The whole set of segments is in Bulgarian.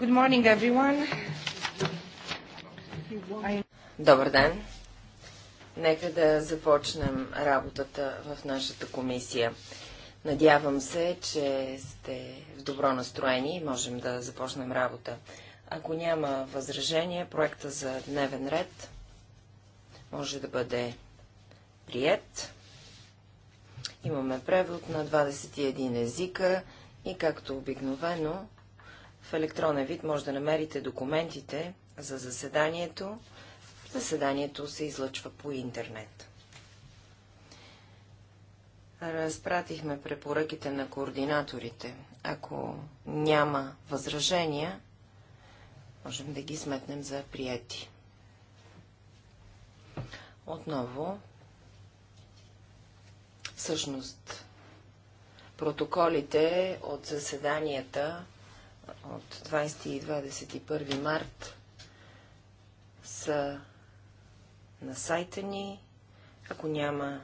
Good morning, everyone. Добър ден! Нека да започнем работата в нашата комисия. Надявам се, че сте в добро настроение и можем да започнем работа. Ако няма възражение, проекта за дневен ред може да бъде прият. Имаме превод на 21 езика и както обикновено в електронен вид може да намерите документите за заседанието. Заседанието се излъчва по интернет. Разпратихме препоръките на координаторите. Ако няма възражения, можем да ги сметнем за прияти. Отново, всъщност, протоколите от заседанията от 20 и 21 март са на сайта ни. Ако няма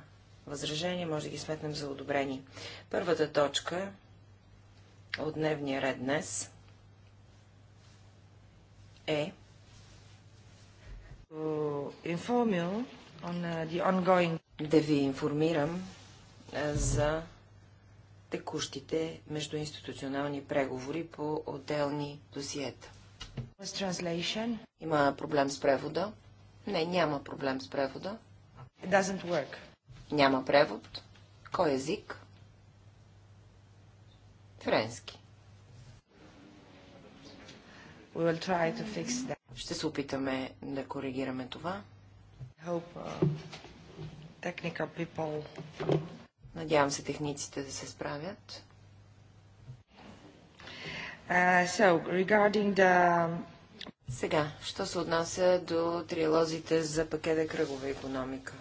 възражение, може да ги сметнем за одобрени. Първата точка от дневния ред днес е, е да ви информирам е, за текущите междуинституционални преговори по отделни досиета. Има проблем с превода? Не, няма проблем с превода. Няма превод. Кой език? Френски. Ще се опитаме да коригираме това. Hope, uh, Надявам се техниците да се справят. Uh, so, regarding the... Сега, що се отнася до триалозите за пакета кръгова економика?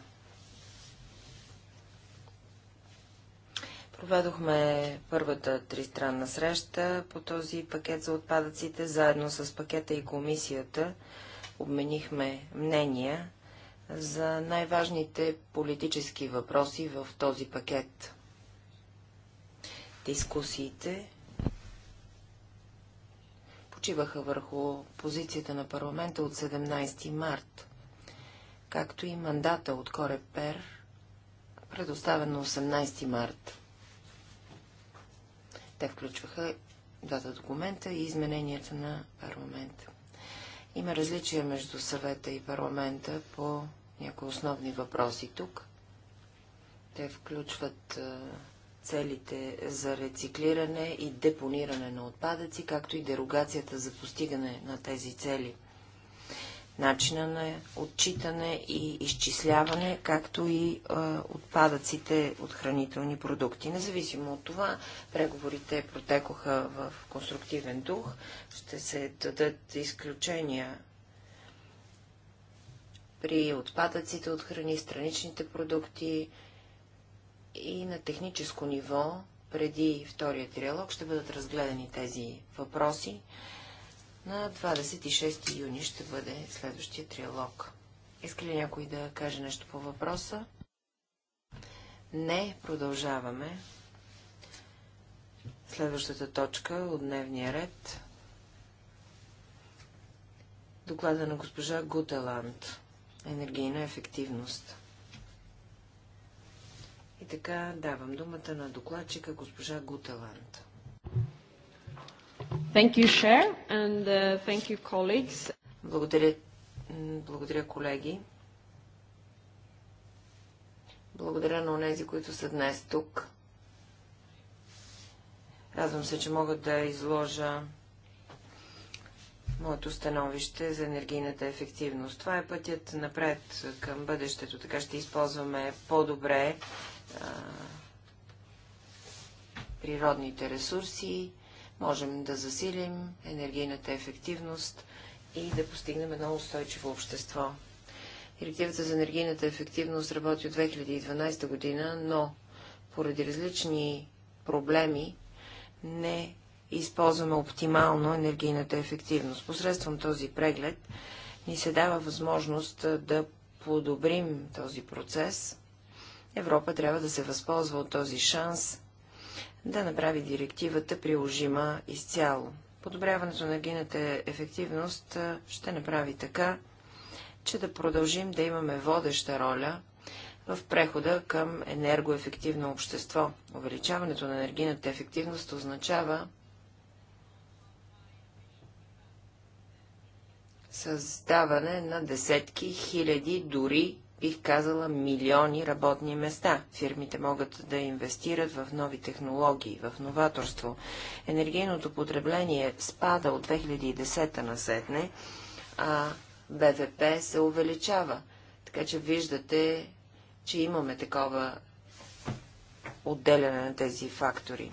Проведохме първата тристранна среща по този пакет за отпадъците, заедно с пакета и комисията. Обменихме мнения за най-важните политически въпроси в този пакет. Дискусиите почиваха върху позицията на парламента от 17 март, както и мандата от Корепер, предоставен на 18 март. Те включваха двата документа и измененията на парламента. Има различия между съвета и парламента по някои основни въпроси тук. Те включват целите за рециклиране и депониране на отпадъци, както и дерогацията за постигане на тези цели. Начина на отчитане и изчисляване, както и а, е, отпадъците от хранителни продукти. Независимо от това, преговорите протекоха в конструктивен дух. Ще се дадат изключения при отпадъците от храни, страничните продукти и на техническо ниво, преди втория триалог, ще бъдат разгледани тези въпроси. На 26 юни ще бъде следващия триалог. Иска ли някой да каже нещо по въпроса? Не, продължаваме. Следващата точка от дневния ред. Доклада на госпожа Гутеланд енергийна ефективност. И така давам думата на докладчика госпожа Гуталанд. Thank you, Cher, and uh, thank you, colleagues. Благодаря, благодаря, колеги. Благодаря на онези, които са днес тук. Радвам се, че мога да изложа моето становище за енергийната ефективност. Това е пътят напред към бъдещето. Така ще използваме по-добре природните ресурси, можем да засилим енергийната ефективност и да постигнем едно устойчиво общество. Директивата за енергийната ефективност работи от 2012 година, но поради различни проблеми не използваме оптимално енергийната ефективност. Посредством този преглед ни се дава възможност да подобрим този процес. Европа трябва да се възползва от този шанс да направи директивата приложима изцяло. Подобряването на енергийната ефективност ще направи така, че да продължим да имаме водеща роля в прехода към енергоефективно общество. Увеличаването на енергийната ефективност означава създаване на десетки, хиляди, дори бих казала милиони работни места. Фирмите могат да инвестират в нови технологии, в новаторство. Енергийното потребление спада от 2010 насетне, а БВП се увеличава. Така че виждате, че имаме такова отделяне на тези фактори.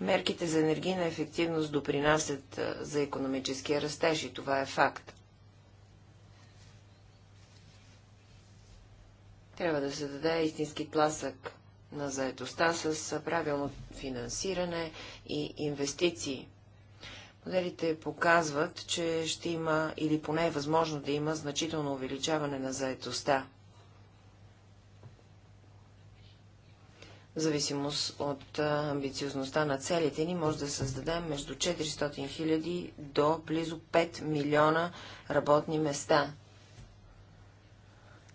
Мерките за енергийна ефективност допринасят за економическия растеж и това е факт. Трябва да се даде истински тласък на заедостта с правилно финансиране и инвестиции. Моделите показват, че ще има или поне е възможно да има значително увеличаване на заедостта. В зависимост от амбициозността на целите ни, може да създадем между 400 000 до близо 5 милиона работни места –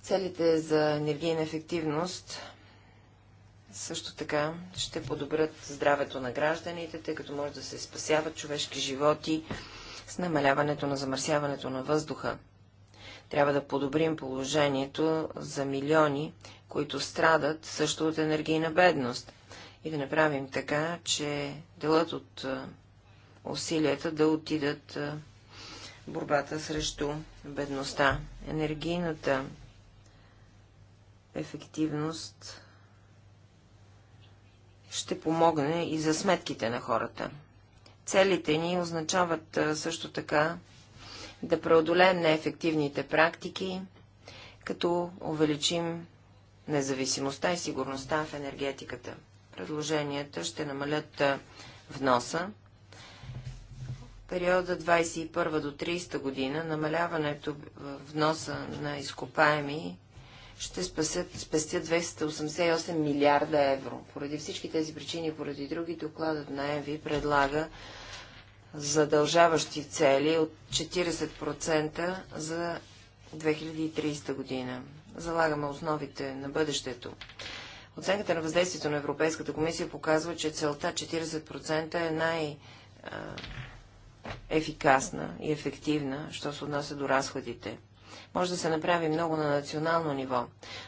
Целите за енергийна ефективност също така ще подобрят здравето на гражданите, тъй като може да се спасяват човешки животи с намаляването на замърсяването на въздуха. Трябва да подобрим положението за милиони, които страдат също от енергийна бедност и да направим така, че делът от усилията да отидат борбата срещу бедността. Енергийната ефективност ще помогне и за сметките на хората. Целите ни означават също така да преодолеем неефективните практики, като увеличим независимостта и сигурността в енергетиката. Предложенията ще намалят вноса. Периода 21 до 30 година намаляването вноса на изкопаеми ще спасят, спестят 288 милиарда евро. Поради всички тези причини поради други, докладът на ЕНВИ предлага задължаващи цели от 40% за 2030 година. Залагаме основите на бъдещето. Оценката на въздействието на Европейската комисия показва, че целта 40% е най- ефикасна и ефективна, що се отнася до разходите. Може да се направи много на национално ниво.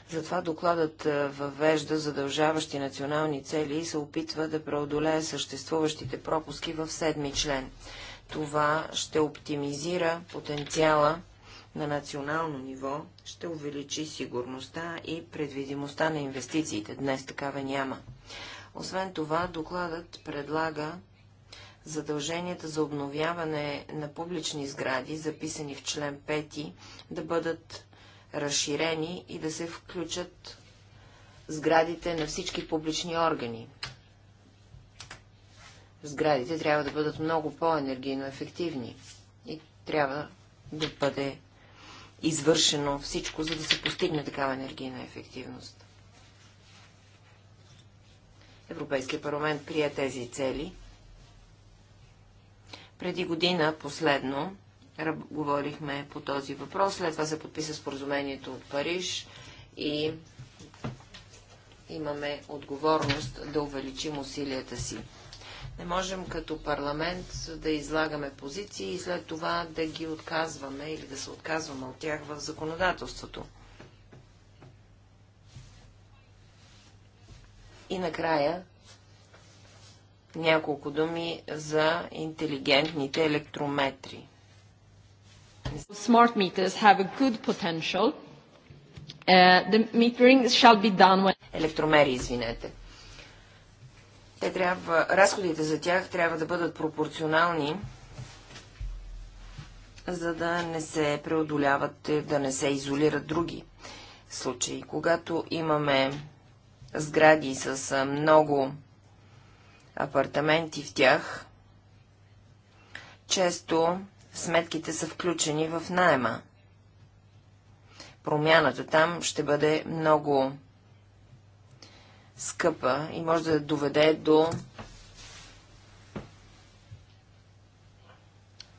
Затова докладът е, въвежда задължаващи национални цели и се опитва да преодолее съществуващите пропуски в седми член. Това ще оптимизира потенциала на национално ниво, ще увеличи сигурността и предвидимостта на инвестициите. Днес такава няма. Освен това, докладът предлага задълженията за обновяване на публични сгради, записани в член 5, да бъдат разширени и да се включат сградите на всички публични органи. Сградите трябва да бъдат много по-енергийно ефективни и трябва да бъде извършено всичко, за да се постигне такава енергийна ефективност. Европейския парламент прие тези цели – преди година последно говорихме по този въпрос, след това се подписа споразумението от Париж и имаме отговорност да увеличим усилията си. Не можем като парламент да излагаме позиции и след това да ги отказваме или да се отказваме от тях в законодателството. И накрая няколко думи за интелигентните електрометри. Smart meters have a good potential. Uh, the metering shall be done when... Електромери, извинете. Те трябва, разходите за тях трябва да бъдат пропорционални за да не се преодоляват, да не се изолират други случаи. Когато имаме сгради с много апартаменти в тях, често сметките са включени в найема. Промяната там ще бъде много скъпа и може да доведе до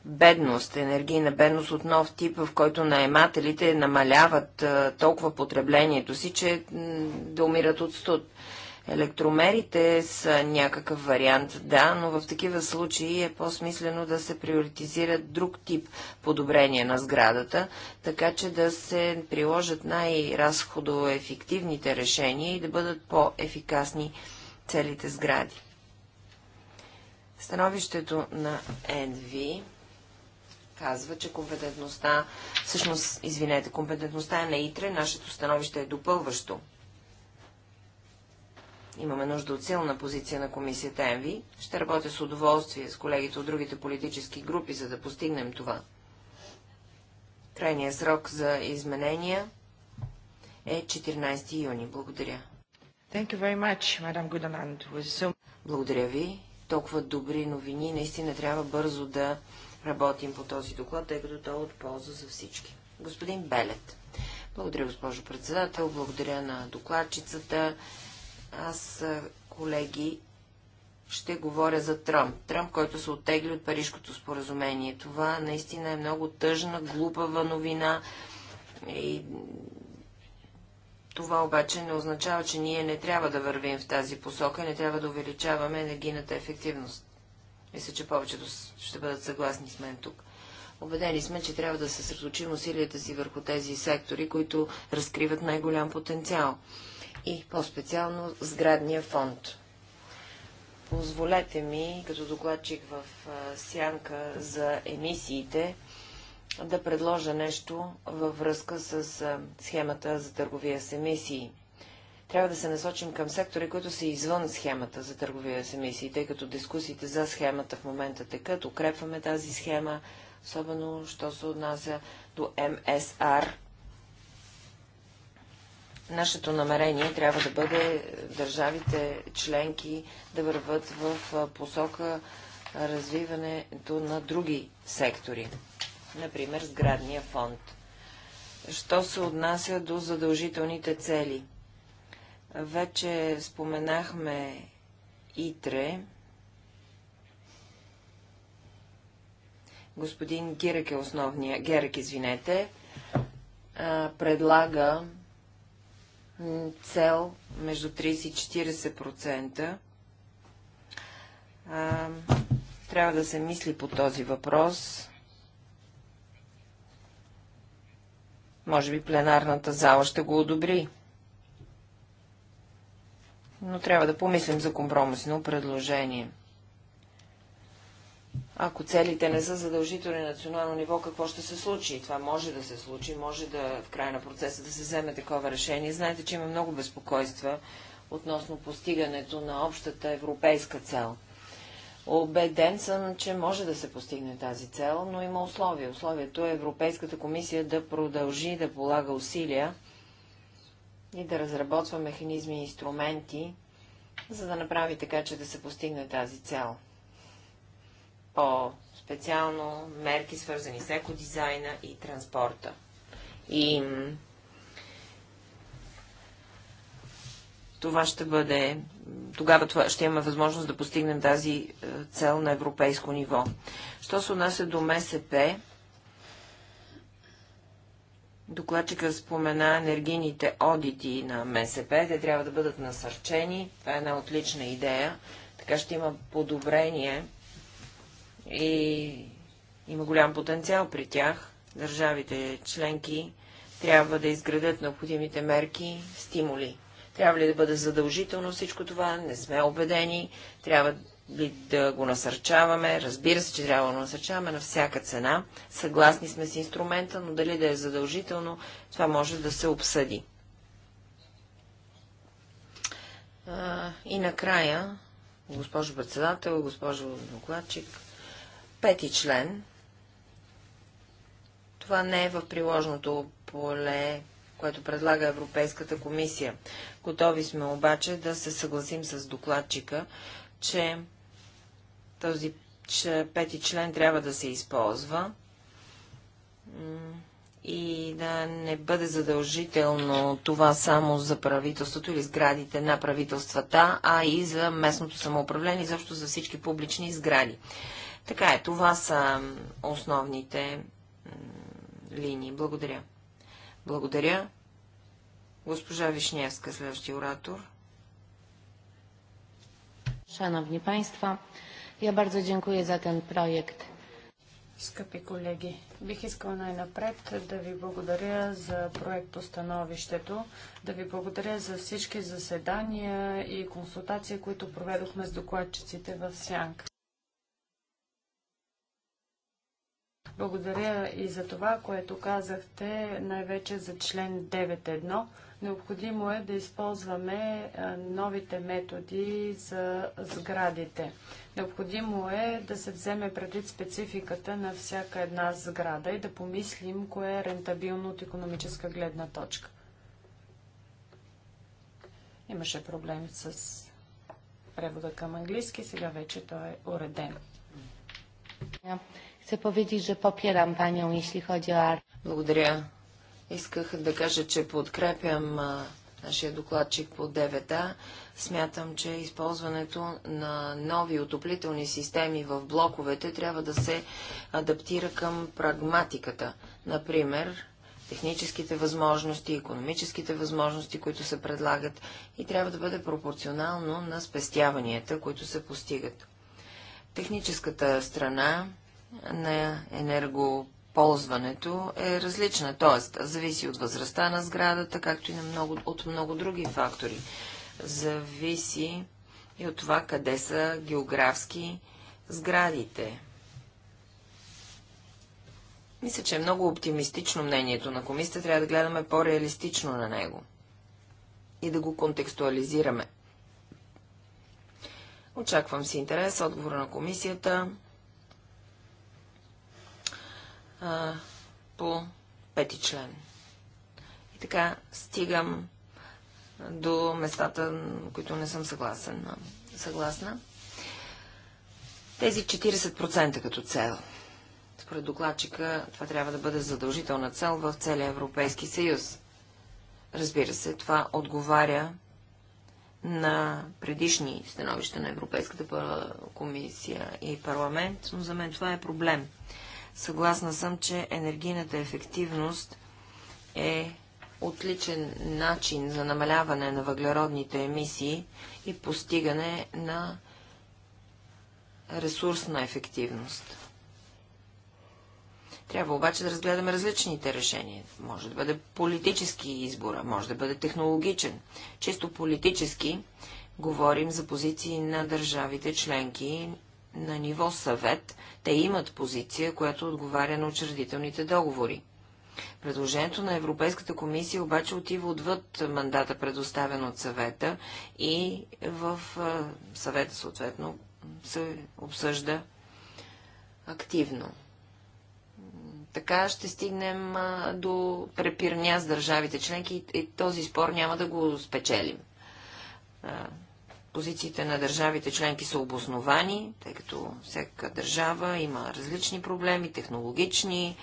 бедност, енергийна бедност от нов тип, в който наемателите намаляват толкова потреблението си, че да умират от студ. Електромерите са някакъв вариант, да, но в такива случаи е по-смислено да се приоритизира друг тип подобрение на сградата, така че да се приложат най-разходоефективните решения и да бъдат по-ефикасни целите сгради. Становището на НВ казва, че компетентността, всъщност, извинете, компетентността е на ИТРЕ, нашето становище е допълващо. Имаме нужда от силна позиция на комисията МВ. Ще работя с удоволствие с колегите от другите политически групи, за да постигнем това. Крайният срок за изменения е 14 юни. Благодаря. Thank you very much, Madam Благодаря ви. Толкова добри новини. Наистина трябва бързо да работим по този доклад, тъй като то е от полза за всички. Господин Белет. Благодаря, госпожо председател. Благодаря на докладчицата аз, е, колеги, ще говоря за Тръмп. Тръмп, който се оттегли от Парижкото споразумение. Това наистина е много тъжна, глупава новина. И това обаче не означава, че ние не трябва да вървим в тази посока, не трябва да увеличаваме енергийната ефективност. Мисля, че повечето ще бъдат съгласни с мен тук. Обедени сме, че трябва да се съсредоточим усилията си върху тези сектори, които разкриват най-голям потенциал и по-специално сградния фонд. Позволете ми, като докладчик в сянка за емисиите, да предложа нещо във връзка с схемата за търговия с емисии. Трябва да се насочим към сектори, които са извън схемата за търговия с емисии, тъй като дискусиите за схемата в момента текат, укрепваме тази схема, особено, що се отнася до МСР Нашето намерение трябва да бъде държавите членки да върват в посока развиването на други сектори, например сградния фонд. Що се отнася до задължителните цели? Вече споменахме ИТРЕ. Господин Гирек е основния, Герек, извинете, предлага цел между 30 и 40%. А, трябва да се мисли по този въпрос. Може би пленарната зала ще го одобри. Но трябва да помислим за компромисно предложение. Ако целите не са задължителни на национално ниво, какво ще се случи? Това може да се случи, може да в края на процеса да се вземе такова решение. Знаете, че има много безпокойства относно постигането на общата европейска цел. Обеден съм, че може да се постигне тази цел, но има условия. Условието е Европейската комисия да продължи да полага усилия и да разработва механизми и инструменти, за да направи така, че да се постигне тази цел по-специално мерки, свързани с екодизайна и транспорта. И това ще бъде, тогава това, ще имаме възможност да постигнем тази е, цел на европейско ниво. Що се отнася до МСП, докладчика спомена енергийните одити на МСП, те трябва да бъдат насърчени, това е една отлична идея, така ще има подобрение и има голям потенциал при тях. Държавите членки трябва да изградят необходимите мерки, стимули. Трябва ли да бъде задължително всичко това? Не сме убедени. Трябва ли да го насърчаваме? Разбира се, че трябва да го насърчаваме на всяка цена. Съгласни сме с инструмента, но дали да е задължително, това може да се обсъди. И накрая, госпожо председател, госпожо докладчик, Пети член. Това не е в приложното поле, което предлага Европейската комисия. Готови сме обаче да се съгласим с докладчика, че този че пети член трябва да се използва и да не бъде задължително това само за правителството или сградите на правителствата, а и за местното самоуправление, и защо за всички публични сгради. Така е, това са основните линии. Благодаря. Благодаря. Госпожа Вишневска, следващия оратор. Шановни паинства, я bardzo dziękuję за ten проект. Скъпи колеги, бих искала най-напред да ви благодаря за проект проектостановището, да ви благодаря за всички заседания и консултации, които проведохме с докладчиците в Сянка. Благодаря и за това, което казахте, най-вече за член 9.1. Необходимо е да използваме новите методи за сградите. Необходимо е да се вземе предвид спецификата на всяка една сграда и да помислим кое е рентабилно от економическа гледна точка. Имаше проблем с превода към английски, сега вече той е уреден. Yeah. Chcę powiedzieć, że popieram panią, jeśli chodzi o Art. Благодаря. Исках да кажа, че подкрепям а, нашия докладчик по 9А. Смятам, че използването на нови отоплителни системи в блоковете трябва да се адаптира към прагматиката. Например, техническите възможности, економическите възможности, които се предлагат и трябва да бъде пропорционално на спестяванията, които се постигат. Техническата страна на енергоползването е различна, т.е. зависи от възрастта на сградата, както и на много, от много други фактори. Зависи и от това къде са географски сградите. Мисля, че е много оптимистично мнението на комисията, трябва да гледаме по-реалистично на него и да го контекстуализираме. Очаквам си интерес, отговор на комисията а, по пети член. И така стигам до местата, на които не съм съгласен. съгласна. Тези 40% като цел. Според докладчика това трябва да бъде задължителна цел в целия Европейски съюз. Разбира се, това отговаря на предишни становища на Европейската комисия и парламент, но за мен това е проблем. Съгласна съм, че енергийната ефективност е отличен начин за намаляване на въглеродните емисии и постигане на ресурсна ефективност. Трябва обаче да разгледаме различните решения. Може да бъде политически избора, може да бъде технологичен. Чисто политически говорим за позиции на държавите членки на ниво съвет те имат позиция, която отговаря на учредителните договори. Предложението на Европейската комисия обаче отива отвъд мандата, предоставен от съвета и в съвета съответно се обсъжда активно. Така ще стигнем до препирня с държавите членки и този спор няма да го спечелим. Позициите на държавите членки са обосновани, тъй като всяка държава има различни проблеми, технологични,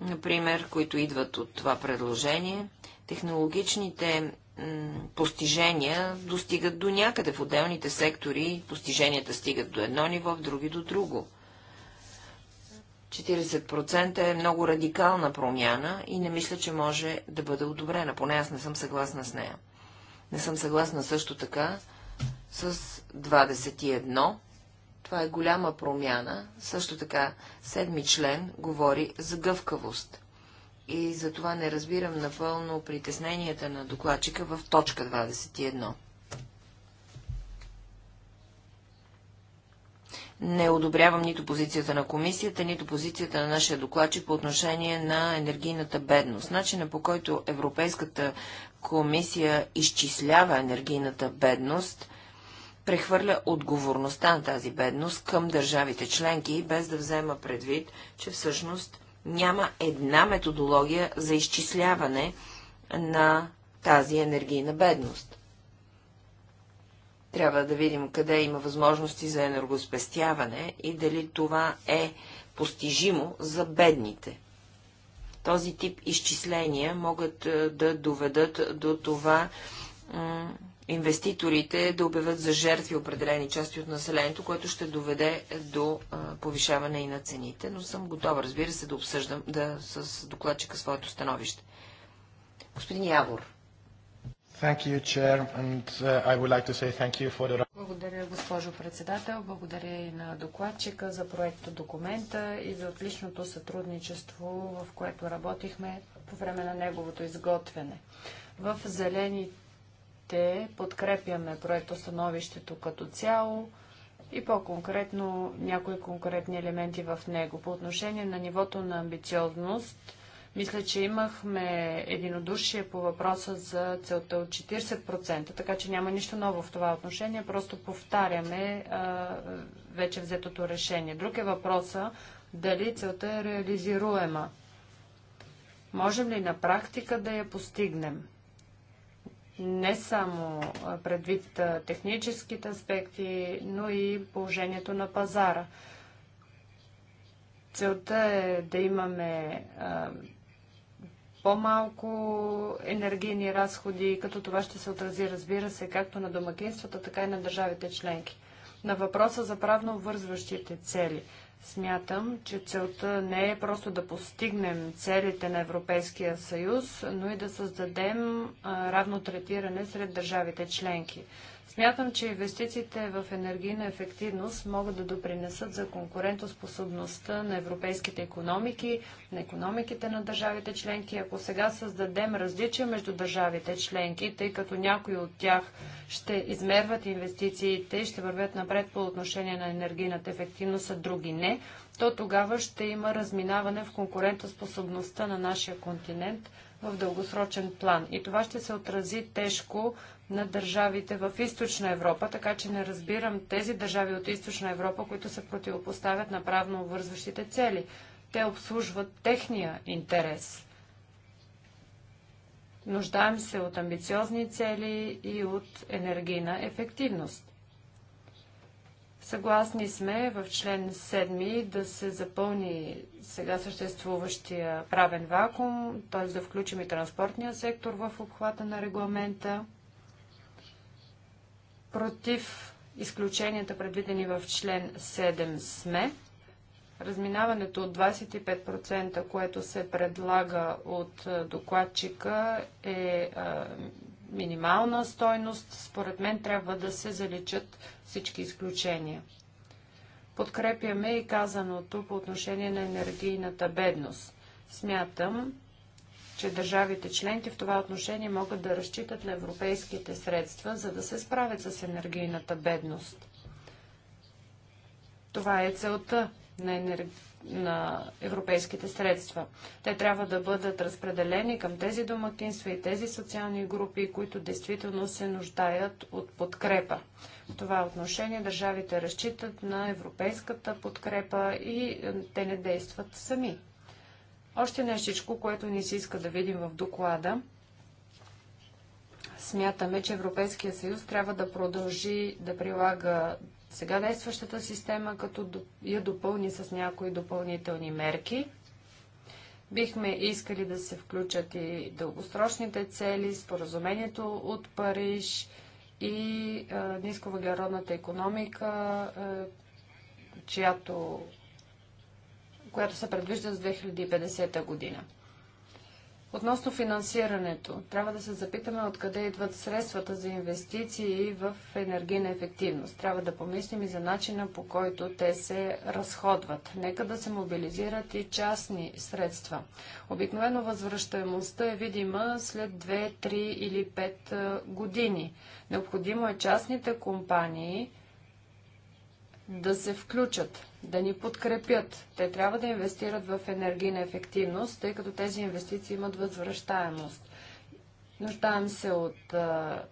например, които идват от това предложение. Технологичните постижения достигат до някъде в отделните сектори, постиженията стигат до едно ниво, в други до друго. 40% е много радикална промяна и не мисля, че може да бъде одобрена. Поне аз не съм съгласна с нея. Не съм съгласна също така с 21. Това е голяма промяна. Също така, седми член говори за гъвкавост. И за това не разбирам напълно притесненията на докладчика в точка 21. не одобрявам нито позицията на комисията, нито позицията на нашия докладчик по отношение на енергийната бедност. Начина по който Европейската комисия изчислява енергийната бедност прехвърля отговорността на тази бедност към държавите членки, без да взема предвид, че всъщност няма една методология за изчисляване на тази енергийна бедност. Трябва да видим къде има възможности за енергоспестяване и дали това е постижимо за бедните. Този тип изчисления могат е, да доведат до това инвеститорите да обявят за жертви определени части от населението, което ще доведе до повишаване и на цените, но съм готова, разбира се, да обсъждам да, с докладчика своето становище. Господин Явор. You, chair, like the... Благодаря, госпожо председател. Благодаря и на докладчика за проекта документа и за отличното сътрудничество, в което работихме по време на неговото изготвяне. В зелените ще подкрепяме становището като цяло и по-конкретно някои конкретни елементи в него. По отношение на нивото на амбициозност, мисля, че имахме единодушие по въпроса за целта от 40%, така че няма нищо ново в това отношение, просто повтаряме а, вече взетото решение. Друг е въпроса дали целта е реализируема. Можем ли на практика да я постигнем? не само предвид техническите аспекти, но и положението на пазара. Целта е да имаме по-малко енергийни разходи, като това ще се отрази, разбира се, както на домакинствата, така и на държавите членки. На въпроса за правно обвързващите цели. Смятам, че целта не е просто да постигнем целите на Европейския съюз, но и да създадем равно третиране сред държавите членки. Смятам, че инвестициите в енергийна ефективност могат да допринесат за конкурентоспособността на европейските економики, на економиките на държавите членки. Ако сега създадем различия между държавите членки, тъй като някои от тях ще измерват инвестициите и ще вървят напред по отношение на енергийната ефективност, а други не, то тогава ще има разминаване в конкурентоспособността на нашия континент – в дългосрочен план. И това ще се отрази тежко на държавите в Източна Европа, така че не разбирам тези държави от Източна Европа, които се противопоставят на правно обвързващите цели. Те обслужват техния интерес. Нуждаем се от амбициозни цели и от енергийна ефективност. Съгласни сме в член 7 да се запълни сега съществуващия правен вакуум, т.е. да включим и транспортния сектор в обхвата на регламента. Против изключенията, предвидени в член 7, сме. Разминаването от 25%, което се предлага от докладчика, е минимална стойност, според мен трябва да се заличат всички изключения. Подкрепяме и казаното по отношение на енергийната бедност. Смятам, че държавите членки в това отношение могат да разчитат на европейските средства, за да се справят с енергийната бедност. Това е целта на, енер... на европейските средства. Те трябва да бъдат разпределени към тези домакинства и тези социални групи, които действително се нуждаят от подкрепа. В това отношение държавите разчитат на европейската подкрепа и е, те не действат сами. Още нещичко, което ни се иска да видим в доклада. Смятаме, че Европейския съюз трябва да продължи да прилага сега действащата система, като я допълни с някои допълнителни мерки. Бихме искали да се включат и дългосрочните цели, споразумението от Париж и е, нисковъглеродната економика, е, чиято, която се предвижда с 2050 година. Относно финансирането, трябва да се запитаме откъде идват средствата за инвестиции в енергийна ефективност. Трябва да помислим и за начина по който те се разходват. Нека да се мобилизират и частни средства. Обикновено възвръщаемостта е видима след 2, 3 или 5 години. Необходимо е частните компании да се включат да ни подкрепят. Те трябва да инвестират в енергийна ефективност, тъй като тези инвестиции имат възвръщаемост. Нуждаем се от а,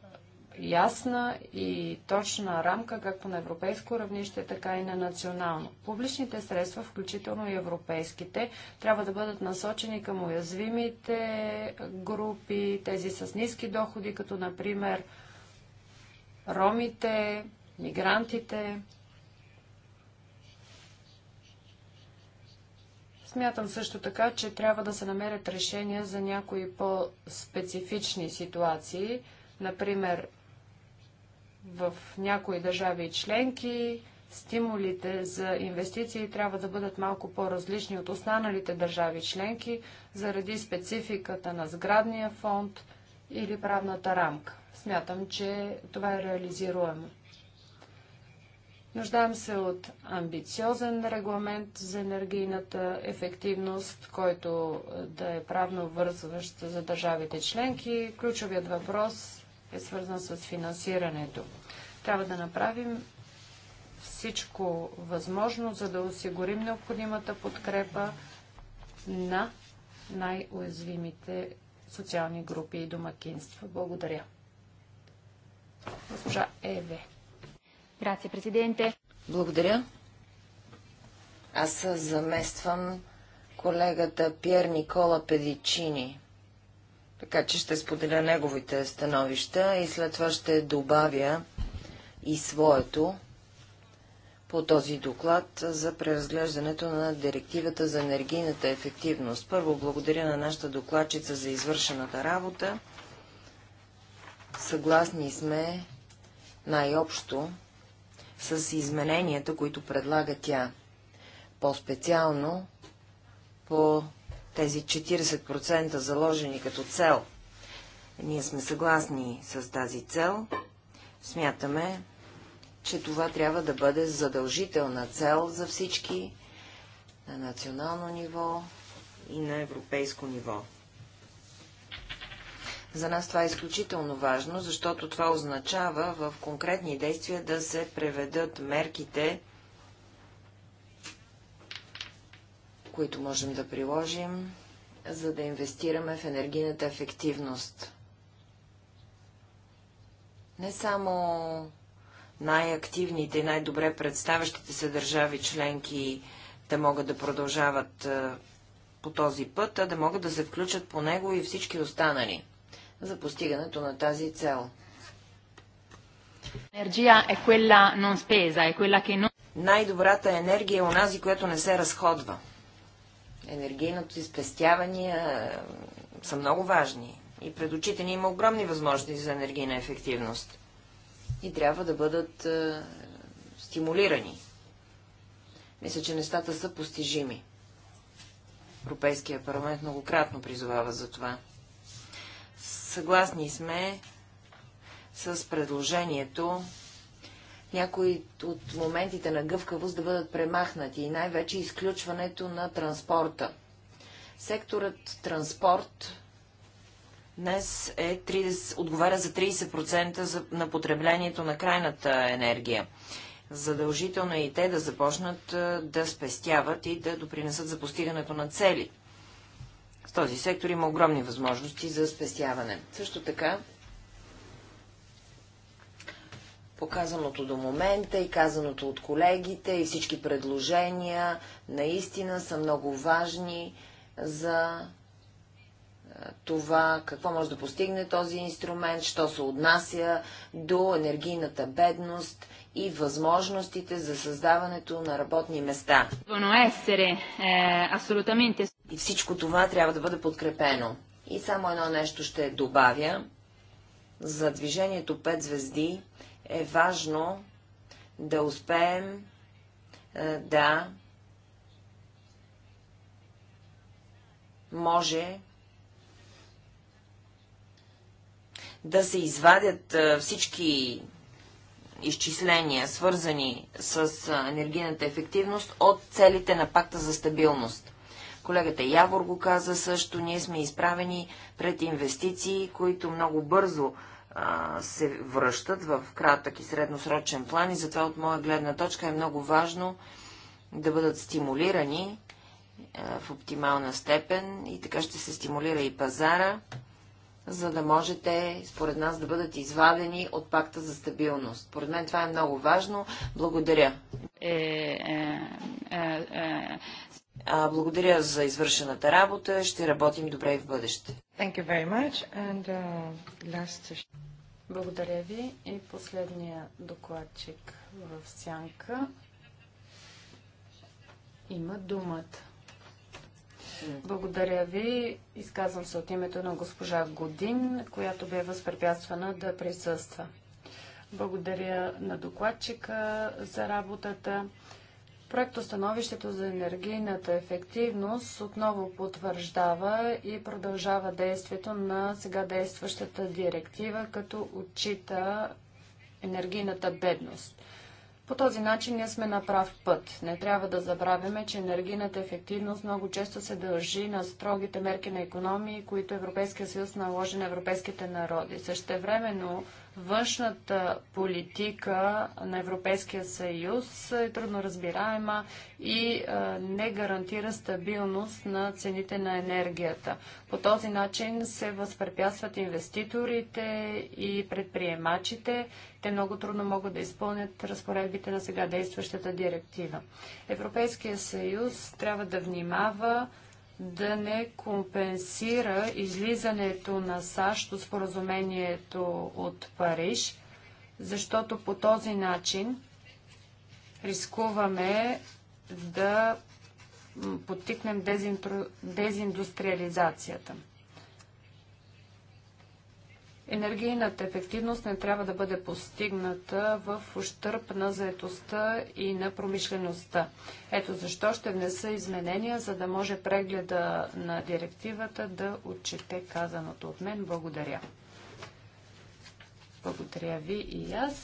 ясна и точна рамка, както на европейско равнище, така и на национално. Публичните средства, включително и европейските, трябва да бъдат насочени към уязвимите групи, тези с ниски доходи, като например ромите, мигрантите, Смятам също така, че трябва да се намерят решения за някои по-специфични ситуации, например в някои държави и членки стимулите за инвестиции трябва да бъдат малко по-различни от останалите държави членки заради спецификата на сградния фонд или правната рамка. Смятам, че това е реализируемо. Нуждаем се от амбициозен регламент за енергийната ефективност, който е, да е правно вързващ за държавите членки. Ключовият въпрос е свързан с финансирането. Трябва да направим всичко възможно, за да осигурим необходимата подкрепа на най-уязвимите социални групи и домакинства. Благодаря. Госпожа Еве. Грация, президенте. Благодаря. Аз замествам колегата Пьер Никола Педичини. Така че ще споделя неговите становища и след това ще добавя и своето по този доклад за преразглеждането на директивата за енергийната ефективност. Първо благодаря на нашата докладчица за извършената работа. Съгласни сме най-общо с измененията, които предлага тя. По-специално по тези 40% заложени като цел. Ние сме съгласни с тази цел. Смятаме, че това трябва да бъде задължителна цел за всички на национално ниво и на европейско ниво. За нас това е изключително важно, защото това означава в конкретни действия да се преведат мерките, които можем да приложим, за да инвестираме в енергийната ефективност. Не само най-активните и най-добре представящите се държави членки да могат да продължават е, по този път, а да могат да се включат по него и всички останали за постигането на тази цел. Енергия е quella non spesa, е quella che non... Най-добрата енергия е онази, която не се разходва. Енергийното изпестявания е, са много важни. И пред очите ни има огромни възможности за енергийна ефективност. И трябва да бъдат е, стимулирани. Мисля, че нещата са постижими. Европейския парламент многократно призовава за това. Съгласни сме с предложението някои от моментите на гъвкавост да бъдат премахнати и най-вече изключването на транспорта. Секторът транспорт днес е 30, отговаря за 30% на потреблението на крайната енергия. Задължително е и те да започнат да спестяват и да допринесат за постигането на цели. В този сектор има огромни възможности за спестяване. Също така, показаното до момента и казаното от колегите и всички предложения наистина са много важни за е, това, какво може да постигне този инструмент, що се отнася до енергийната бедност и възможностите за създаването на работни места. И всичко това трябва да бъде подкрепено. И само едно нещо ще добавя. За движението 5 звезди е важно да успеем е, да може да се извадят е, всички изчисления, свързани с е, енергийната ефективност от целите на пакта за стабилност. Колегата Явор го каза също. Ние сме изправени пред инвестиции, които много бързо а, се връщат в кратък и средносрочен план и затова от моя гледна точка е много важно да бъдат стимулирани а, в оптимална степен и така ще се стимулира и пазара, за да можете, според нас, да бъдат извадени от пакта за стабилност. Поред мен това е много важно. Благодаря. Е, е, е, е благодаря за извършената работа. Ще работим добре и в бъдеще. Thank you very much. And, uh, last... Благодаря ви. И последния докладчик в сянка има думата. Благодаря ви. Изказвам се от името на госпожа Годин, която бе възпрепятствана да присъства. Благодаря на докладчика за работата. Проектостановището за енергийната ефективност отново потвърждава и продължава действието на сега действащата директива, като отчита енергийната бедност. По този начин ние сме на прав път. Не трябва да забравяме, че енергийната ефективност много често се дължи на строгите мерки на економии, които Европейския съюз наложи на европейските народи. Същевременно външната политика на Европейския съюз е трудно разбираема и не гарантира стабилност на цените на енергията. По този начин се възпрепятстват инвеститорите и предприемачите. Те много трудно могат да изпълнят разпоредбите на сега действащата директива. Европейския съюз трябва да внимава да не компенсира излизането на САЩ от споразумението от Париж, защото по този начин рискуваме да подтикнем дезиндустриализацията. Енергийната ефективност не трябва да бъде постигната в ущърп на заетостта и на промишлеността. Ето защо ще внеса изменения, за да може прегледа на директивата да отчете казаното от мен. Благодаря. Благодаря ви и аз.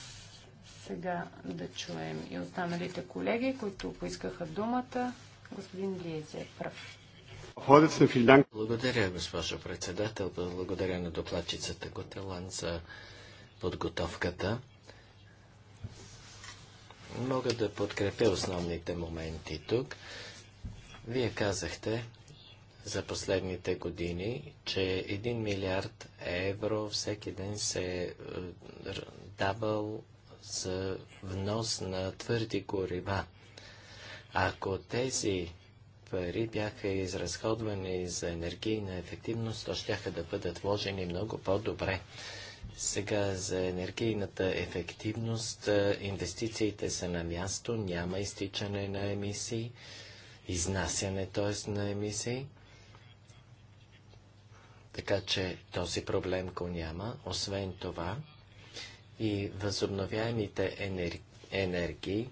Сега да чуем и останалите колеги, които поискаха думата. Господин Лиезе е пръв. Благодаря, госпожо председател. Благодаря на докладчицата Готелан за подготовката. Мога да подкрепя основните моменти тук. Вие казахте за последните години, че 1 милиард евро всеки ден се е давал за внос на твърди горива. Ако тези пари бяха изразходвани за енергийна ефективност, то ще да бъдат вложени много по-добре. Сега за енергийната ефективност инвестициите са на място, няма изтичане на емисии, изнасяне т.е. на емисии. Така че този проблем го няма. Освен това и възобновяемите енер... енергии,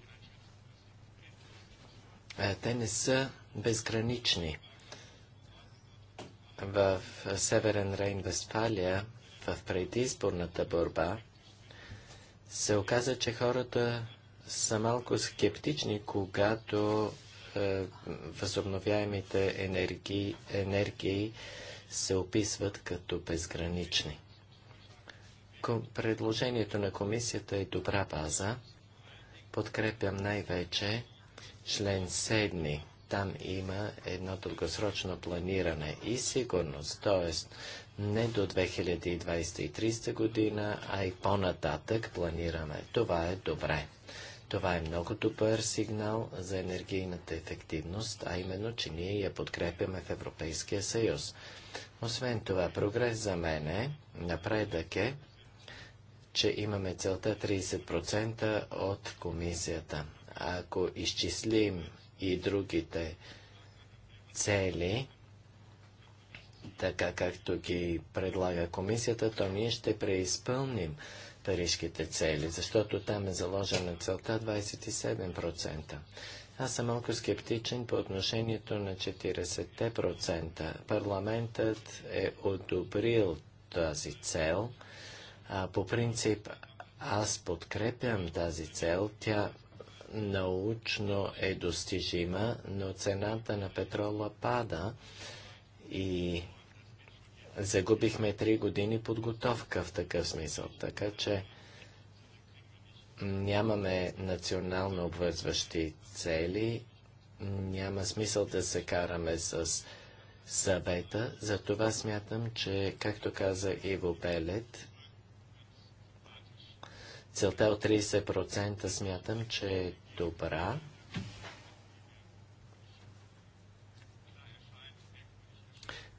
те не са безгранични. В Северен Рейн-Вестфалия, в предизборната борба, се оказа, че хората са малко скептични, когато е, възобновяемите енергии, енергии се описват като безгранични. предложението на комисията е добра база. Подкрепям най-вече член 7 там има едно дългосрочно планиране и сигурност, т.е. не до 2020 година, а и по-нататък планираме. Това е добре. Това е много добър сигнал за енергийната ефективност, а именно, че ние я подкрепяме в Европейския съюз. Освен това, прогрес за мен е, напредък е, че имаме целта 30% от комисията. Ако изчислим и другите цели, така както ги предлага комисията, то ние ще преизпълним парижките цели, защото там е заложена целта 27%. Аз съм малко скептичен по отношението на 40%. Парламентът е одобрил тази цел. А, по принцип, аз подкрепям тази цел. Тя научно е достижима, но цената на петрола пада и загубихме три години подготовка в такъв смисъл. Така че нямаме национално обвързващи цели, няма смисъл да се караме с съвета. Затова смятам, че, както каза Иво Белет, целта от 30% смятам, че добра.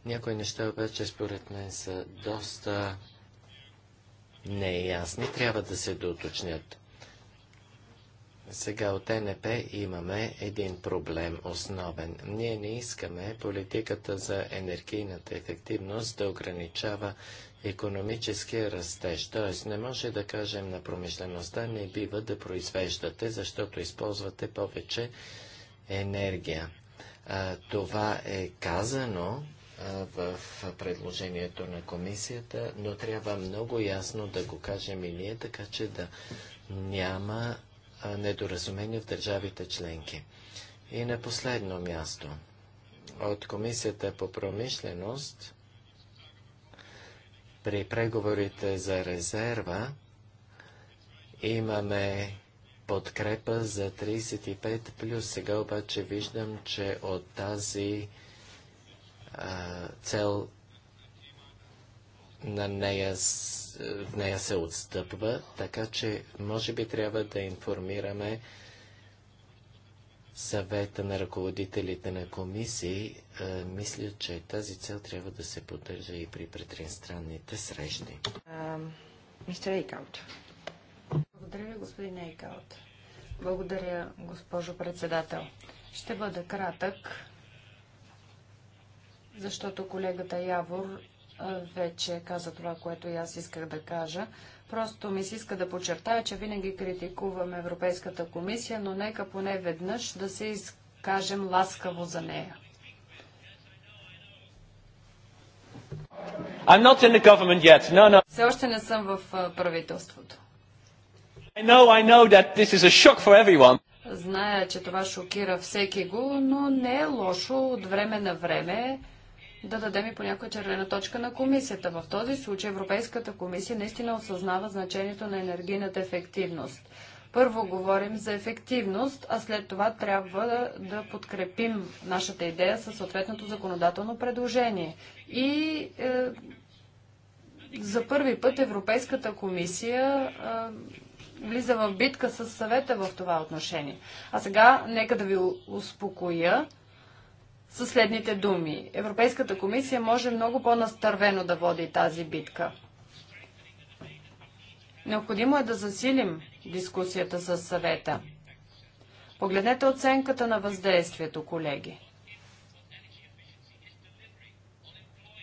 Някои неща обаче според мен са доста неясни, трябва да се доуточнят. Сега от НП имаме един проблем основен. Ние не искаме политиката за енергийната ефективност да ограничава економическия растеж. Т.е. не може да кажем на промишлеността не бива да произвеждате, защото използвате повече енергия. А, това е казано в предложението на комисията, но трябва много ясно да го кажем и ние, така че да няма недоразумение в държавите членки. И на последно място. От Комисията по промишленост при преговорите за резерва имаме подкрепа за 35+. Плюс. Сега обаче виждам, че от тази а, цел на нея, в нея се отстъпва, така че може би трябва да информираме съвета на ръководителите на комисии, е, мисля, че тази цел трябва да се поддържа и при предтринстранните срещи. Мистер Ейкаут. Благодаря, ви, господин Ейкаут. Благодаря, госпожо председател. Ще бъда кратък, защото колегата Явор вече каза това, което и аз исках да кажа. Просто ми се иска да подчертая, че винаги критикуваме Европейската комисия, но нека поне веднъж да се изкажем ласкаво за нея. I'm not in the government yet. No, no. Все още не съм в правителството. I know, I know that this is a shock for everyone. Зная, че това шокира всеки го, но не е лошо от време на време да дадем и по някоя червена точка на комисията. В този случай Европейската комисия наистина осъзнава значението на енергийната ефективност. Първо говорим за ефективност, а след това трябва да, да подкрепим нашата идея със съответното законодателно предложение. И е, за първи път Европейската комисия е, влиза в битка с съвета в това отношение. А сега нека да ви успокоя със следните думи. Европейската комисия може много по-настървено да води тази битка. Необходимо е да засилим дискусията с съвета. Погледнете оценката на въздействието, колеги.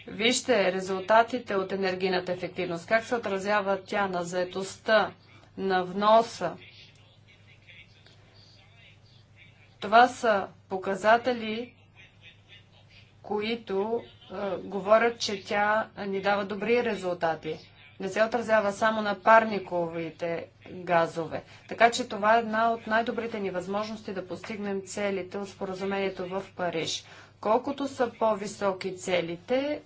Вижте резултатите от енергийната ефективност, как се отразява тя на заетостта, на вноса. Това са показатели, които а, говорят, че тя ни дава добри резултати. Не се отразява само на парниковите газове. Така че това е една от най-добрите ни възможности да постигнем целите от споразумението в Париж. Колкото са по-високи целите,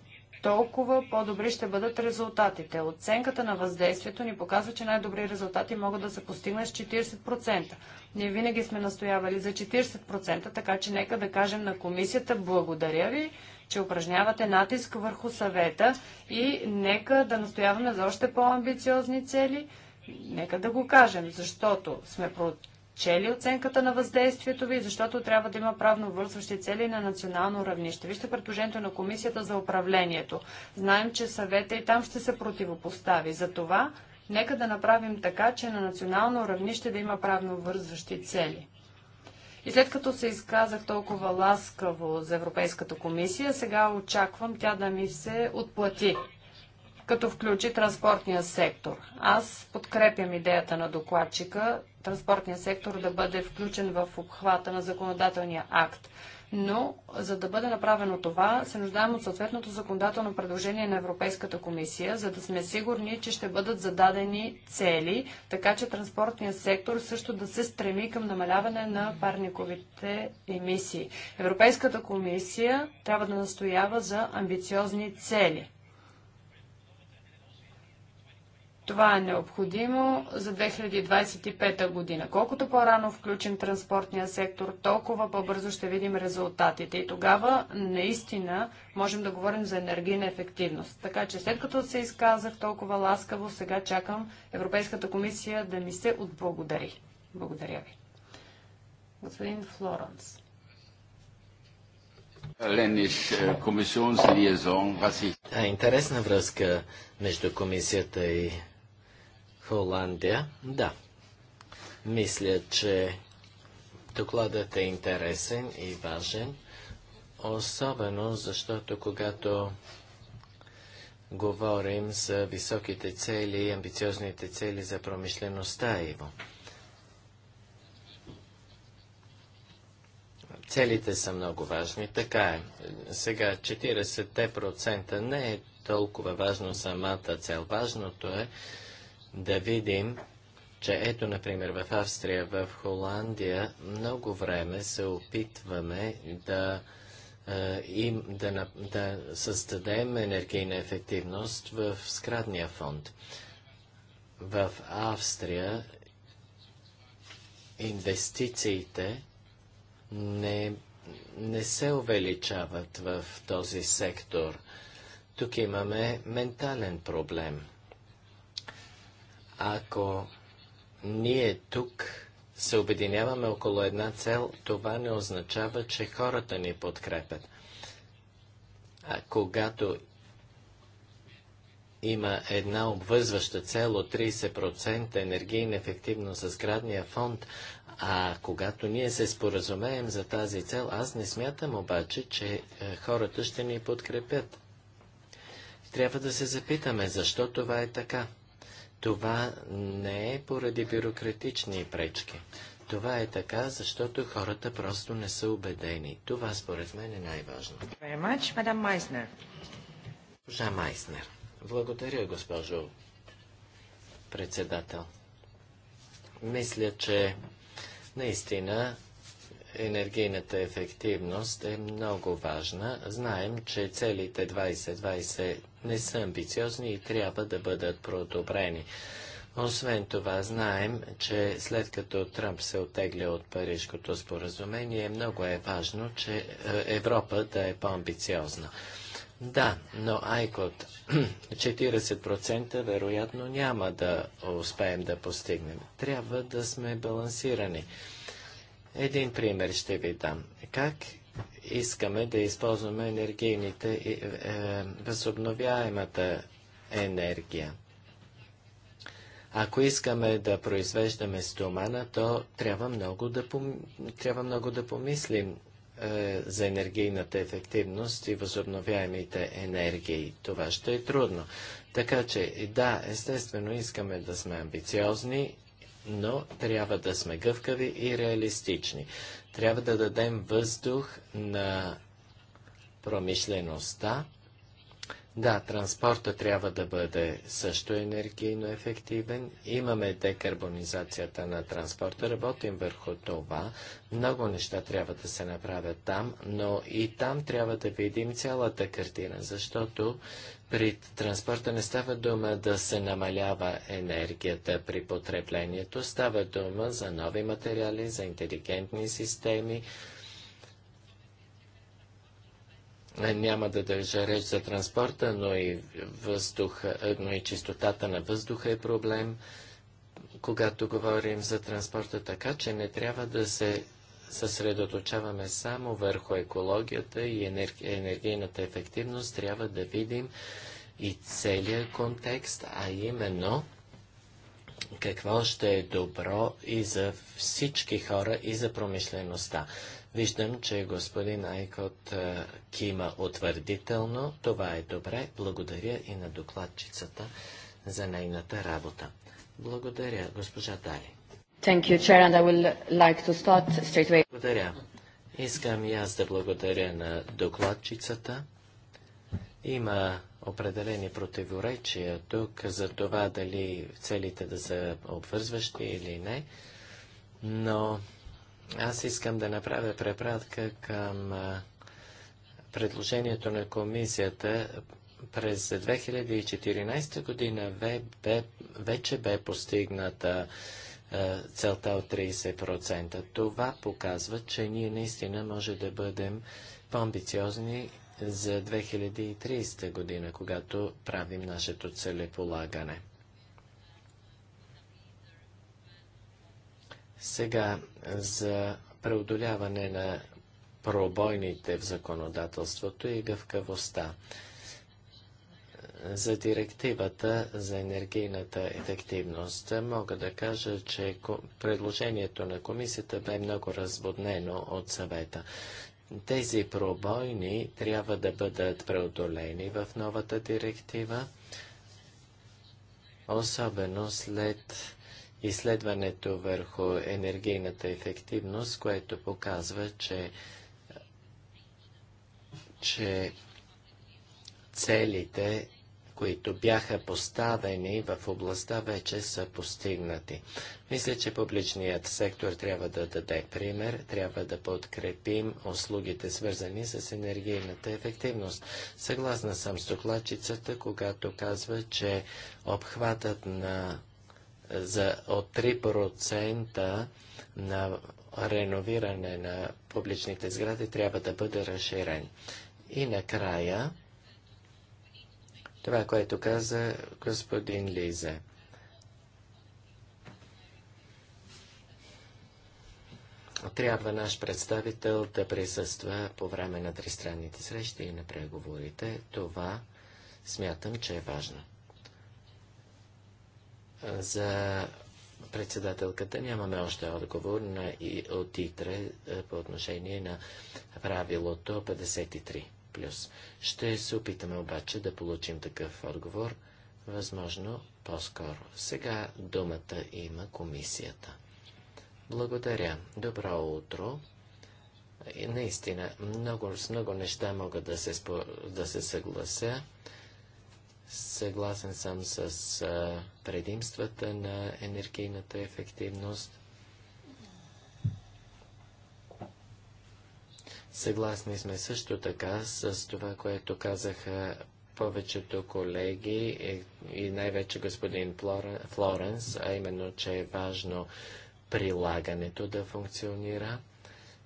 толкова по-добри ще бъдат резултатите. Оценката на въздействието ни показва, че най-добри резултати могат да се постигнат с 40%. Ние винаги сме настоявали за 40%, така че нека да кажем на комисията благодаря ви, че упражнявате натиск върху съвета и нека да настояваме за още по-амбициозни цели. Нека да го кажем, защото сме против Чели оценката на въздействието ви, защото трябва да има правно вързващи цели на национално равнище. Вижте предложението на Комисията за управлението. Знаем, че съвета и там ще се противопостави. За това нека да направим така, че на национално равнище да има правно вързващи цели. И след като се изказах толкова ласкаво за Европейската комисия, сега очаквам тя да ми се отплати като включи транспортния сектор. Аз подкрепям идеята на докладчика транспортния сектор да бъде включен в обхвата на законодателния акт. Но, за да бъде направено това, се нуждаем от съответното законодателно предложение на Европейската комисия, за да сме сигурни, че ще бъдат зададени цели, така че транспортният сектор също да се стреми към намаляване на парниковите емисии. Европейската комисия трябва да настоява за амбициозни цели. Това е необходимо за 2025 година. Колкото по-рано включим транспортния сектор, толкова по-бързо ще видим резултатите. И тогава наистина можем да говорим за енергийна ефективност. Така че след като се изказах толкова ласкаво, сега чакам Европейската комисия да ми се отблагодари. Благодаря ви. Господин Флоренс. Е, интересна връзка между комисията и Холандия. Да, мисля, че докладът е интересен и важен, особено защото когато говорим за високите цели и амбициозните цели за промишлеността его. Целите са много важни, така е. Сега 40% не е толкова важно самата цел. Важното е да видим, че ето, например, в Австрия, в Холандия много време се опитваме да, е, им, да, да създадем енергийна ефективност в скрадния фонд. В Австрия инвестициите не, не се увеличават в този сектор. Тук имаме ментален проблем – ако ние тук се обединяваме около една цел, това не означава, че хората ни подкрепят. А когато има една обвързваща цел от 30% енергийна ефективност за сградния фонд, а когато ние се споразумеем за тази цел, аз не смятам обаче, че е, хората ще ни подкрепят. Трябва да се запитаме, защо това е така. Това не е поради бюрократични пречки. Това е така, защото хората просто не са убедени. Това според мен е най-важно. Госпожа Майснер. Благодаря, госпожо председател. Мисля, че наистина енергийната ефективност е много важна. Знаем, че целите 2020 не са амбициозни и трябва да бъдат продобрени. Освен това, знаем, че след като Тръмп се отегля от Парижкото споразумение, много е важно, че е, Европа да е по-амбициозна. Да, но Айкот, 40% вероятно няма да успеем да постигнем. Трябва да сме балансирани. Един пример ще ви дам. Как искаме да използваме енергийните, и е, възобновяемата енергия? Ако искаме да произвеждаме стомана, то трябва много да, пом... трябва много да помислим е, за енергийната ефективност и възобновяемите енергии. Това ще е трудно. Така че, да, естествено, искаме да сме амбициозни но трябва да сме гъвкави и реалистични. Трябва да дадем въздух на промишлеността. Да, транспорта трябва да бъде също енергийно ефективен. Имаме декарбонизацията на транспорта, работим върху това. Много неща трябва да се направят там, но и там трябва да видим цялата картина, защото при транспорта не става дума да се намалява енергията при потреблението, става дума за нови материали, за интелигентни системи. Няма да държа реч за транспорта, но и, въздуха, но и чистотата на въздуха е проблем, когато говорим за транспорта, така че не трябва да се съсредоточаваме само върху екологията и енергийната ефективност, трябва да видим и целият контекст, а именно какво ще е добро и за всички хора, и за промишлеността. Виждам, че господин Айкот е, кима утвърдително. Това е добре. Благодаря и на докладчицата за нейната работа. Благодаря, госпожа Дали. Thank you, Chair, and I will like to start straight away. Благодаря. Искам и аз да благодаря на докладчицата. Има определени противоречия тук за това дали целите да са обвързващи или не, но аз искам да направя препратка към предложението на комисията през 2014 година вече бе постигната е, целта от 30%. Това показва, че ние наистина може да бъдем по-амбициозни за 2030 година, когато правим нашето целеполагане. Сега за преодоляване на пробойните в законодателството и гъвкавостта. За директивата за енергийната ефективност мога да кажа, че предложението на комисията бе много разбуднено от съвета. Тези пробойни трябва да бъдат преодолени в новата директива, особено след изследването върху енергийната ефективност, което показва, че, че целите които бяха поставени в областта, вече са постигнати. Мисля, че публичният сектор трябва да даде пример, трябва да подкрепим услугите, свързани с енергийната ефективност. Съгласна съм с докладчицата, когато казва, че обхватът на за от 3% на реновиране на публичните сгради трябва да бъде разширен. И накрая, това, което каза господин Лизе. Трябва наш представител да присъства по време на тристранните срещи и на преговорите. Това смятам, че е важно. За председателката нямаме още отговор на, и, от ИТРЕ е, по отношение на правилото 53 плюс. Ще се опитаме обаче да получим такъв отговор, възможно по-скоро. Сега думата има комисията. Благодаря. Добро утро. И наистина, много, с много неща мога да се, спо, да се съглася. Съгласен съм с предимствата на енергийната ефективност – Съгласни сме също така с това, което казаха повечето колеги и най-вече господин Флоренс, а именно, че е важно прилагането да функционира.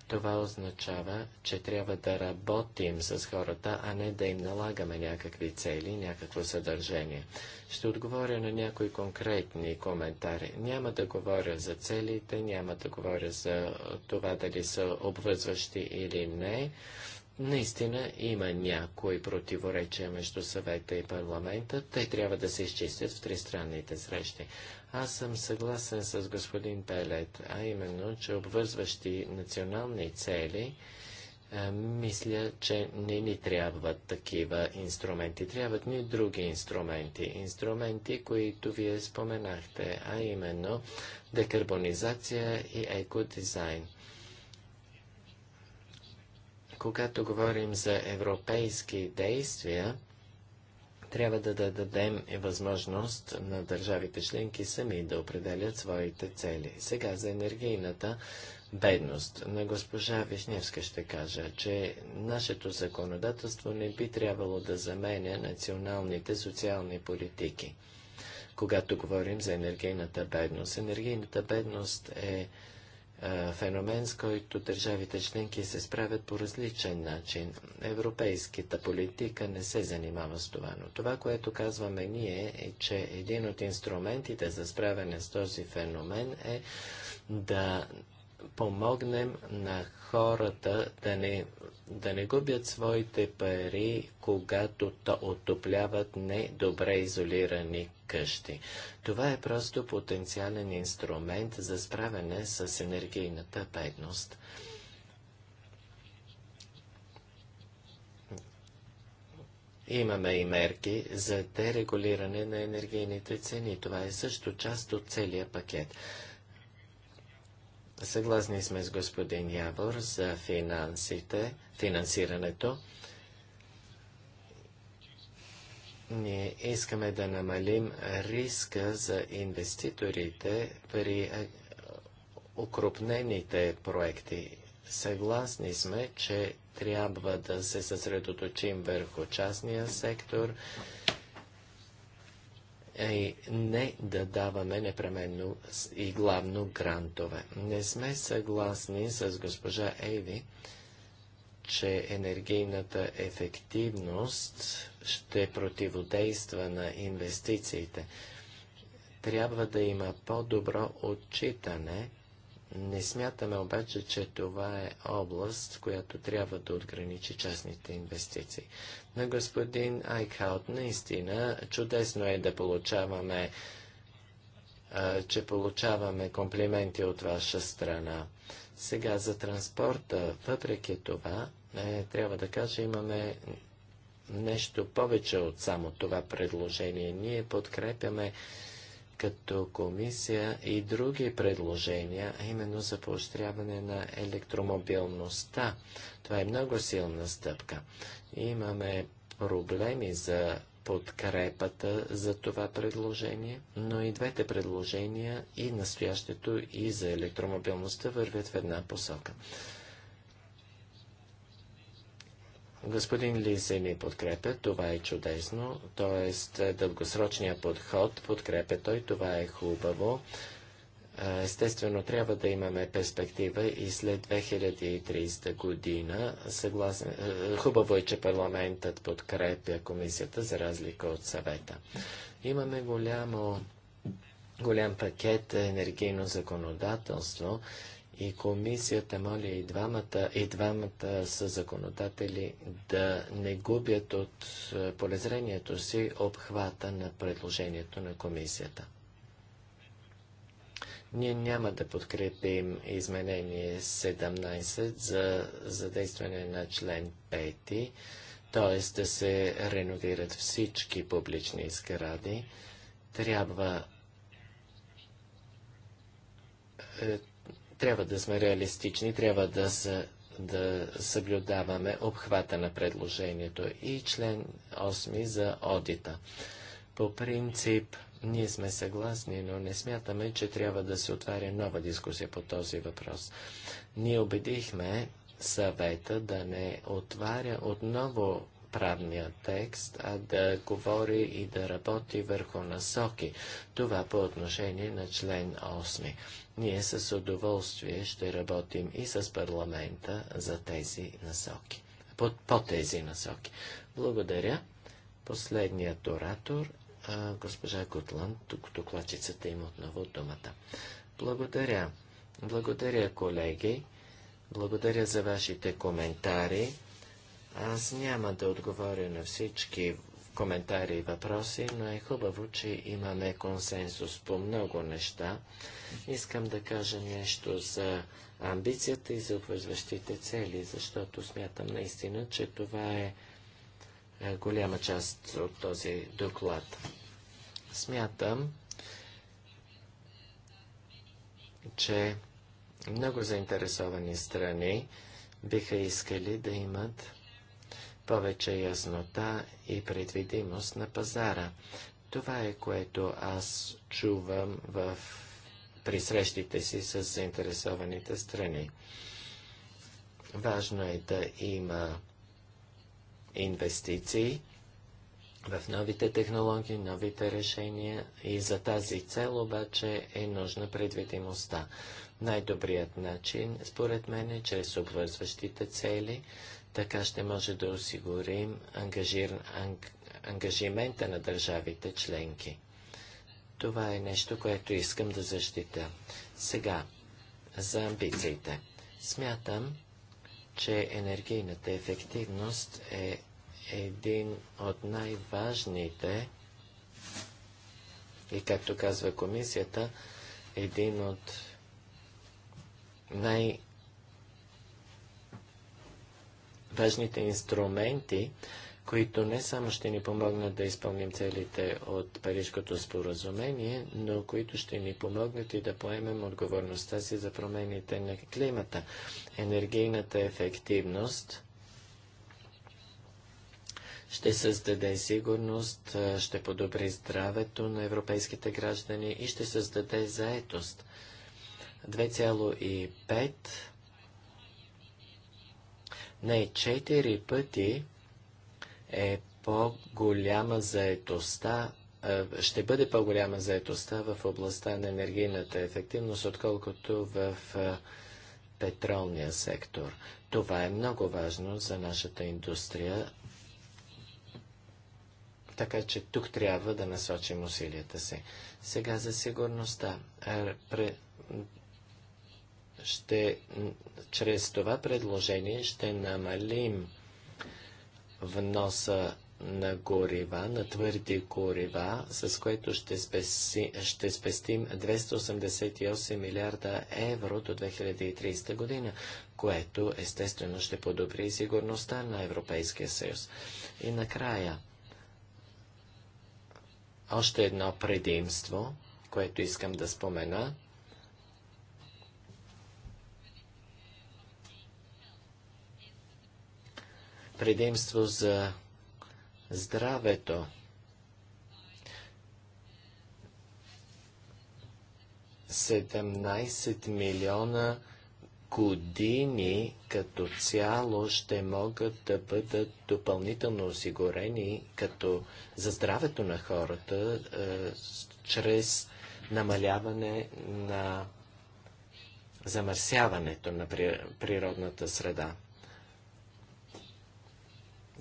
Това означава, че трябва да работим с хората, а не да им налагаме някакви цели, някакво съдържание. Ще отговоря на някои конкретни коментари. Няма да говоря за целите, няма да говоря за това дали са обвързващи или не. Наистина има някои противоречия между съвета и парламента. Те трябва да се изчистят в тристранните срещи. Аз съм съгласен с господин Пелет, а именно, че обвързващи национални цели, а, мисля, че не ни трябват такива инструменти. Трябват ни други инструменти. Инструменти, които вие споменахте, а именно декарбонизация и екодизайн. Когато говорим за европейски действия, трябва да дадем възможност на държавите членки сами да определят своите цели. Сега за енергийната бедност. На госпожа Вишневска ще кажа, че нашето законодателство не би трябвало да заменя националните социални политики. Когато говорим за енергийната бедност, енергийната бедност е е, феномен, с който държавите членки се справят по различен начин. Европейската политика не се занимава с това, но това, което казваме ние е, че един от инструментите за справяне с този феномен е да помогнем на хората да не да не губят своите пари, когато отопляват недобре изолирани къщи. Това е просто потенциален инструмент за справяне с енергийната бедност. Имаме и мерки за дерегулиране на енергийните цени. Това е също част от целия пакет. Съгласни сме с господин Явор за финансите, финансирането. Ние искаме да намалим риска за инвеститорите при е, укрупнените проекти. Съгласни сме, че трябва да се съсредоточим върху частния сектор, е не да даваме непременно и главно грантове. Не сме съгласни с госпожа Еви, че енергийната ефективност ще противодейства на инвестициите. Трябва да има по-добро отчитане не смятаме обаче, че това е област, която трябва да отграничи частните инвестиции. На господин Айкхаут наистина чудесно е да получаваме че получаваме комплименти от ваша страна. Сега за транспорта, въпреки това, е, трябва да кажа, имаме нещо повече от само това предложение. Ние подкрепяме като комисия и други предложения, а именно за поощряване на електромобилността. Това е много силна стъпка. Имаме проблеми за подкрепата за това предложение, но и двете предложения, и настоящето, и за електромобилността вървят в една посока. Господин Лизе ми подкрепя, това е чудесно, т.е. дългосрочният подход подкрепя той, това е хубаво. Е, естествено, трябва да имаме перспектива и след 2030 година. Съгласен... Е, хубаво е, че парламентът подкрепя комисията за разлика от съвета. Имаме голямо, голям пакет енергийно законодателство и комисията моля и двамата, и двамата са законодатели да не губят от е, полезрението си обхвата на предложението на комисията. Ние няма да подкрепим изменение 17 за задействане на член 5, т.е. да се реновират всички публични сгради. Трябва е, трябва да сме реалистични, трябва да, са, да съблюдаваме обхвата на предложението и член 8 за одита. По принцип, ние сме съгласни, но не смятаме, че трябва да се отваря нова дискусия по този въпрос. Ние убедихме съвета да не отваря отново правния текст, а да говори и да работи върху насоки. Това по отношение на член 8. Ние с удоволствие ще работим и с парламента за тези насоки. По, по тези насоки. Благодаря. Последният оратор, а, госпожа Готланд, тук докладчицата има отново думата. Благодаря. Благодаря, колеги. Благодаря за вашите коментари. Аз няма да отговоря на всички коментари и въпроси, но е хубаво, че имаме консенсус по много неща. Искам да кажа нещо за амбицията и за обвързващите цели, защото смятам наистина, че това е, е голяма част от този доклад. Смятам, че много заинтересовани страни биха искали да имат повече яснота и предвидимост на пазара. Това е което аз чувам в при срещите си с заинтересованите страни. Важно е да има инвестиции в новите технологии, новите решения и за тази цел обаче е нужна предвидимостта. Най-добрият начин, според мен, е чрез обвързващите цели, така ще може да осигурим ангажир, анг, ангажимента на държавите членки. Това е нещо, което искам да защита. Сега, за амбициите. Смятам, че енергийната ефективност е един от най-важните и, както казва комисията, един от най- важните инструменти, които не само ще ни помогнат да изпълним целите от Парижкото споразумение, но които ще ни помогнат и да поемем отговорността си за промените на климата. Енергийната ефективност ще създаде сигурност, ще подобри здравето на европейските граждани и ще създаде заетост. 2,5 не четири пъти е по-голяма заетостта, е, ще бъде по-голяма заетостта в областта на енергийната ефективност, отколкото в е, петролния сектор. Това е много важно за нашата индустрия, така че тук трябва да насочим усилията си. Сега за сигурността. Е, ще, чрез това предложение ще намалим вноса на горива, на твърди горива, с което ще, спеси, ще спестим 288 милиарда евро до 2030 година, което естествено ще подобри сигурността на Европейския съюз. И накрая, още едно предимство, което искам да спомена – предимство за здравето. Седемнайсет милиона години като цяло ще могат да бъдат допълнително осигурени като за здравето на хората е, чрез намаляване на замърсяването на природната среда.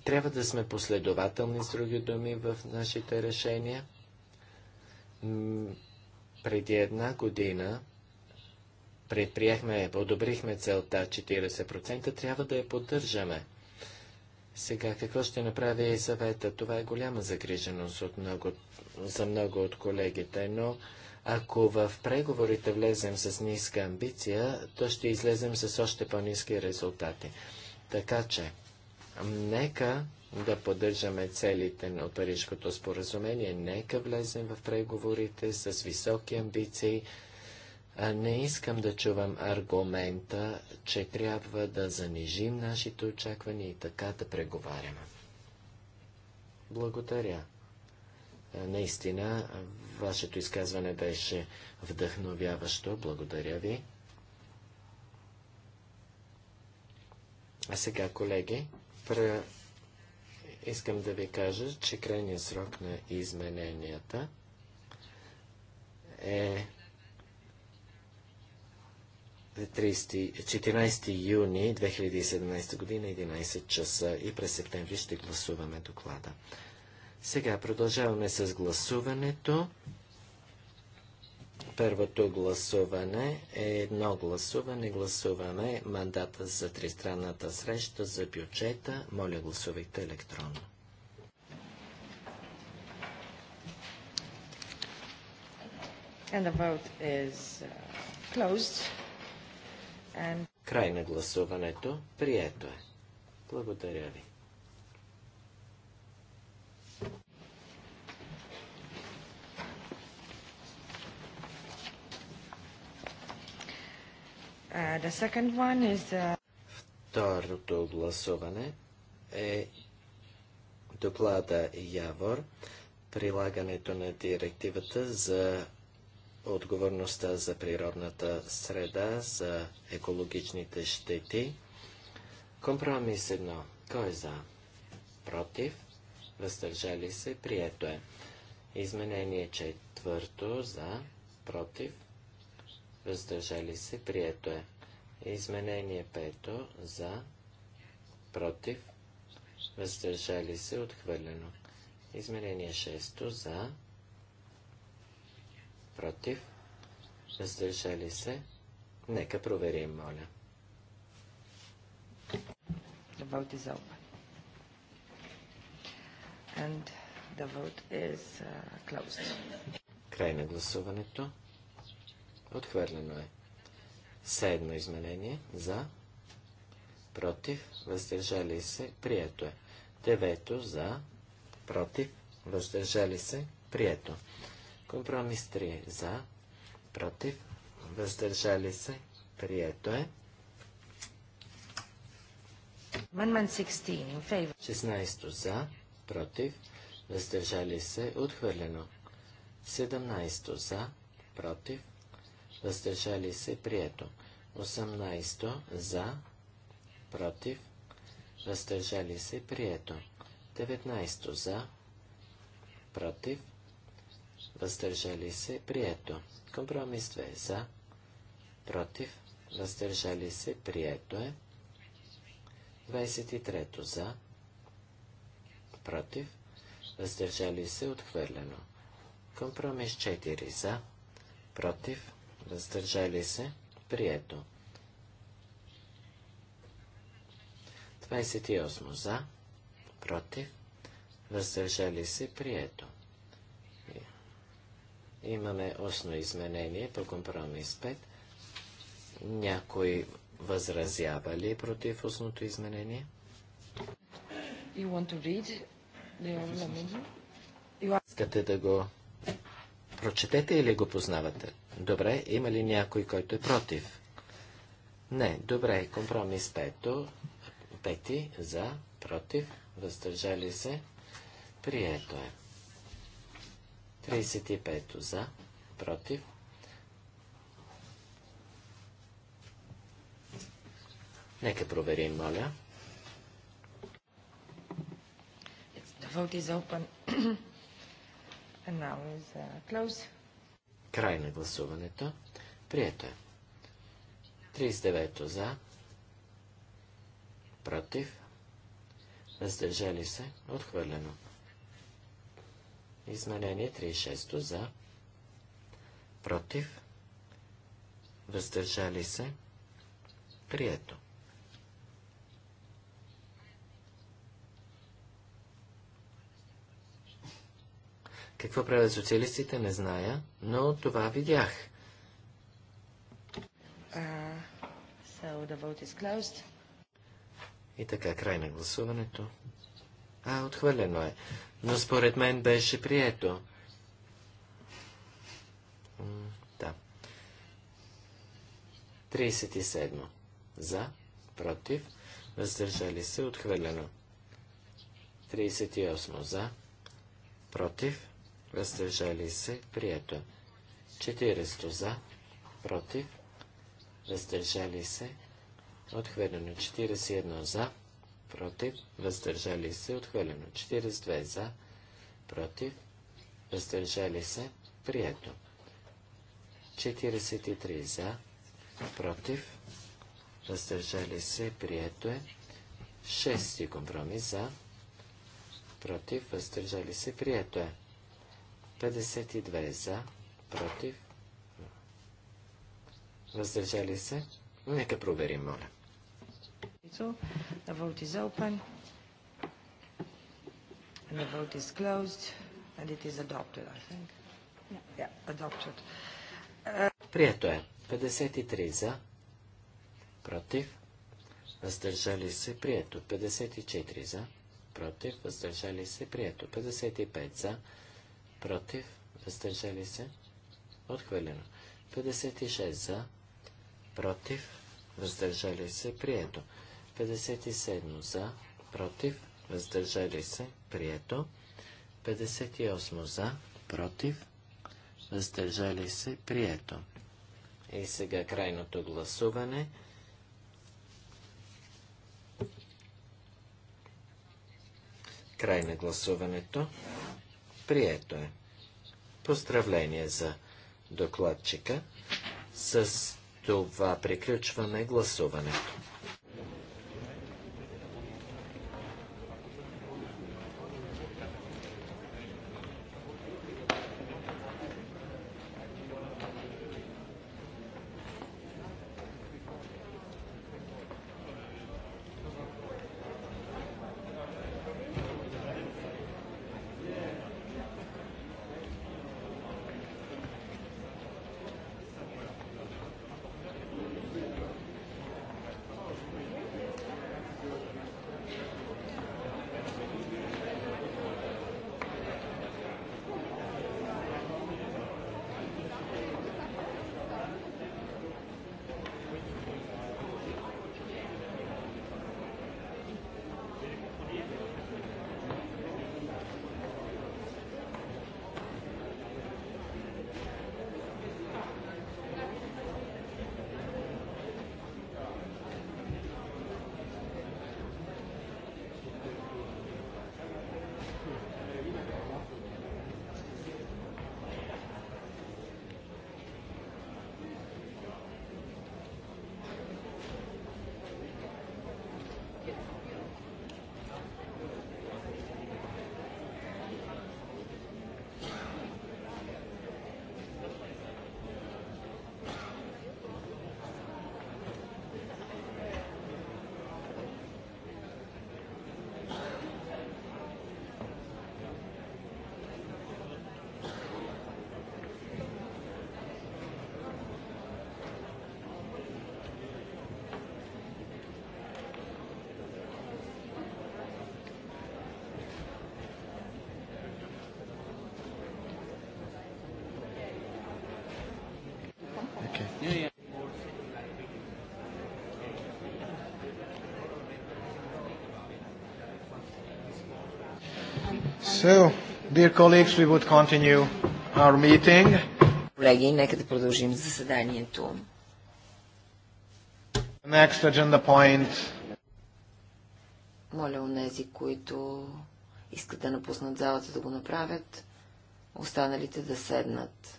Трябва да сме последователни, с други думи, в нашите решения. преди една година предприехме, подобрихме целта 40%, трябва да я поддържаме. Сега, какво ще направи и съвета? Това е голяма загриженост от много, за много от колегите, но ако в преговорите влезем с ниска амбиция, то ще излезем с още по-низки резултати. Така че, Нека да поддържаме целите на Парижското споразумение, нека влезем в преговорите с високи амбиции. Не искам да чувам аргумента, че трябва да занижим нашите очаквания и така да преговаряме. Благодаря. Наистина, вашето изказване беше вдъхновяващо. Благодаря ви. А сега, колеги, пре... искам да ви кажа, че крайният срок на измененията е 14 юни 2017 година, 11 часа и през септември ще гласуваме доклада. Сега продължаваме с гласуването. Първото гласуване е едно гласуване. Гласуваме мандата за тристранната среща за бюджета. Моля, гласувайте електронно. And the vote is uh, closed. And... Край на гласуването. Прието е. Благодаря ви. Uh, the second one is, uh, Второто гласуване е доклада Явор, прилагането на директивата за отговорността за природната среда, за екологичните щети. Компромис едно. Кой е за? Против? Въздържали се? Прието е. Изменение четвърто за? Против? въздържали се, прието е. Изменение пето за, против, въздържали се, отхвърлено. Изменение 6 за, против, въздържали се. Нека проверим, моля. The vote is open. And the vote is uh, closed. Край на гласуването. Отхвърлено е. Седмо изменение. За. Против. Въздържали се. Прието е. Девето. За. Против. Въздържали се. Прието. Компромис 3. За. Против. Въздържали се. Прието е. 16 за, против, въздържали се, отхвърлено. 17 за, против, въздържали се, прието. 18 за, против, въздържали се, прието. 19 за, против, въздържали се, прието. Компромис 2 за, против, въздържали се, прието е. 23 за, против, въздържали се, отхвърлено. Компромис 4 за, против, въздържали се, прието. 28 за, против, въздържали се, прието. Имаме осно изменение по компромис 5. Някой възразява ли против осното изменение? You want to read the amendment? Искате да го прочетете или го познавате? Добре, има ли някой, който е против? Не, добре, компромис пето, пети, за, против, въздържали се, прието е. 35 за, против, Нека проверим, моля. The vote is open. And now is Край на гласуването. Прието е. 39 за. Против. Въздържали се. Отхвърлено. Изменение 36 за. Против. Въздържали се. Прието. Какво правят социалистите, не зная, но това видях. Uh, so И така, край на гласуването. А, отхвърлено е. Но според мен беше прието. да. 37. За, против, въздържали се, отхвърлено. 38. За, против, въздържали се, прието. 400 за, против, въздържали се, отхвърлено. 41 за, против, въздържали се, отхвърлено. 42 за, против, въздържали се, прието. 43 за, против, въздържали се, прието е. 6 компромис за, против, въздържали се, прието е. 52 за, против, въздържали се. Нека проверим, моля. The vote is open. And the vote is closed. And it is adopted, I think. Yeah, adopted. Uh, прието е. 53 за, против, въздържали се, прието. 54 за, против, въздържали се, прието. 55 за, против, въздържали се, отхвърлено. 56 за, против, въздържали се, прието. 57 за, против, въздържали се, прието. 58 за, против, въздържали се, прието. И сега крайното гласуване. Край на гласуването. Прието е. Поздравление за докладчика. С това приключваме гласуването. So, dear colleagues, we would continue our meeting. Колеги, нека да продължим заседанието. Next agenda point. Моля онези, които искат да напуснат залата, да го направят, останалите да седнат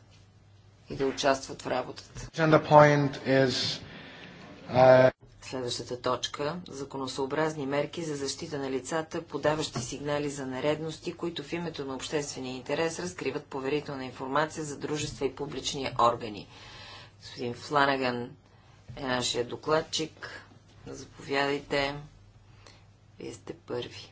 и да участват в работата. Agenda point is uh... Следващата точка – законосъобразни мерки за защита на лицата, подаващи сигнали за наредности, които в името на обществения интерес разкриват поверителна информация за дружества и публични органи. Господин Фланаган е нашия докладчик. Заповядайте. Вие сте първи.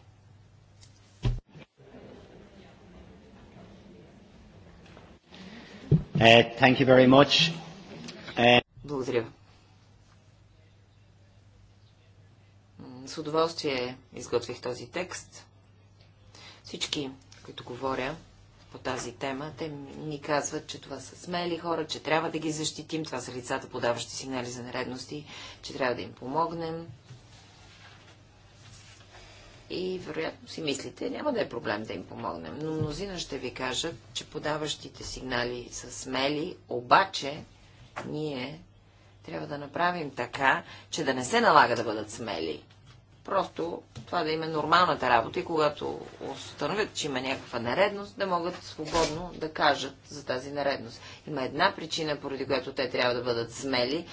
Uh, uh, Благодаря. С удоволствие изготвих този текст. Всички, които говоря по тази тема, те ни казват, че това са смели хора, че трябва да ги защитим. Това са лицата, подаващи сигнали за наредности, че трябва да им помогнем. И вероятно си мислите, няма да е проблем да им помогнем. Но мнозина ще ви кажат, че подаващите сигнали са смели, обаче ние трябва да направим така, че да не се налага да бъдат смели. Просто това да им е нормалната работа и когато установят, че има някаква наредност, да могат свободно да кажат за тази наредност. Има една причина, поради която те трябва да бъдат смели.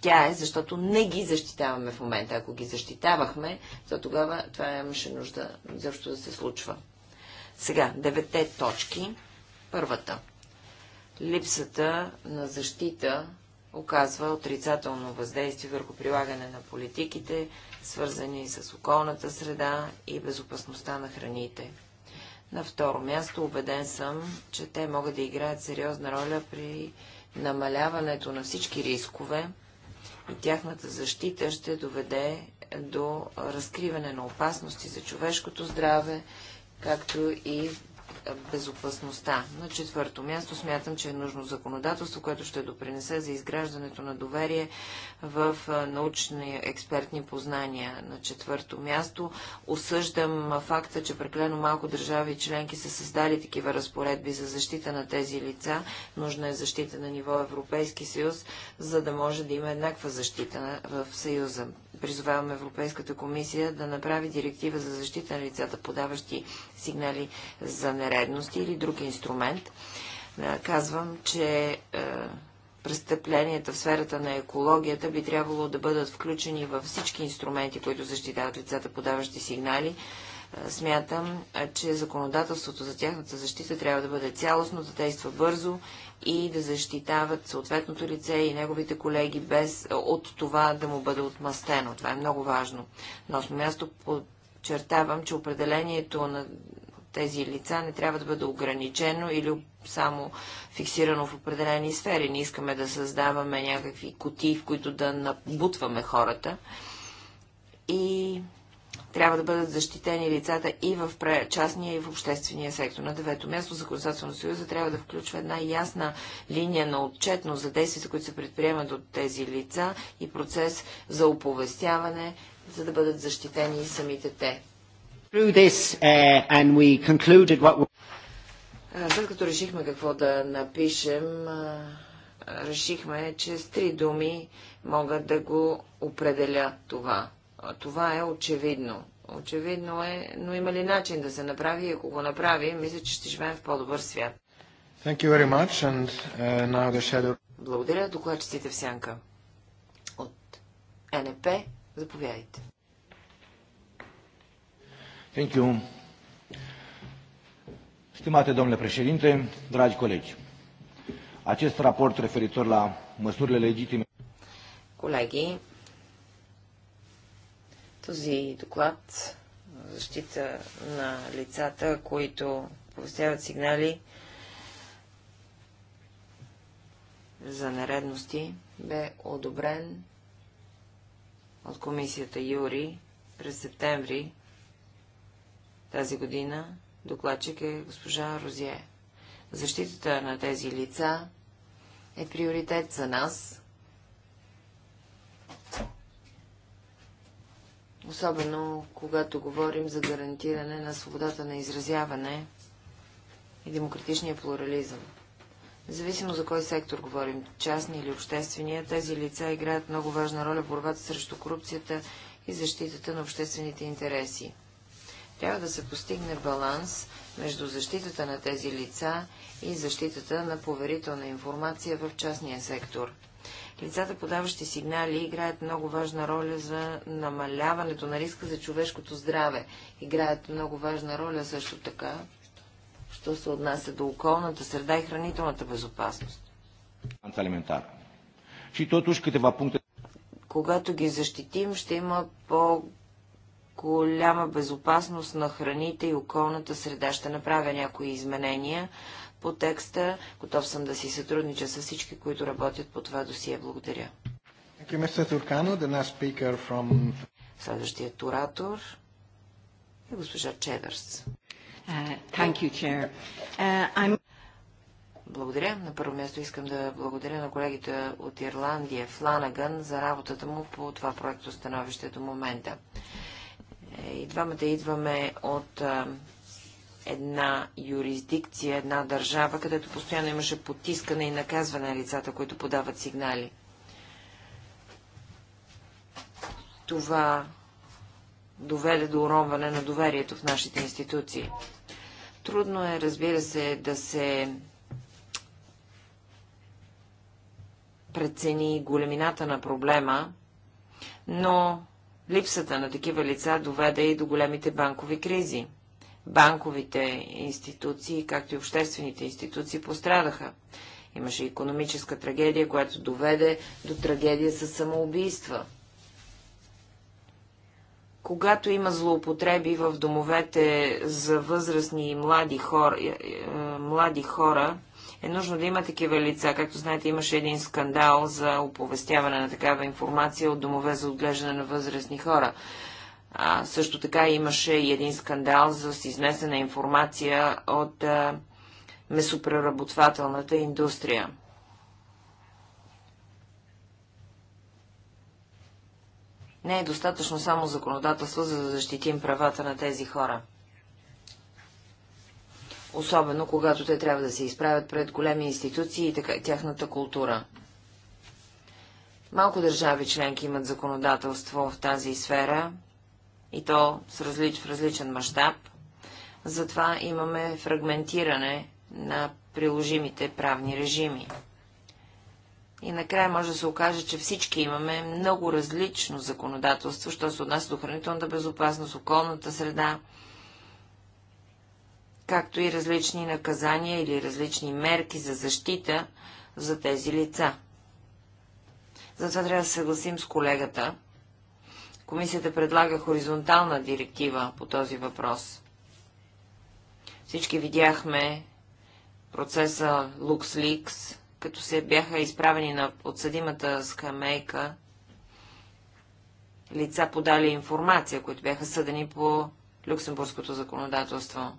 Тя е, защото не ги защитаваме в момента. Ако ги защитавахме, то тогава това имаше нужда защо да се случва. Сега, девете точки. Първата. Липсата на защита оказва отрицателно въздействие върху прилагане на политиките, свързани с околната среда и безопасността на храните. На второ място убеден съм, че те могат да играят сериозна роля при намаляването на всички рискове и тяхната защита ще доведе до разкриване на опасности за човешкото здраве, както и безопасността. На четвърто място смятам, че е нужно законодателство, което ще допринесе за изграждането на доверие в научни експертни познания. На четвърто място осъждам факта, че преклено малко държави и членки са създали такива разпоредби за защита на тези лица. Нужна е защита на ниво Европейски съюз, за да може да има еднаква защита в съюза призоваваме Европейската комисия да направи директива за защита на лицата, подаващи сигнали за нередности или друг инструмент. Е, казвам, че е, престъпленията в сферата на екологията би трябвало да бъдат включени във всички инструменти, които защитават лицата, подаващи сигнали. Е, смятам, че законодателството за тяхната защита трябва да бъде цялостно, да действа бързо и да защитават съответното лице и неговите колеги без от това да му бъде отмъстено. Това е много важно. На осмо място подчертавам, че определението на тези лица не трябва да бъде ограничено или само фиксирано в определени сфери. Не искаме да създаваме някакви кутии, в които да набутваме хората. И трябва да бъдат защитени лицата и в частния, и в обществения сектор. На девето място законодателството на Съюза трябва да включва една ясна линия на отчетност за действията, които се предприемат от тези лица и процес за оповестяване, за да бъдат защитени и самите те. Uh, След като решихме какво да напишем, решихме, че с три думи мога да го определя това това е очевидно. Очевидно е, но има ли начин да се направи? Ако го направи, мисля, че ще живеем в по-добър свят. Thank you very much. And, uh, now the shadow... Благодаря, докладчиците в сянка. От НП, заповядайте. Thank you. Stimate domnule președinte, dragi colegi, acest raport referitor la măsurile legitime... Colegii, този доклад защита на лицата, които повестяват сигнали за нередности, бе одобрен от комисията Юри през септември тази година. Докладчик е госпожа Розие. Защитата на тези лица е приоритет за нас особено когато говорим за гарантиране на свободата на изразяване и демократичния плурализъм. Независимо за кой сектор говорим, частни или обществения, тези лица играят много важна роля в борбата срещу корупцията и защитата на обществените интереси. Трябва да се постигне баланс между защитата на тези лица и защитата на поверителна информация в частния сектор – Лицата, подаващи сигнали, играят много важна роля за намаляването на риска за човешкото здраве. Играят много важна роля също така, що се отнася до околната среда и хранителната безопасност. Когато ги защитим, ще има по голяма безопасност на храните и околната среда. Ще направя някои изменения, по текста. Готов съм да си сътруднича с всички, които работят по това досие. Благодаря. From... Следващият оратор е госпожа Чедърс. Uh, uh благодаря. На първо място искам да благодаря на колегите от Ирландия, Фланаган, за работата му по това проекто становище до момента. Е, и двамата идваме от една юрисдикция, една държава, където постоянно имаше потискане и наказване на лицата, които подават сигнали. Това доведе до уронване на доверието в нашите институции. Трудно е, разбира се, да се прецени големината на проблема, но липсата на такива лица доведе и до големите банкови кризи банковите институции, както и обществените институции пострадаха. Имаше економическа трагедия, която доведе до трагедия със самоубийства. Когато има злоупотреби в домовете за възрастни и млади хора, е, е, млади хора, е нужно да има такива лица. Както знаете, имаше един скандал за оповестяване на такава информация от домове за отглеждане на възрастни хора. А, също така имаше и един скандал за изнесена информация от а, месопреработвателната индустрия. Не е достатъчно само законодателство, за да защитим правата на тези хора. Особено, когато те трябва да се изправят пред големи институции и така, тяхната култура. Малко държави членки имат законодателство в тази сфера, и то с различ, в различен мащаб. Затова имаме фрагментиране на приложимите правни режими. И накрая може да се окаже, че всички имаме много различно законодателство, що се отнася до хранителната безопасност, околната среда, както и различни наказания или различни мерки за защита за тези лица. Затова трябва да се съгласим с колегата, Комисията предлага хоризонтална директива по този въпрос. Всички видяхме процеса LuxLeaks, като се бяха изправени на подсъдимата скамейка лица подали информация, които бяха съдени по люксембургското законодателство.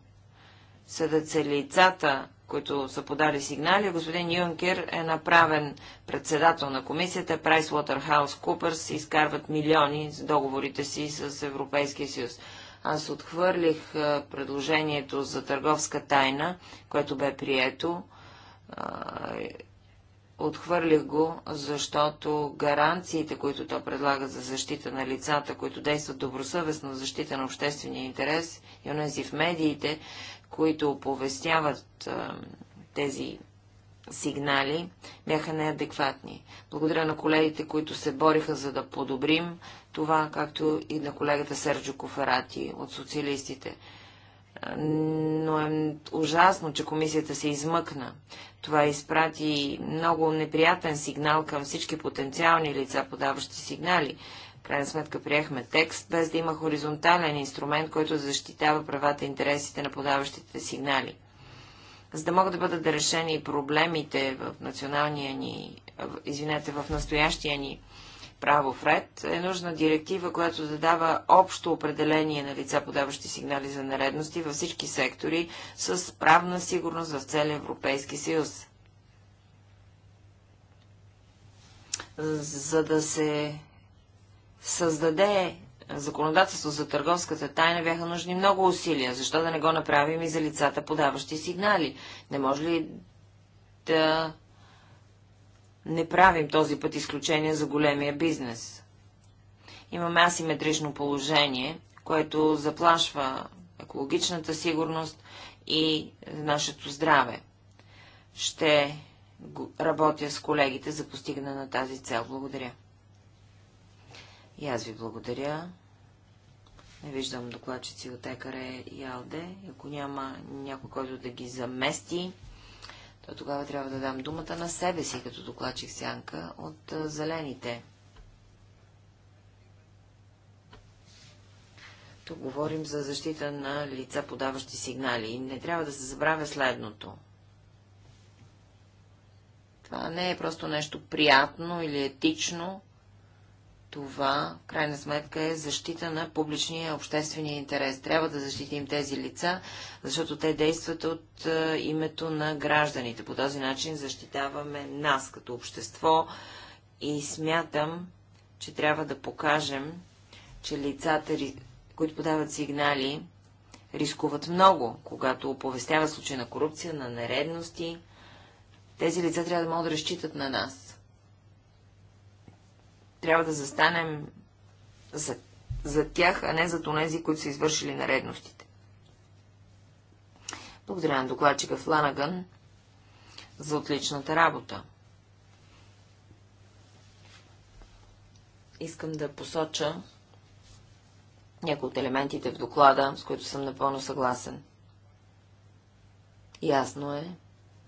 Съдат се лицата, които са подали сигнали. Господин Юнкер е направен председател на комисията. PricewaterhouseCoopers изкарват милиони с договорите си с Европейския съюз. Аз отхвърлих предложението за търговска тайна, което бе прието. Отхвърлих го, защото гаранциите, които то предлага за защита на лицата, които действат добросъвестно в защита на обществения интерес и онези в медиите, които оповестяват а, тези сигнали, бяха неадекватни. Благодаря на колегите, които се бориха за да подобрим това, както и на колегата Серджо Коферати от социалистите. Но е ужасно, че комисията се измъкна. Това изпрати много неприятен сигнал към всички потенциални лица, подаващи сигнали крайна сметка приехме текст, без да има хоризонтален инструмент, който защитава правата и интересите на подаващите сигнали. За да могат да бъдат да решени и проблемите в националния ни, извинете, в настоящия ни правов ред, е нужна директива, която да дава общо определение на лица, подаващи сигнали за наредности във всички сектори, с правна сигурност в целия Европейски съюз. За да се създаде законодателство за търговската тайна бяха нужни много усилия. Защо да не го направим и за лицата, подаващи сигнали? Не може ли да не правим този път изключение за големия бизнес? Имаме асиметрично положение, което заплашва екологичната сигурност и нашето здраве. Ще работя с колегите за постигане на тази цел. Благодаря. И аз ви благодаря. Не виждам докладчици от ЕКАРЕ и АЛДЕ. Ако няма някой, който да ги замести, то тогава трябва да дам думата на себе си, като докладчик сянка от зелените. Тук говорим за защита на лица, подаващи сигнали. И не трябва да се забравя следното. Това не е просто нещо приятно или етично, това, в крайна сметка, е защита на публичния обществения интерес. Трябва да защитим тези лица, защото те действат от а, е, името на гражданите. По този начин защитаваме нас като общество и смятам, че трябва да покажем, че лицата, които подават сигнали, рискуват много, когато оповестяват случай на корупция, на нередности. Тези лица трябва да могат да разчитат на нас трябва да застанем за, за тях, а не за тонези, които са извършили наредностите. Благодаря на докладчика Фланаган за отличната работа. Искам да посоча някои от елементите в доклада, с които съм напълно съгласен. Ясно е,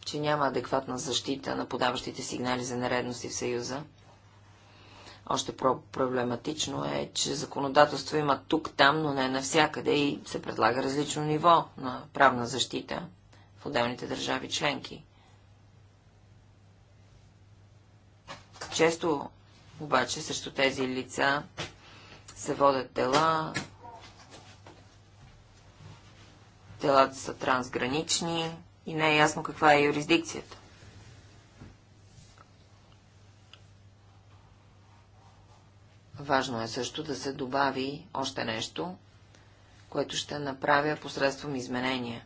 че няма адекватна защита на подаващите сигнали за наредности в Съюза още проблематично е, че законодателство има тук-там, но не навсякъде и се предлага различно ниво на правна защита в отделните държави членки. Често обаче срещу тези лица се водят дела, делата са трансгранични и не е ясно каква е юрисдикцията. Важно е също да се добави още нещо, което ще направя посредством изменения.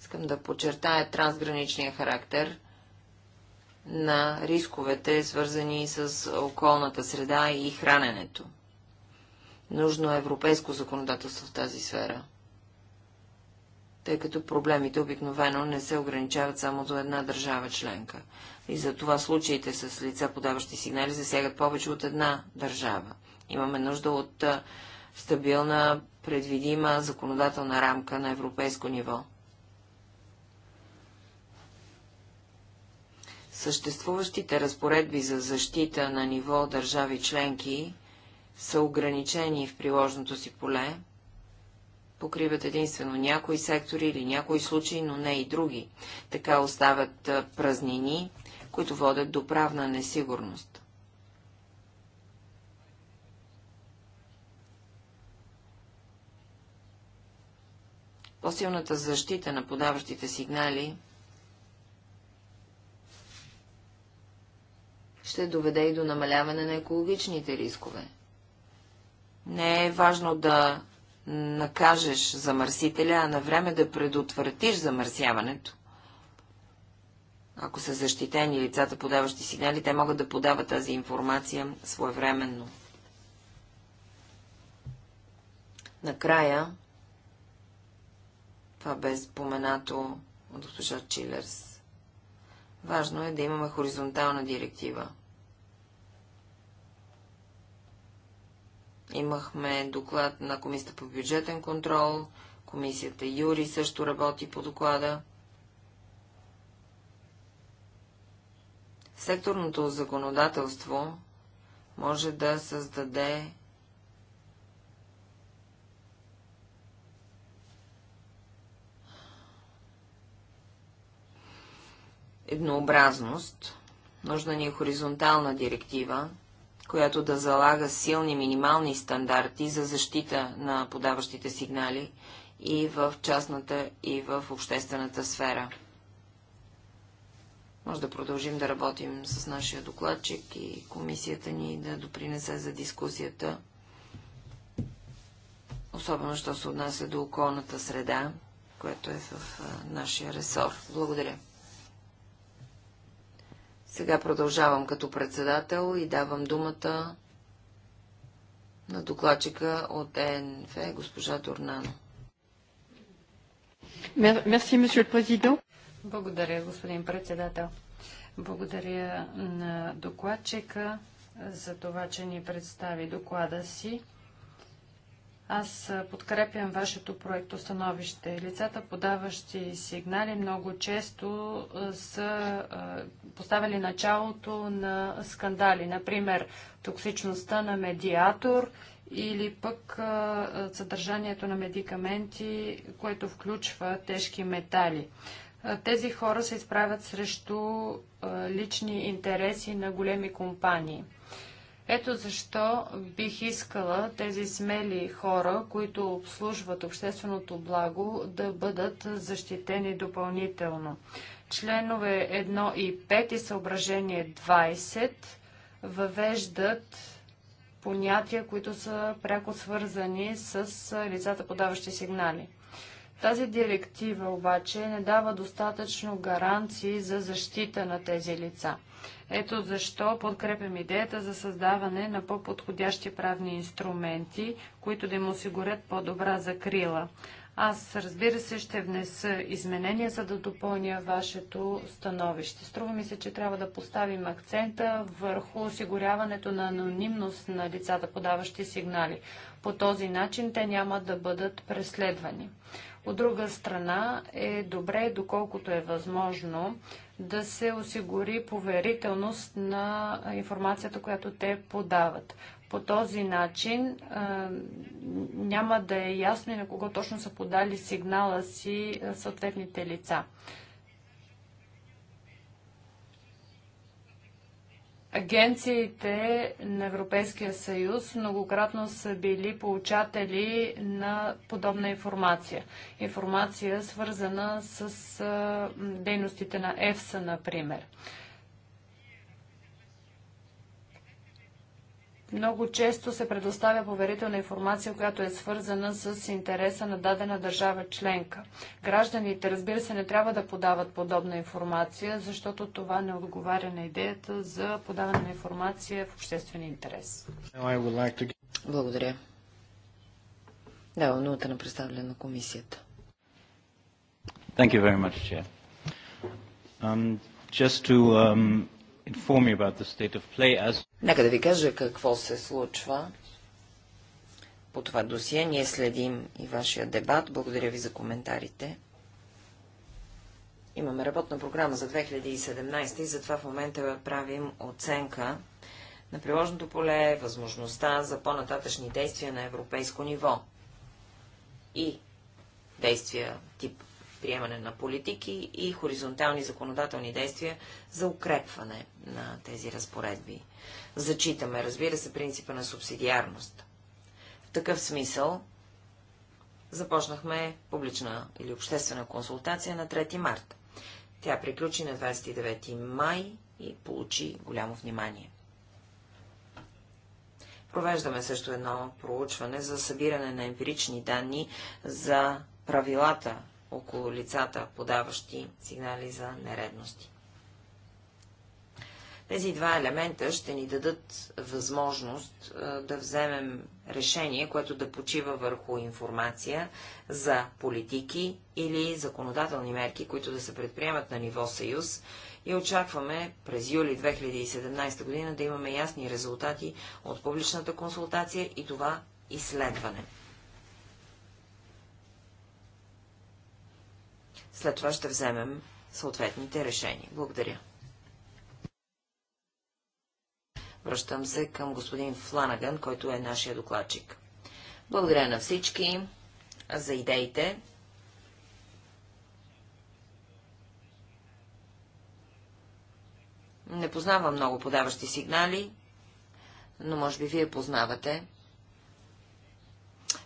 Искам да подчертая трансграничния характер на рисковете, свързани с околната среда и храненето. Нужно е европейско законодателство в тази сфера, тъй като проблемите обикновено не се ограничават само до една държава членка. И за това случаите с лица, подаващи сигнали, засягат повече от една държава. Имаме нужда от стабилна, предвидима законодателна рамка на европейско ниво. Съществуващите разпоредби за защита на ниво държави членки са ограничени в приложното си поле, покриват единствено някои сектори или някои случаи, но не и други. Така остават празнини които водят до правна несигурност. По-силната защита на подаващите сигнали ще доведе и до намаляване на екологичните рискове. Не е важно да накажеш замърсителя, а на време да предотвратиш замърсяването. Ако са защитени лицата, подаващи сигнали, те могат да подават тази информация своевременно. Накрая, това бе споменато от госпожа Чилерс, важно е да имаме хоризонтална директива. Имахме доклад на Комисията по бюджетен контрол, Комисията Юри също работи по доклада. Секторното законодателство може да създаде еднообразност, нужна ни е хоризонтална директива, която да залага силни минимални стандарти за защита на подаващите сигнали и в частната, и в обществената сфера. Може да продължим да работим с нашия докладчик и комисията ни да допринесе за дискусията, особено, що се отнася до околната среда, което е в нашия ресор. Благодаря. Сега продължавам като председател и давам думата на докладчика от ЕНФ, госпожа Турнано. Мерси, месье президент. Благодаря, господин председател. Благодаря на докладчика за това, че ни представи доклада си. Аз подкрепям вашето проекто становище. Лицата, подаващи сигнали, много често са поставили началото на скандали. Например, токсичността на медиатор или пък съдържанието на медикаменти, което включва тежки метали тези хора се изправят срещу лични интереси на големи компании. Ето защо бих искала тези смели хора, които обслужват общественото благо, да бъдат защитени допълнително. Членове 1 и 5 и съображение 20 въвеждат понятия, които са пряко свързани с лицата подаващи сигнали. Тази директива обаче не дава достатъчно гаранции за защита на тези лица. Ето защо подкрепям идеята за създаване на по-подходящи правни инструменти, които да им осигурят по-добра закрила. Аз, разбира се, ще внеса изменения, за да допълня вашето становище. Струва ми се, че трябва да поставим акцента върху осигуряването на анонимност на лицата, подаващи сигнали. По този начин те няма да бъдат преследвани. От друга страна е добре, доколкото е възможно, да се осигури поверителност на информацията, която те подават. По този начин няма да е ясно и на кого точно са подали сигнала си съответните лица. Агенциите на Европейския съюз многократно са били получатели на подобна информация. Информация свързана с дейностите на ЕФСА, например. Много често се предоставя поверителна информация, която е свързана с интереса на дадена държава членка. Гражданите, разбира се, не трябва да подават подобна информация, защото това не отговаря на идеята за подаване на информация в обществен интерес. Благодаря. Да, нота на представление на комисията. Thank you very much, Chair. Um, just to um, Нека да ви кажа какво се случва по това досие. Ние следим и вашия дебат. Благодаря ви за коментарите. Имаме работна програма за 2017 и затова в момента правим оценка на приложното поле, възможността за по-нататъчни действия на европейско ниво и действия тип приемане на политики и хоризонтални законодателни действия за укрепване на тези разпоредби. Зачитаме, разбира се, принципа на субсидиарност. В такъв смисъл започнахме публична или обществена консултация на 3 март. Тя приключи на 29 май и получи голямо внимание. Провеждаме също едно проучване за събиране на емпирични данни за правилата около лицата, подаващи сигнали за нередности. Тези два елемента ще ни дадат възможност да вземем решение, което да почива върху информация за политики или законодателни мерки, които да се предприемат на ниво Съюз и очакваме през юли 2017 година да имаме ясни резултати от публичната консултация и това изследване. След това ще вземем съответните решения. Благодаря. Връщам се към господин Фланаган, който е нашия докладчик. Благодаря на всички за идеите. Не познавам много подаващи сигнали, но може би вие познавате.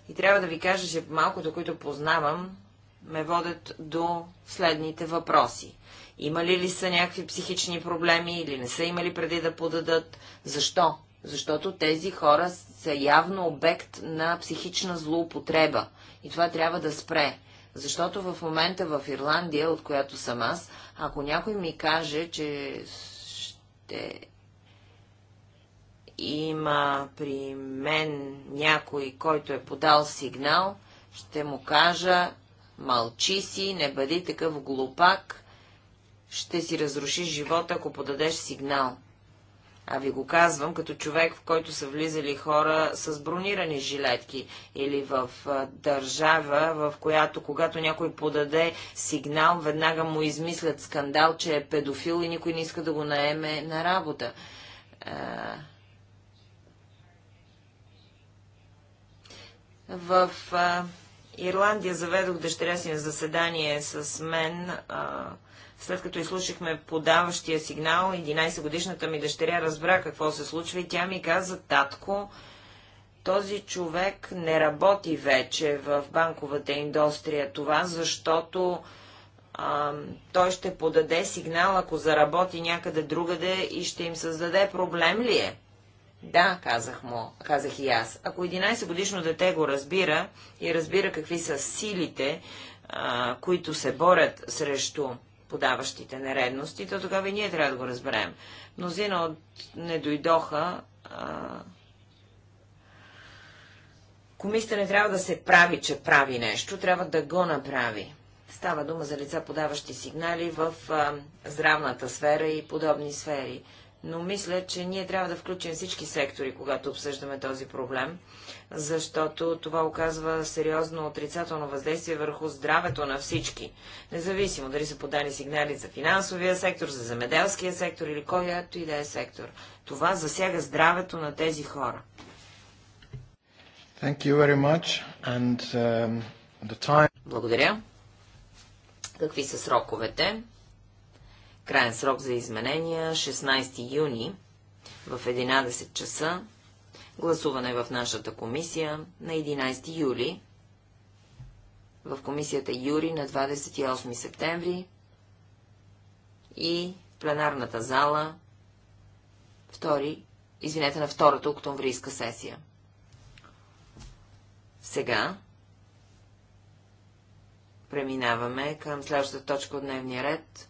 И трябва да ви кажа, че малкото, които познавам, ме водят до следните въпроси. Имали ли са някакви психични проблеми или не са имали преди да подадат? Защо? Защото тези хора са явно обект на психична злоупотреба. И това трябва да спре. Защото в момента в Ирландия, от която съм аз, ако някой ми каже, че ще има при мен някой, който е подал сигнал, ще му кажа, мълчи си, не бъди такъв глупак, ще си разруши живота, ако подадеш сигнал. А ви го казвам като човек, в който са влизали хора с бронирани жилетки или в държава, в която когато някой подаде сигнал, веднага му измислят скандал, че е педофил и никой не иска да го наеме на работа. В Ирландия заведох дъщеря си на заседание с мен, а, след като изслушахме подаващия сигнал, 11-годишната ми дъщеря разбра какво се случва и тя ми каза, татко, този човек не работи вече в банковата индустрия. Това защото а, той ще подаде сигнал, ако заработи някъде другаде и ще им създаде проблем ли е? Да, казах му, казах и аз. Ако 11 годишно дете го разбира и разбира какви са силите, а, които се борят срещу подаващите нередности, то тогава и ние трябва да го разберем. Мнозина от не дойдоха. А... Комисията не трябва да се прави, че прави нещо, трябва да го направи. Става дума за лица, подаващи сигнали в а, здравната сфера и подобни сфери но мисля, че ние трябва да включим всички сектори, когато обсъждаме този проблем, защото това оказва сериозно отрицателно въздействие върху здравето на всички, независимо дали са подали сигнали за финансовия сектор, за земеделския сектор или който и да е сектор. Това засяга здравето на тези хора. Thank you very much. And, um, the time... Благодаря. Какви са сроковете? Крайен срок за изменения 16 юни в 11 часа. Гласуване в нашата комисия на 11 юли. В комисията Юри на 28 септември. И пленарната зала 2, извинете, на втората октомврийска сесия. Сега преминаваме към следващата точка от дневния ред –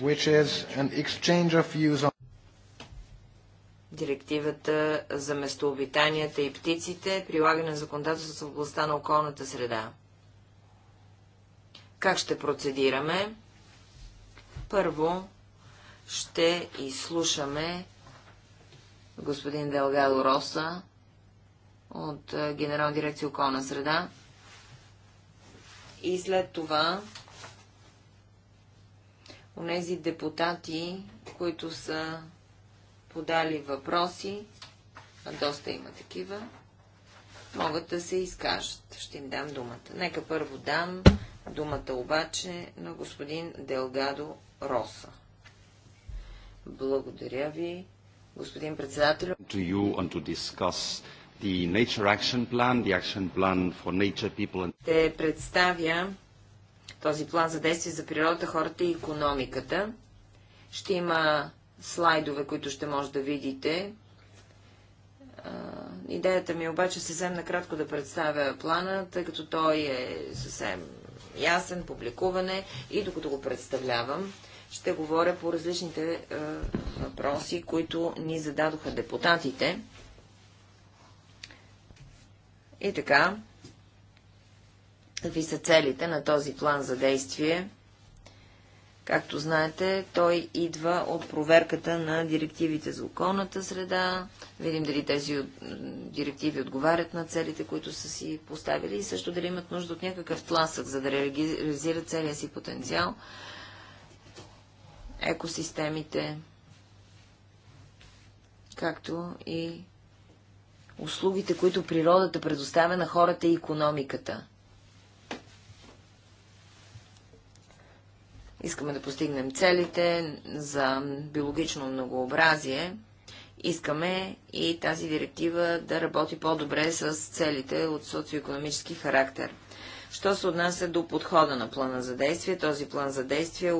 which is an exchange of views on Директивата за местообитанията и птиците, прилагане на законодателството в областта на околната среда. Как ще процедираме? Първо ще изслушаме господин Делгадо Роса от Генерална дирекция околна среда. И след това онези депутати, които са подали въпроси, а доста има такива, могат да се изкажат. Ще им дам думата. Нека първо дам думата обаче на господин Делгадо Роса. Благодаря ви, господин председател. To you and to discuss the Nature Action Plan, the Action Plan for Nature People and... Те представя този план за действие за природата, хората и економиката. Ще има слайдове, които ще може да видите. Идеята ми е обаче съвсем накратко да представя плана, тъй като той е съвсем ясен, публикуване и докато го представлявам, ще говоря по различните е, въпроси, които ни зададоха депутатите. И така, Какви са целите на този план за действие? Както знаете, той идва от проверката на директивите за околната среда. Видим дали тези директиви отговарят на целите, които са си поставили и също дали имат нужда от някакъв тласък, за да реализират целия си потенциал. Екосистемите, както и услугите, които природата предоставя на хората и економиката – Искаме да постигнем целите за биологично многообразие. Искаме и тази директива да работи по-добре с целите от социоекономически характер. Що се отнася до подхода на плана за действие, този план за действие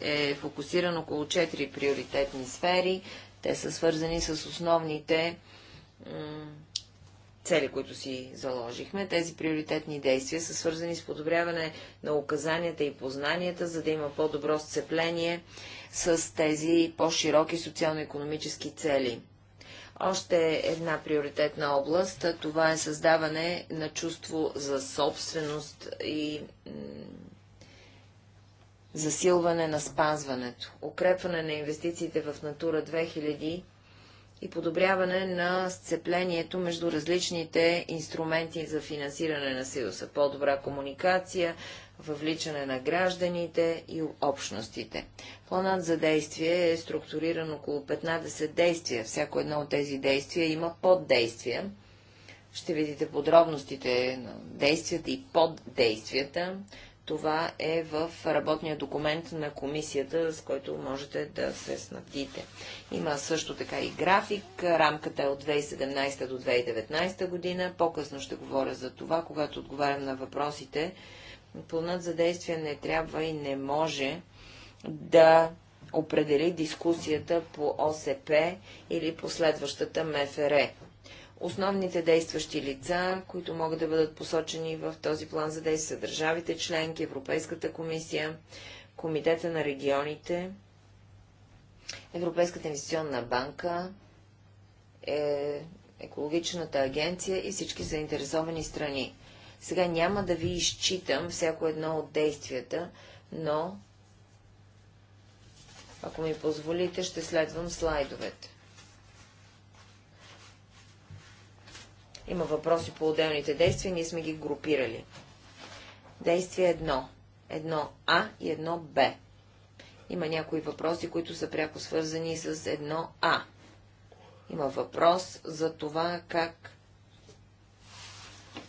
е фокусиран около 4 приоритетни сфери. Те са свързани с основните цели, които си заложихме. Тези приоритетни действия са свързани с подобряване на указанията и познанията, за да има по-добро сцепление с тези по-широки социално-економически цели. Още една приоритетна област, това е създаване на чувство за собственост и засилване на спазването, укрепване на инвестициите в Натура 2000 и подобряване на сцеплението между различните инструменти за финансиране на Съюза, по-добра комуникация, въвличане на гражданите и общностите. Планът за действие е структуриран около 15 действия. Всяко едно от тези действия има поддействия. Ще видите подробностите на действията и поддействията. Това е в работния документ на комисията, с който можете да се снабдите. Има също така и график. Рамката е от 2017 до 2019 година. По-късно ще говоря за това, когато отговарям на въпросите. Планът за действие не трябва и не може да определи дискусията по ОСП или последващата МФР. Основните действащи лица, които могат да бъдат посочени в този план за действие, са държавите членки, Европейската комисия, Комитета на регионите, Европейската инвестиционна банка, е, екологичната агенция и всички заинтересовани страни. Сега няма да ви изчитам всяко едно от действията, но ако ми позволите, ще следвам слайдовете. Има въпроси по отделните действия, ние сме ги групирали. Действие 1. Едно а и едно б Има някои въпроси, които са пряко свързани с едно а Има въпрос за това, как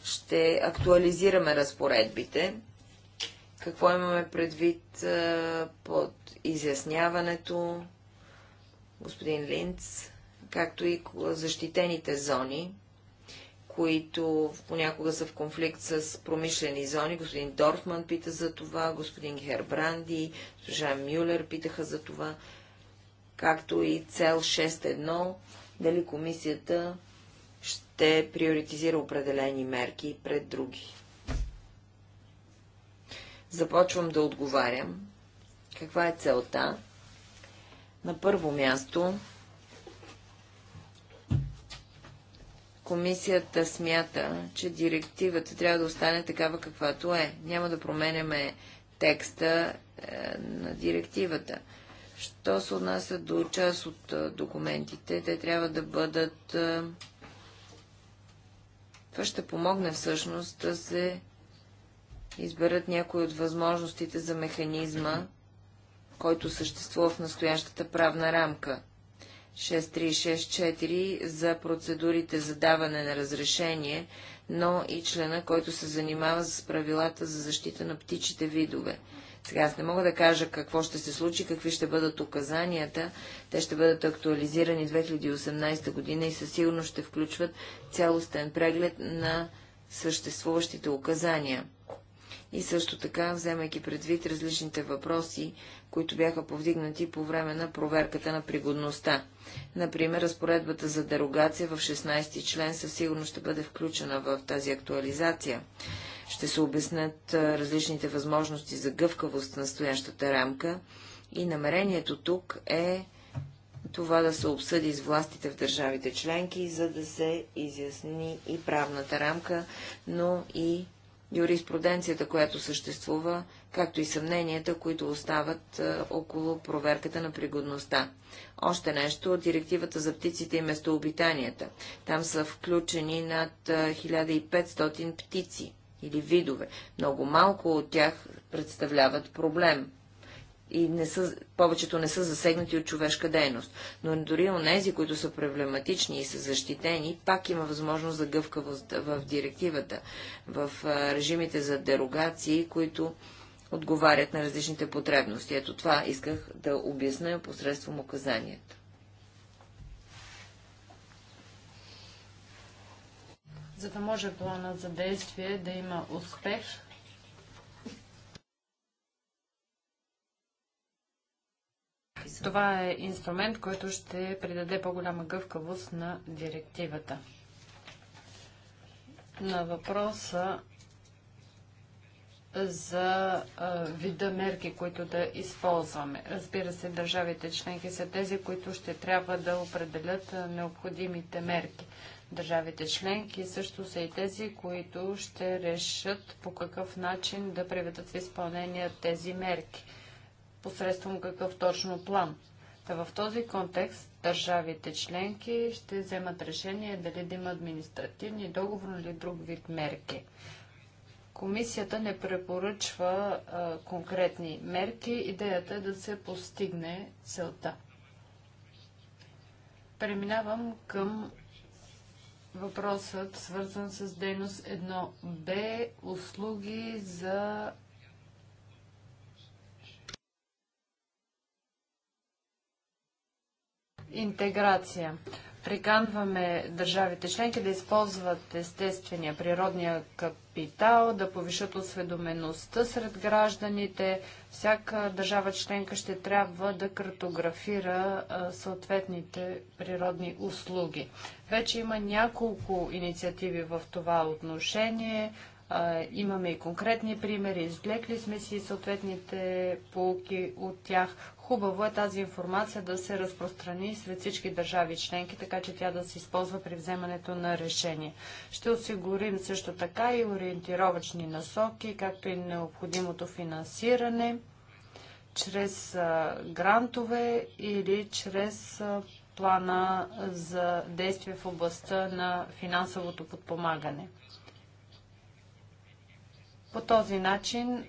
ще актуализираме разпоредбите, какво имаме предвид под изясняването, господин Линц, както и защитените зони, които понякога са в конфликт с промишлени зони. Господин Дорфман пита за това, господин Хербранди, Жан Мюлер питаха за това, както и цел 6.1, дали комисията ще приоритизира определени мерки пред други. Започвам да отговарям. Каква е целта? На първо място комисията смята, че директивата трябва да остане такава каквато е. Няма да променяме текста е, на директивата. Що се отнася до част от е, документите, те трябва да бъдат... Е... Това ще помогне всъщност да се изберат някои от възможностите за механизма, който съществува в настоящата правна рамка. 6364 за процедурите за даване на разрешение, но и члена, който се занимава с правилата за защита на птичите видове. Сега аз не мога да кажа какво ще се случи, какви ще бъдат указанията. Те ще бъдат актуализирани 2018 година и със сигурност ще включват цялостен преглед на съществуващите указания и също така вземайки предвид различните въпроси, които бяха повдигнати по време на проверката на пригодността. Например, разпоредбата за дерогация в 16 член със сигурност ще бъде включена в тази актуализация. Ще се обяснят различните възможности за гъвкавост на настоящата рамка и намерението тук е това да се обсъди с властите в държавите членки, за да се изясни и правната рамка, но и юриспруденцията, която съществува, както и съмненията, които остават е, около проверката на пригодността. Още нещо от директивата за птиците и местообитанията. Там са включени над 1500 е, птици или видове. Много малко от тях представляват проблем и не са, повечето не са засегнати от човешка дейност. Но дори у нези, които са проблематични и са защитени, пак има възможност за гъвкавост в директивата, в режимите за дерогации, които отговарят на различните потребности. Ето това исках да обясня посредством указанията. За да може планът за действие да има успех, Това е инструмент, който ще придаде по-голяма гъвкавост на директивата. На въпроса за вида мерки, които да използваме. Разбира се, държавите членки са тези, които ще трябва да определят необходимите мерки. Държавите членки също са и тези, които ще решат по какъв начин да приведат в изпълнение тези мерки посредством какъв точно план. Та в този контекст държавите членки ще вземат решение дали да има административни, договори или друг вид мерки. Комисията не препоръчва а, конкретни мерки. Идеята е да се постигне целта. Преминавам към въпросът, свързан с дейност 1Б, услуги за Интеграция. Приканваме държавите членки да използват естествения природния капитал, да повишат осведомеността сред гражданите. Всяка държава членка ще трябва да картографира съответните природни услуги. Вече има няколко инициативи в това отношение. имаме и конкретни примери, извлекли сме си съответните полки от тях. Хубаво е тази информация да се разпространи сред всички държави членки, така че тя да се използва при вземането на решение. Ще осигурим също така и ориентировачни насоки, както и необходимото финансиране чрез грантове или чрез плана за действие в областта на финансовото подпомагане. По този начин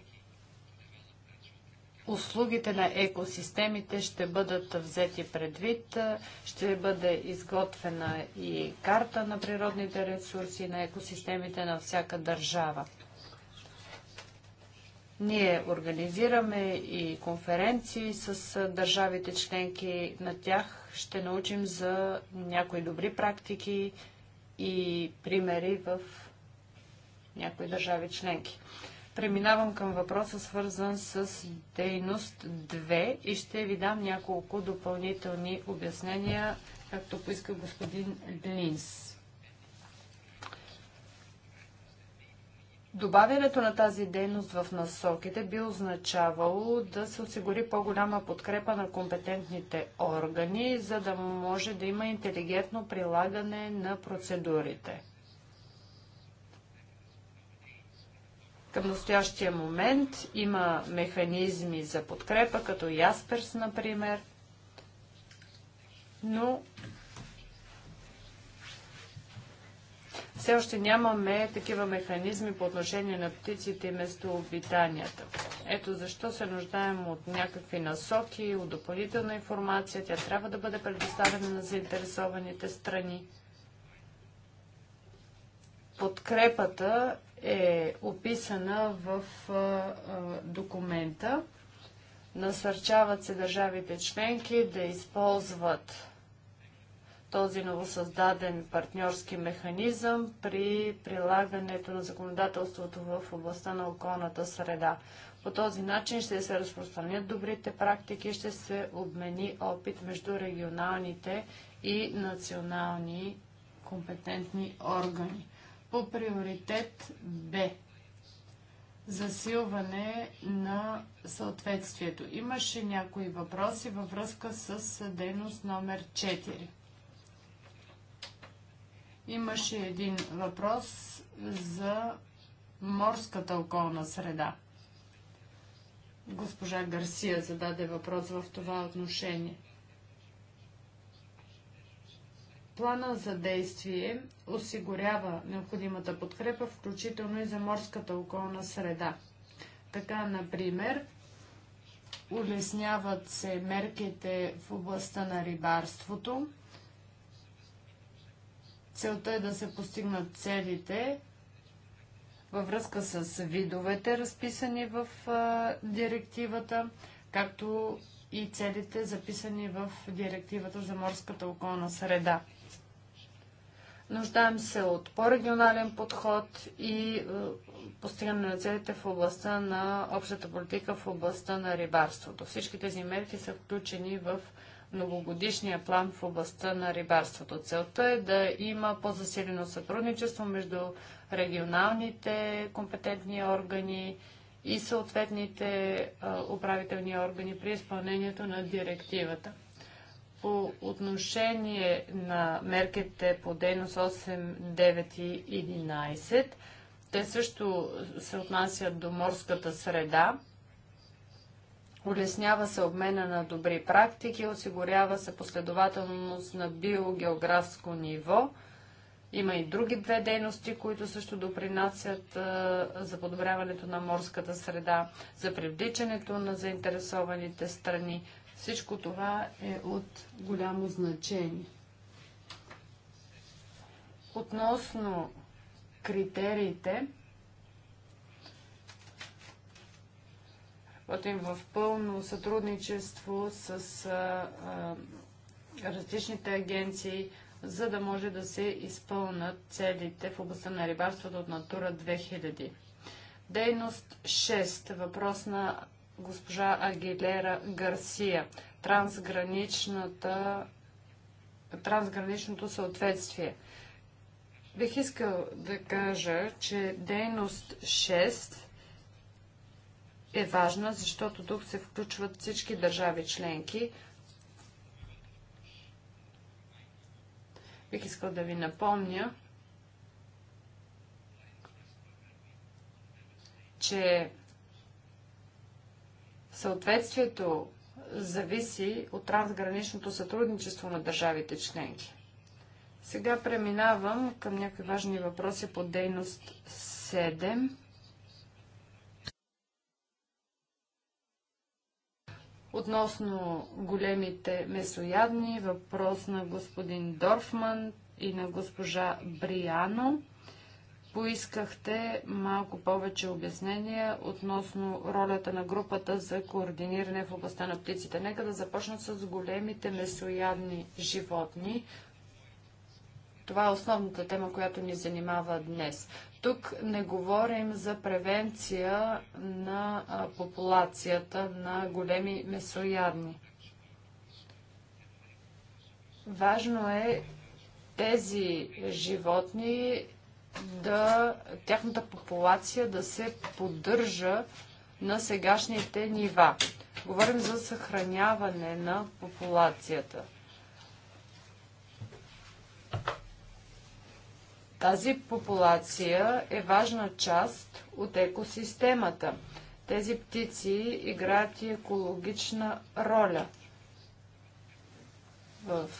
услугите на екосистемите ще бъдат взети предвид, ще бъде изготвена и карта на природните ресурси на екосистемите на всяка държава. Ние организираме и конференции с държавите членки. На тях ще научим за някои добри практики и примери в някои държави членки. Преминавам към въпроса, свързан с дейност 2 и ще ви дам няколко допълнителни обяснения, както поиска господин Линс. Добавянето на тази дейност в насоките би означавало да се осигури по-голяма подкрепа на компетентните органи, за да може да има интелигентно прилагане на процедурите. Към настоящия момент има механизми за подкрепа, като Ясперс, например, но все още нямаме такива механизми по отношение на птиците и местообитанията. Ето защо се нуждаем от някакви насоки, от допълнителна информация. Тя трябва да бъде предоставена на заинтересованите страни. Подкрепата е описана в документа. Насърчават се държавите членки да използват този новосъздаден партньорски механизъм при прилагането на законодателството в областта на околната среда. По този начин ще се разпространят добрите практики, ще се обмени опит между регионалните и национални компетентни органи по приоритет Б засилване на съответствието. Имаше някои въпроси във връзка с дейност номер 4. Имаше един въпрос за морската околна среда. Госпожа Гарсия зададе въпрос в това отношение – Плана за действие осигурява необходимата подкрепа, включително и за морската околна среда. Така, например, улесняват се мерките в областта на рибарството. Целта е да се постигнат целите във връзка с видовете, разписани в директивата, както и целите, записани в директивата за морската околна среда. Нуждаем се от по-регионален подход и е, постигане на целите в областта на общата политика в областта на рибарството. Всички тези мерки са включени в многогодишния план в областта на рибарството. Целта е да има по-засилено сътрудничество между регионалните компетентни органи и съответните е, управителни органи при изпълнението на директивата по отношение на мерките по дейност 8, 9 и 11. Те също се отнасят до морската среда. Улеснява се обмена на добри практики, осигурява се последователност на биогеографско ниво. Има и други две дейности, които също допринасят за подобряването на морската среда, за привличането на заинтересованите страни. Всичко това е от голямо значение. Относно критериите, работим в пълно сътрудничество с а, а, различните агенции, за да може да се изпълнат целите в областта на рибарството от Натура 2000. Дейност 6. Въпрос на госпожа Агилера Гарсия. Трансграничната, трансграничното съответствие. Бих искал да кажа, че дейност 6 е важна, защото тук се включват всички държави членки. Бих искал да ви напомня, че Съответствието зависи от трансграничното сътрудничество на държавите членки. Сега преминавам към някои важни въпроси по дейност 7. Относно големите месоядни, въпрос на господин Дорфман и на госпожа Бриано поискахте малко повече обяснения относно ролята на групата за координиране в областта на птиците. Нека да започнат с големите месоядни животни. Това е основната тема, която ни занимава днес. Тук не говорим за превенция на популацията на големи месоядни. Важно е тези животни да, тяхната популация да се поддържа на сегашните нива. Говорим за съхраняване на популацията. Тази популация е важна част от екосистемата. Тези птици играят и екологична роля в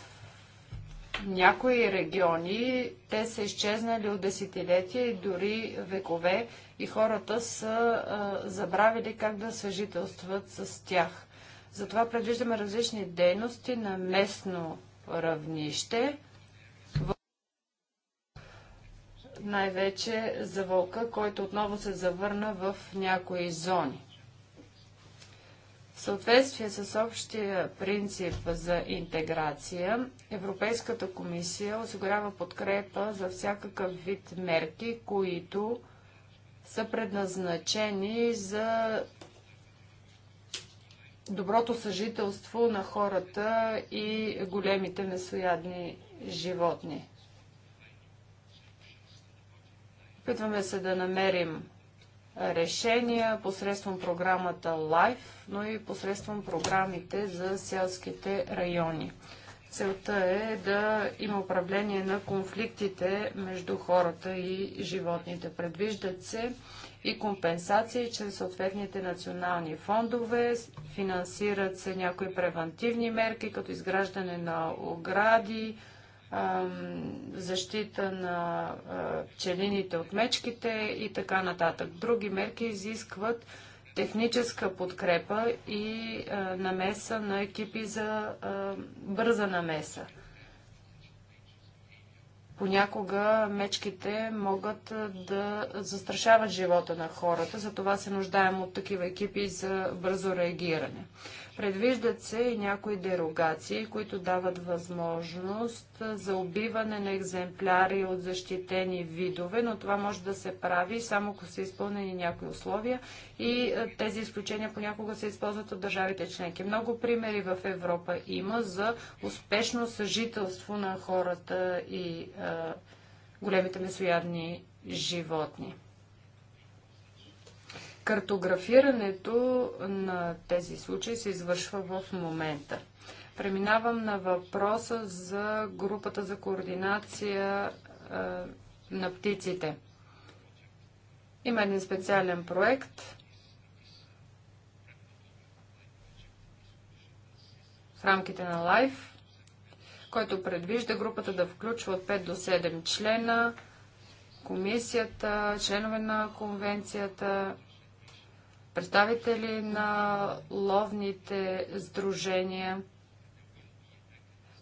някои региони, те са изчезнали от десетилетия и дори векове и хората са а, забравили как да съжителстват с тях. Затова предвиждаме различни дейности на местно равнище, най-вече за вълка, който отново се завърна в някои зони. В съответствие с общия принцип за интеграция, Европейската комисия осигурява подкрепа за всякакъв вид мерки, които са предназначени за доброто съжителство на хората и големите месоядни животни. Опитваме се да намерим решения посредством програмата LIFE, но и посредством програмите за селските райони. Целта е да има управление на конфликтите между хората и животните. Предвиждат се и компенсации чрез съответните национални фондове. Финансират се някои превантивни мерки, като изграждане на огради, защита на пчелините от мечките и така нататък. Други мерки изискват техническа подкрепа и намеса на екипи за бърза намеса. Понякога мечките могат да застрашават живота на хората, затова се нуждаем от такива екипи за бързо реагиране. Предвиждат се и някои дерогации, които дават възможност за убиване на екземпляри от защитени видове, но това може да се прави само ако са изпълнени някои условия и е, тези изключения понякога се използват от държавите членки. Много примери в Европа има за успешно съжителство на хората и а, е, големите месоядни животни. Картографирането на тези случаи се извършва в момента. Преминавам на въпроса за групата за координация е, на птиците. Има един специален проект. В рамките на лайф, който предвижда групата да включва от 5 до 7 члена, комисията, членове на конвенцията представители на ловните сдружения.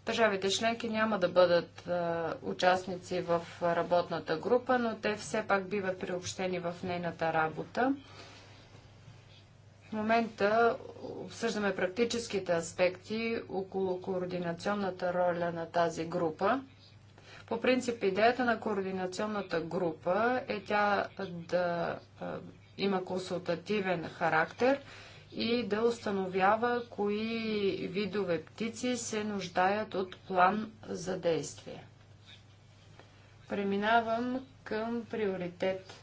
Държавите членки няма да бъдат участници в работната група, но те все пак биват приобщени в нейната работа. В момента обсъждаме практическите аспекти около координационната роля на тази група. По принцип, идеята на координационната група е тя да има консултативен характер и да установява кои видове птици се нуждаят от план за действие. Преминавам към приоритет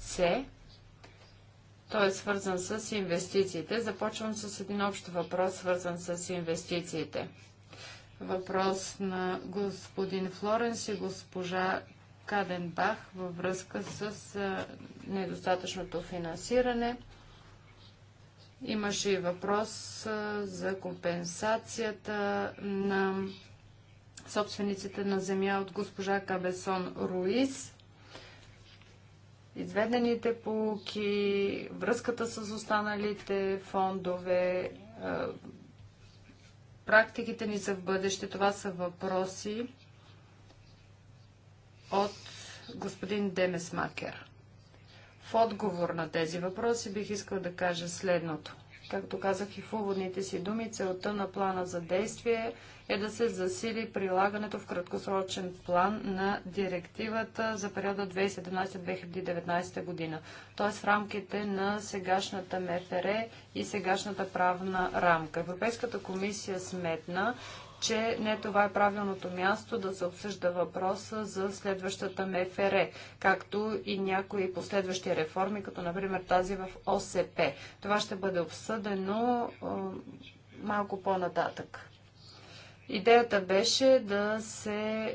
С. Той е свързан с инвестициите. Започвам с един общ въпрос, свързан с инвестициите. Въпрос на господин Флоренс и госпожа Каденбах във връзка с недостатъчното финансиране. Имаше и въпрос за компенсацията на собствениците на земя от госпожа Кабесон Руис. Изведените полуки, връзката с останалите фондове, практиките ни за в бъдеще, това са въпроси, от господин Демес Макер. В отговор на тези въпроси бих искал да кажа следното. Както казах и в уводните си думи, целта на плана за действие е да се засили прилагането в краткосрочен план на директивата за периода 2017-2019 година, т.е. в рамките на сегашната МФР и сегашната правна рамка. Европейската комисия сметна, че не това е правилното място да се обсъжда въпроса за следващата МФР, както и някои последващи реформи, като например тази в ОСП. Това ще бъде обсъдено малко по-нататък. Идеята беше да се е,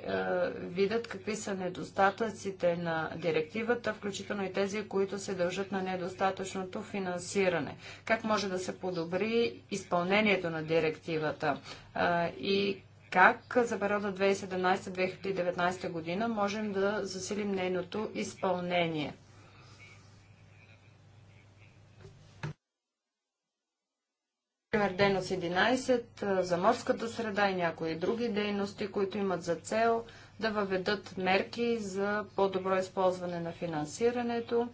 видят какви са недостатъците на директивата, включително и тези, които се дължат на недостатъчното финансиране. Как може да се подобри изпълнението на директивата е, и как за периода 2017-2019 година можем да засилим нейното изпълнение. Пример дейност 11 за морската среда и някои други дейности, които имат за цел да въведат мерки за по-добро използване на финансирането.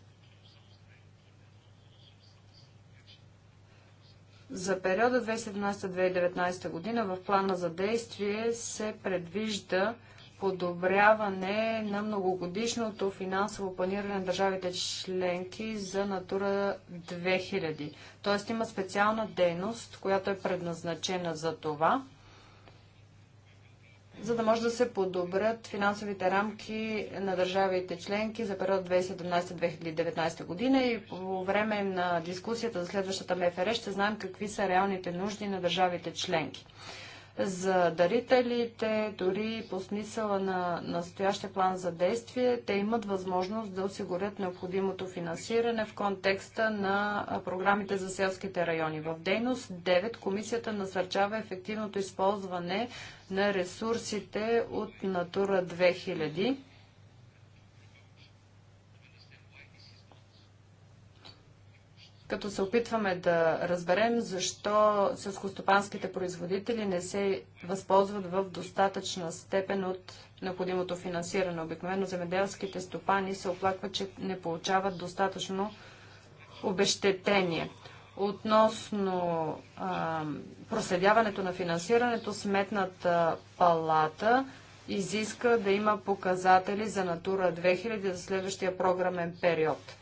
За периода 2017-2019 година в плана за действие се предвижда подобряване на многогодишното финансово планиране на държавите членки за Натура 2000. Тоест има специална дейност, която е предназначена за това, за да може да се подобрят финансовите рамки на държавите членки за период 2017-2019 година и по време на дискусията за следващата МФР ще знаем какви са реалните нужди на държавите членки за дарителите, дори по смисъла на настоящия план за действие, те имат възможност да осигурят необходимото финансиране в контекста на програмите за селските райони. В дейност 9 комисията насърчава ефективното използване на ресурсите от Натура 2000 като се опитваме да разберем защо сълскостопанските производители не се възползват в достатъчна степен от необходимото финансиране. Обикновено земеделските стопани се оплакват, че не получават достатъчно обещетение. Относно а, проследяването на финансирането, сметната палата изиска да има показатели за Натура 2000 за следващия програмен период –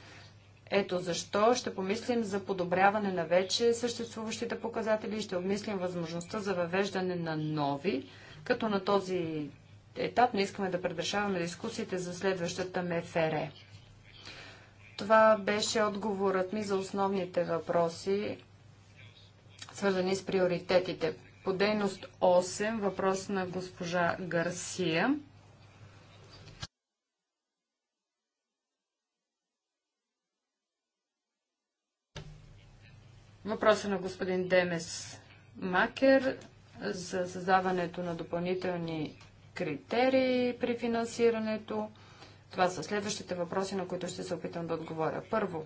ето защо ще помислим за подобряване на вече съществуващите показатели и ще обмислим възможността за въвеждане на нови, като на този етап не искаме да предрешаваме дискусиите за следващата МФР. Това беше отговорът ми за основните въпроси, свързани с приоритетите. По дейност 8, въпрос на госпожа Гарсия. Въпроса е на господин Демес Макер за създаването на допълнителни критерии при финансирането. Това са следващите въпроси, на които ще се опитам да отговоря. Първо,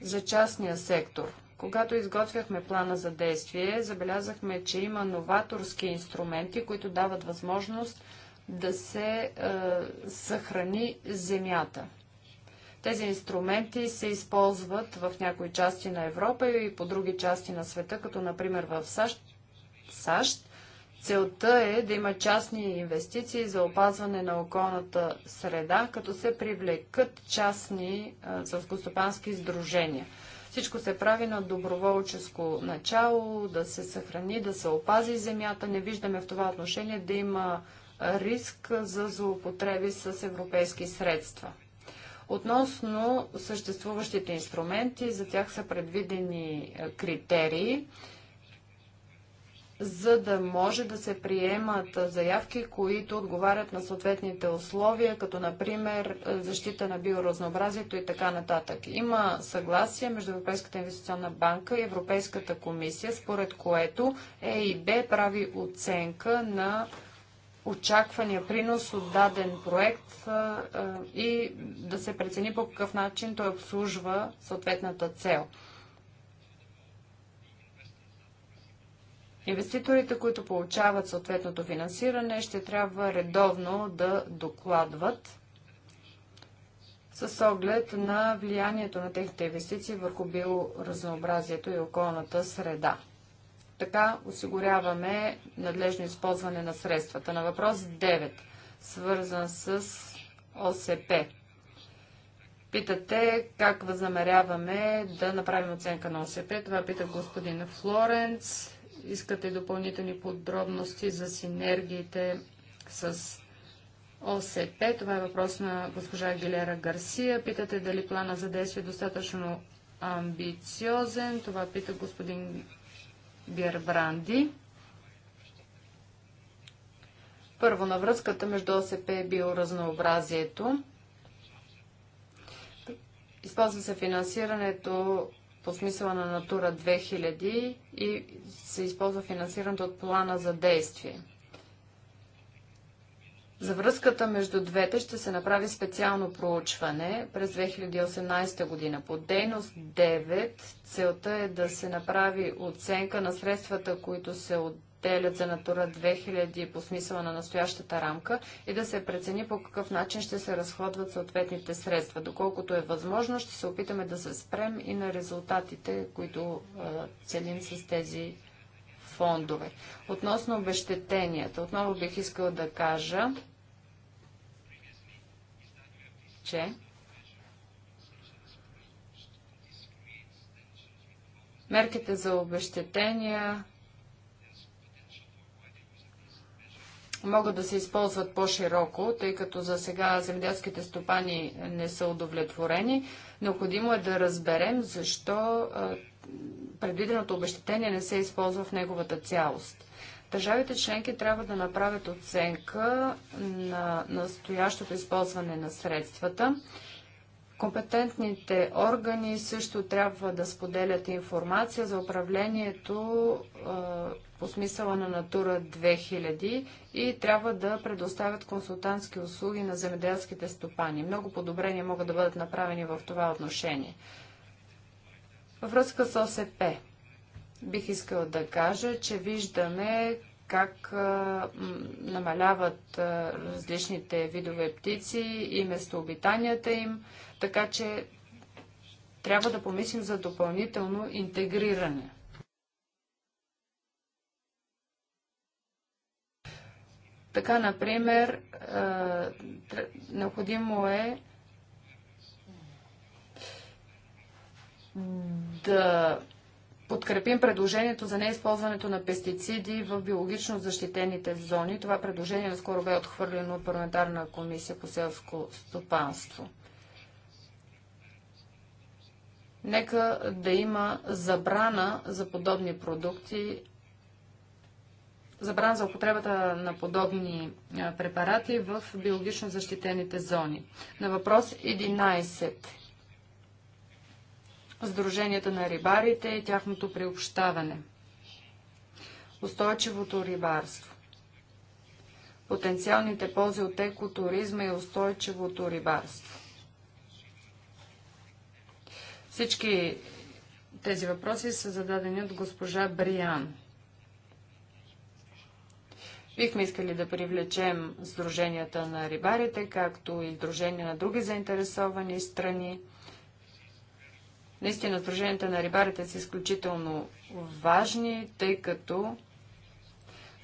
за частния сектор. Когато изготвяхме плана за действие, забелязахме, че има новаторски инструменти, които дават възможност да се е, съхрани земята. Тези инструменти се използват в някои части на Европа и по други части на света, като например в САЩ. САЩ Целта е да има частни инвестиции за опазване на околната среда, като се привлекат частни селскостопански сдружения. Всичко се прави на доброволческо начало, да се съхрани, да се опази земята. Не виждаме в това отношение да има риск за злоупотреби с европейски средства. Относно съществуващите инструменти, за тях са предвидени е, критерии, за да може да се приемат е, заявки, които отговарят на съответните условия, като например е, защита на биоразнообразието и така нататък. Има съгласие между Европейската инвестиционна банка и Европейската комисия, според което ЕИБ прави оценка на очаквания принос от даден проект и да се прецени по какъв начин той обслужва съответната цел. Инвеститорите, които получават съответното финансиране, ще трябва редовно да докладват с оглед на влиянието на техните инвестиции върху биоразнообразието и околната среда така осигуряваме надлежно използване на средствата. На въпрос 9, свързан с ОСП. Питате как възнамеряваме да направим оценка на ОСП. Това пита господин Флоренц. Искате допълнителни подробности за синергиите с ОСП. Това е въпрос на госпожа Гилера Гарсия. Питате дали плана за действие е достатъчно амбициозен. Това пита господин Бирбранди. Първо на връзката между ОСП и биоразнообразието. Използва се финансирането по смисъла на Натура 2000 и се използва финансирането от плана за действие. За връзката между двете ще се направи специално проучване през 2018 година. По дейност 9 целта е да се направи оценка на средствата, които се отделят за Натура 2000 по смисъла на настоящата рамка и да се прецени по какъв начин ще се разходват съответните средства. Доколкото е възможно, ще се опитаме да се спрем и на резултатите, които целим с тези фондове. Относно обещетенията, отново бих искал да кажа, че мерките за обещетения могат да се използват по-широко, тъй като за сега земеделските стопани не са удовлетворени. Необходимо е да разберем защо предвиденото обещетение не се използва в неговата цялост. Държавите членки трябва да направят оценка на настоящото използване на средствата. Компетентните органи също трябва да споделят информация за управлението по смисъла на Натура 2000 и трябва да предоставят консултантски услуги на земеделските стопани. Много подобрения могат да бъдат направени в това отношение. Във връзка с ОСП бих искала да кажа, че виждаме как а, намаляват а, различните видове птици и местообитанията им, така че трябва да помислим за допълнително интегриране. Така, например, а, необходимо е да подкрепим предложението за неизползването на пестициди в биологично защитените зони. Това предложение наскоро бе отхвърлено от парламентарна комисия по селско стопанство. Нека да има забрана за подобни продукти, забрана за употребата на подобни препарати в биологично защитените зони. На въпрос 11 сдруженията на рибарите и тяхното приобщаване. Устойчивото рибарство. Потенциалните ползи от екотуризма и устойчивото рибарство. Всички тези въпроси са зададени от госпожа Бриан. Бихме искали да привлечем сдруженията на рибарите, както и сдружения на други заинтересовани страни – Наистина, сдруженията на рибарите са изключително важни, тъй като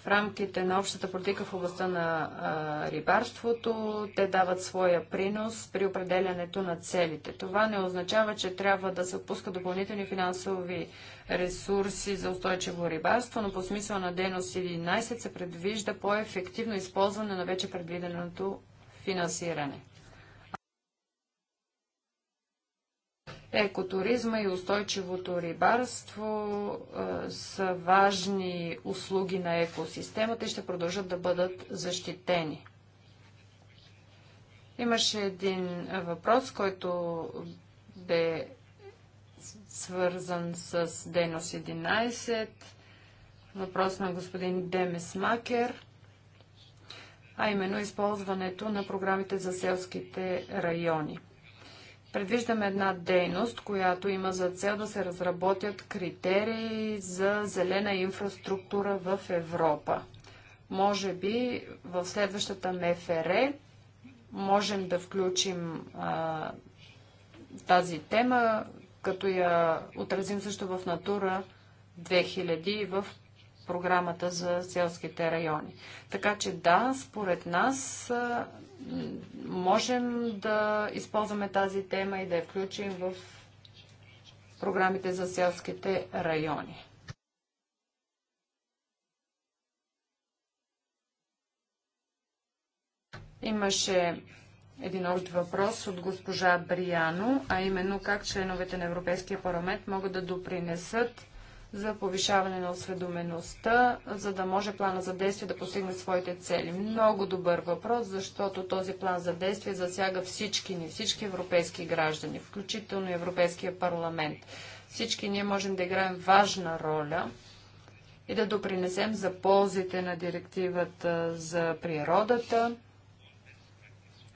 в рамките на общата политика в областта на а, рибарството. Те дават своя принос при определянето на целите. Това не означава, че трябва да се отпускат допълнителни финансови ресурси за устойчиво рибарство, но по смисъл на дейност 11 се предвижда по-ефективно използване на вече предвиденото финансиране. Екотуризма и устойчивото рибарство е, са важни услуги на екосистемата и ще продължат да бъдат защитени. Имаше един въпрос, който бе свързан с Денос 11, въпрос на господин Демес Макер, а именно използването на програмите за селските райони. Предвиждаме една дейност, която има за цел да се разработят критерии за зелена инфраструктура в Европа. Може би в следващата МФР можем да включим а, тази тема, като я отразим също в Натура 2000 и в програмата за селските райони. Така че да, според нас можем да използваме тази тема и да я включим в програмите за селските райони. Имаше един от въпрос от госпожа Бриано, а именно как членовете на Европейския парламент могат да допринесат за повишаване на осведомеността, за да може плана за действие да постигне своите цели? Много добър въпрос, защото този план за действие засяга всички ни, всички европейски граждани, включително Европейския парламент. Всички ние можем да играем важна роля и да допринесем за ползите на директивата за природата.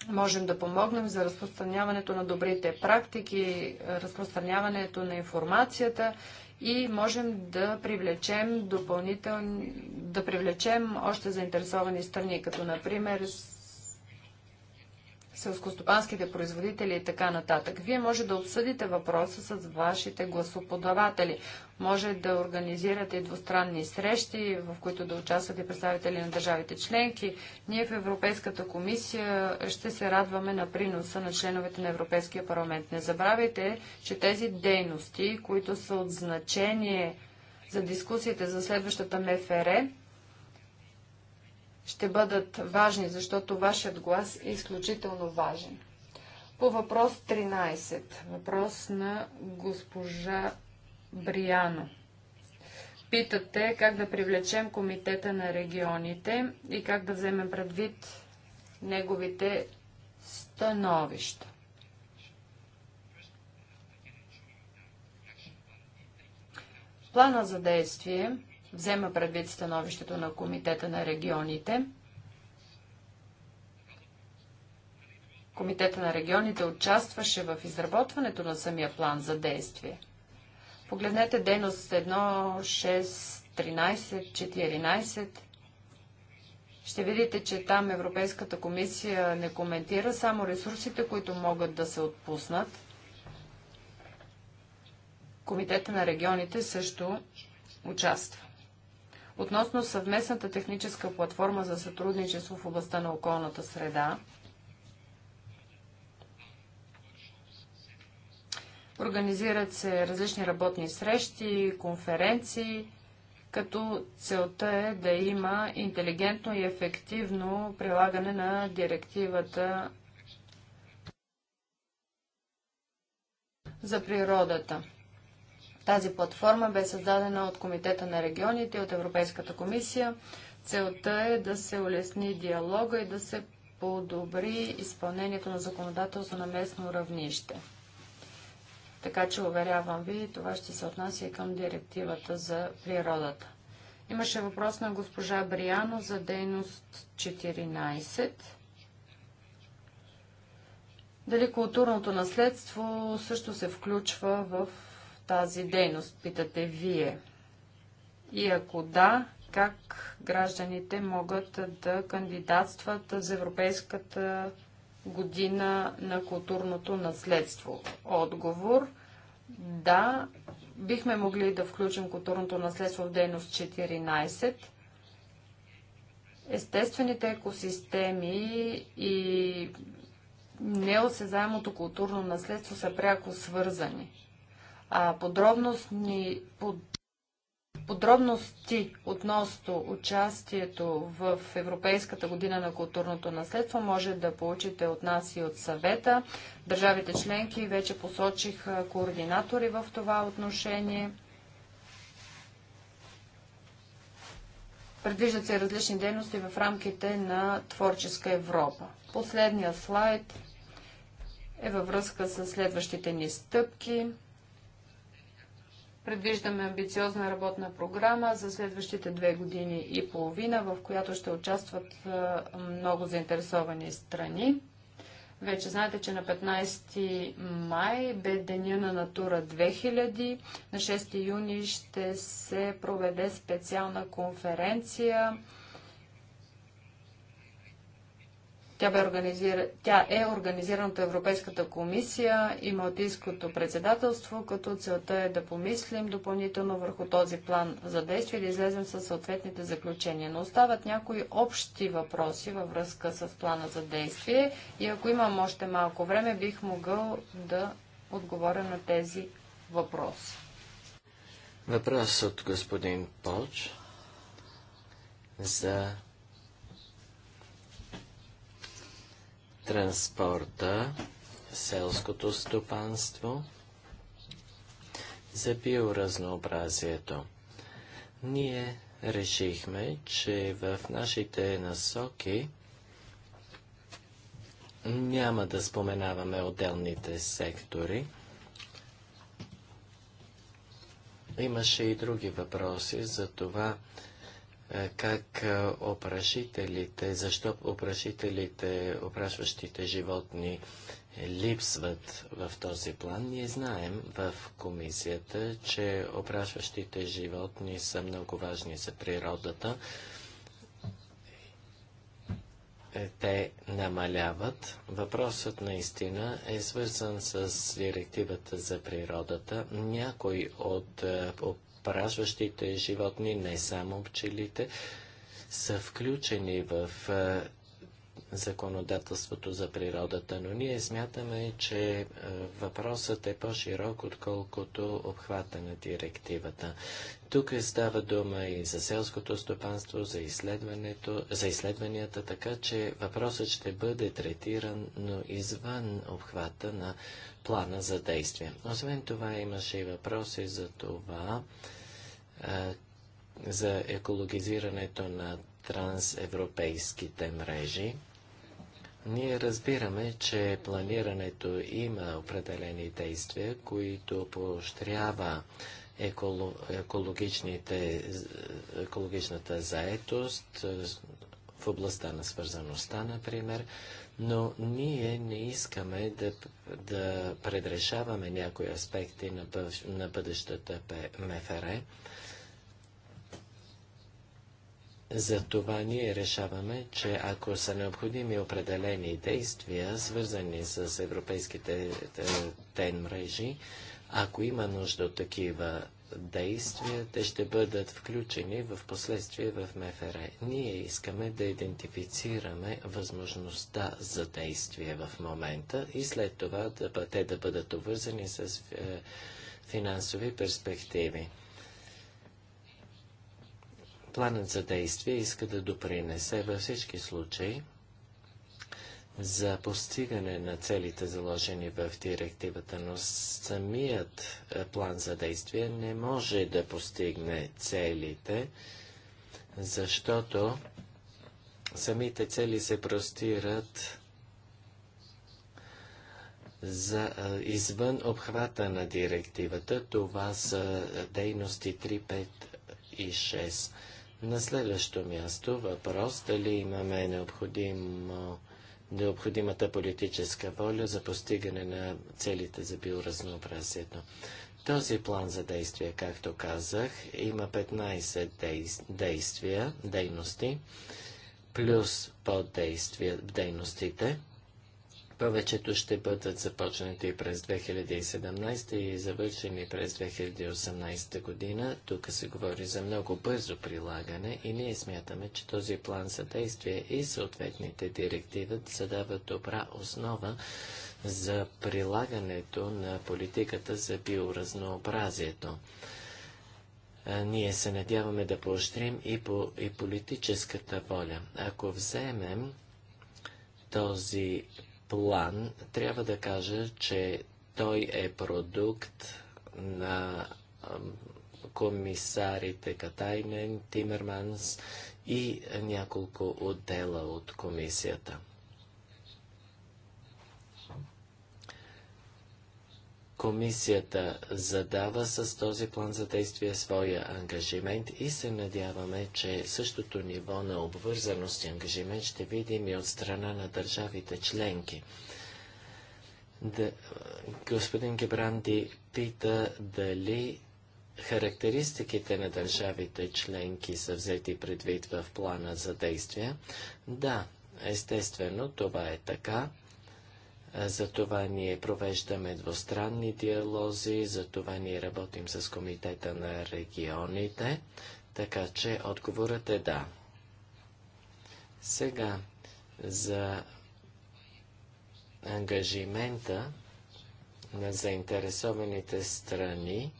Можем да помогнем за разпространяването на добрите практики, разпространяването на информацията и можем да привлечем допълнителни, да привлечем още заинтересовани страни, като например селскостопанските производители и така нататък. Вие може да обсъдите въпроса с вашите гласоподаватели. Може да организирате двустранни срещи, в които да участвате представители на държавите членки. Ние в Европейската комисия ще се радваме на приноса на членовете на Европейския парламент. Не забравяйте, че тези дейности, които са от значение за дискусиите за следващата МФР, ще бъдат важни, защото вашият глас е изключително важен. По въпрос 13, въпрос на госпожа Бриано. Питате как да привлечем комитета на регионите и как да вземем предвид неговите становища. Плана за действие взема предвид становището на Комитета на регионите. Комитета на регионите участваше в изработването на самия план за действие. Погледнете дейност 1, 6, 13, 14. Ще видите, че там Европейската комисия не коментира само ресурсите, които могат да се отпуснат. Комитета на регионите също участва. Относно съвместната техническа платформа за сътрудничество в областта на околната среда, Организират се различни работни срещи, конференции, като целта е да има интелигентно и ефективно прилагане на директивата за природата. Тази платформа бе създадена от Комитета на регионите и от Европейската комисия. Целта е да се улесни диалога и да се подобри изпълнението на законодателство на местно равнище. Така че, уверявам ви, това ще се отнася и към директивата за природата. Имаше въпрос на госпожа Бриано за дейност 14. Дали културното наследство също се включва в тази дейност, питате вие? И ако да, как гражданите могат да кандидатстват за Европейската година на културното наследство? Отговор да, бихме могли да включим културното наследство в дейност 14. Естествените екосистеми и неосезаемото културно наследство са пряко свързани подробностни, под, подробности относно участието в Европейската година на културното наследство може да получите от нас и от съвета. Държавите членки вече посочих координатори в това отношение. Предвиждат се различни дейности в рамките на Творческа Европа. Последният слайд е във връзка с следващите ни стъпки – Предвиждаме амбициозна работна програма за следващите две години и половина, в която ще участват много заинтересовани страни. Вече знаете, че на 15 май бе деня на Натура 2000. На 6 юни ще се проведе специална конференция Тя, бе организира... Тя е организирана от Европейската комисия и Малтийското председателство, като целта е да помислим допълнително върху този план за действие и да излезем със съответните заключения. Но остават някои общи въпроси във връзка с плана за действие и ако имам още малко време, бих могъл да отговоря на тези въпроси. Въпрос от господин Полч за транспорта, селското стопанство, за биоразнообразието. Ние решихме, че в нашите насоки няма да споменаваме отделните сектори. Имаше и други въпроси за това, как опрашителите, защо опрашителите, опрашващите животни липсват в този план. Ние знаем в комисията, че опрашващите животни са много важни за природата. Е, те намаляват. Въпросът наистина е свързан с директивата за природата. Някой от е, прашващите животни, не само пчелите, са включени в е, законодателството за природата, но ние смятаме, че е, въпросът е по-широк, отколкото обхвата на директивата. Тук става дума и за селското стопанство, за, изследването, за изследванията, така че въпросът ще бъде третиран, но извън обхвата на плана за действие. Освен това имаше и въпроси за това, е, за екологизирането на трансевропейските мрежи. Ние разбираме, че планирането има определени действия, които поощрява екологичната заетост е, в областта на свързаността, например, но ние не искаме да, да предрешаваме някои аспекти на, на бъдещата МФР. За това ние решаваме, че ако са необходими определени действия, свързани с европейските тен мрежи, ако има нужда от такива действия, те ще бъдат включени в последствие в МФР. Ние искаме да идентифицираме възможността за действие в момента и след това да, те да бъдат обвързани с е, финансови перспективи. Планът за действие иска да допринесе във всички случаи за постигане на целите заложени в директивата, но самият е, план за действие не може да постигне целите, защото самите цели се простират за, е, извън обхвата на директивата. Това са е, дейности 3, 5 и 6. На следващо място въпрос дали имаме необходимо, необходимата политическа воля за постигане на целите за биоразнообразието. Този план за действие, както казах, има 15 действия, дейности, плюс поддействия, дейностите – повечето ще бъдат започнати през 2017 и завършени през 2018 година. Тук се говори за много бързо прилагане и ние смятаме, че този план за действие и съответните директиви задават добра основа за прилагането на политиката за биоразнообразието. ние се надяваме да поощрим и, по, и политическата воля. Ако вземем този план, трябва да кажа, че той е продукт на комисарите Катайнен, Тимерманс и няколко отдела от комисията. Комисията задава с този план за действие своя ангажимент и се надяваме, че същото ниво на обвързаност и ангажимент ще видим и от страна на държавите членки. Да, господин Гебранди пита дали характеристиките на държавите членки са взети предвид в плана за действие. Да, естествено, това е така. Затова ние провеждаме двустранни диалози, затова ние работим с Комитета на регионите, така че отговорът е да. Сега за ангажимента на заинтересованите страни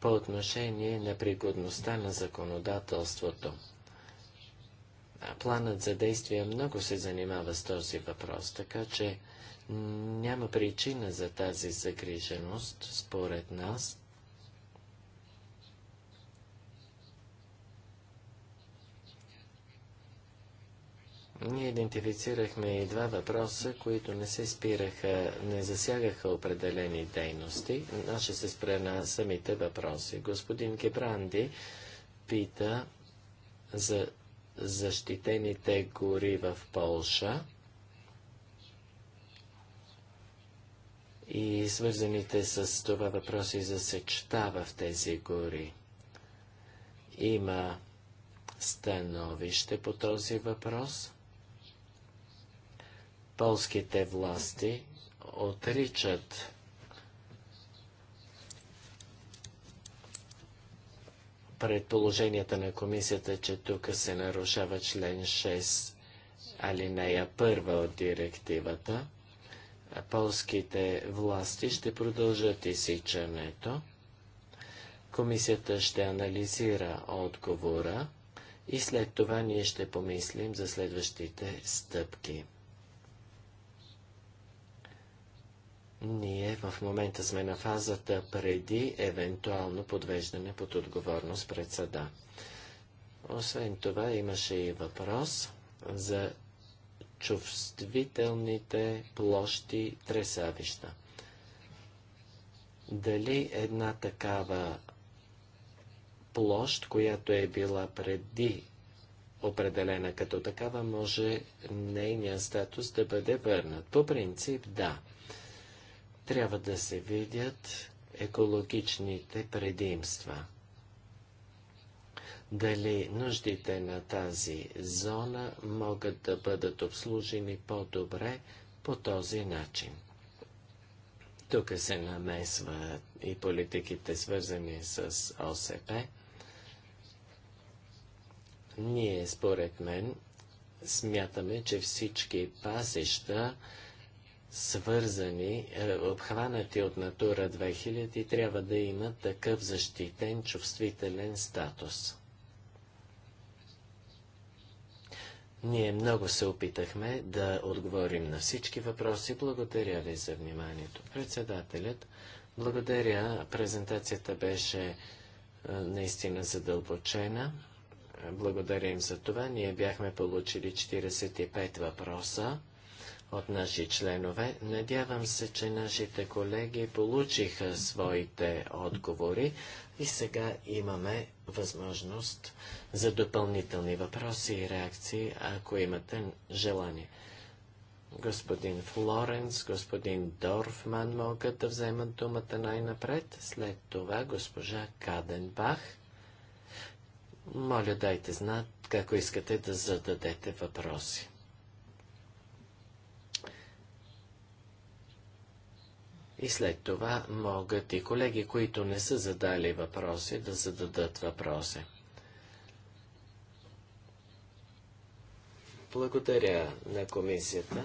по отношение на пригодността на законодателството. Планът за действие много се занимава с този въпрос, така че няма причина за тази загриженост, според нас. Ние идентифицирахме и два въпроса, които не се спираха, не засягаха определени дейности. Аз ще се спра на самите въпроси. Господин Гебранди пита за защитените гори в Полша и свързаните с това въпроси за сечта в тези гори. Има становище по този въпрос. Полските власти отричат предположенията на комисията, че тук се нарушава член 6 алинея 1 от директивата. Полските власти ще продължат изсичането. Комисията ще анализира отговора и след това ние ще помислим за следващите стъпки. Ние в момента сме на фазата преди евентуално подвеждане под отговорност пред съда. Освен това имаше и въпрос за чувствителните площи тресавища. Дали една такава площ, която е била преди определена като такава, може нейният статус да бъде върнат? По принцип да трябва да се видят екологичните предимства. Дали нуждите на тази зона могат да бъдат обслужени по-добре по този начин. Тук се намесва и политиките, свързани с ОСП. Ние, според мен, смятаме, че всички пасища свързани, е, обхванати от Натура 2000, трябва да имат такъв защитен чувствителен статус. Ние много се опитахме да отговорим на всички въпроси. Благодаря ви за вниманието. Председателят, благодаря. Презентацията беше е, наистина задълбочена. Благодарим за това. Ние бяхме получили 45 въпроса от наши членове. Надявам се, че нашите колеги получиха своите отговори и сега имаме възможност за допълнителни въпроси и реакции, ако имате желание. Господин Флоренс, господин Дорфман могат да вземат думата най-напред, след това госпожа Каденбах. Моля, дайте знат, како искате да зададете въпроси. И след това могат и колеги, които не са задали въпроси, да зададат въпроси. Благодаря на комисията,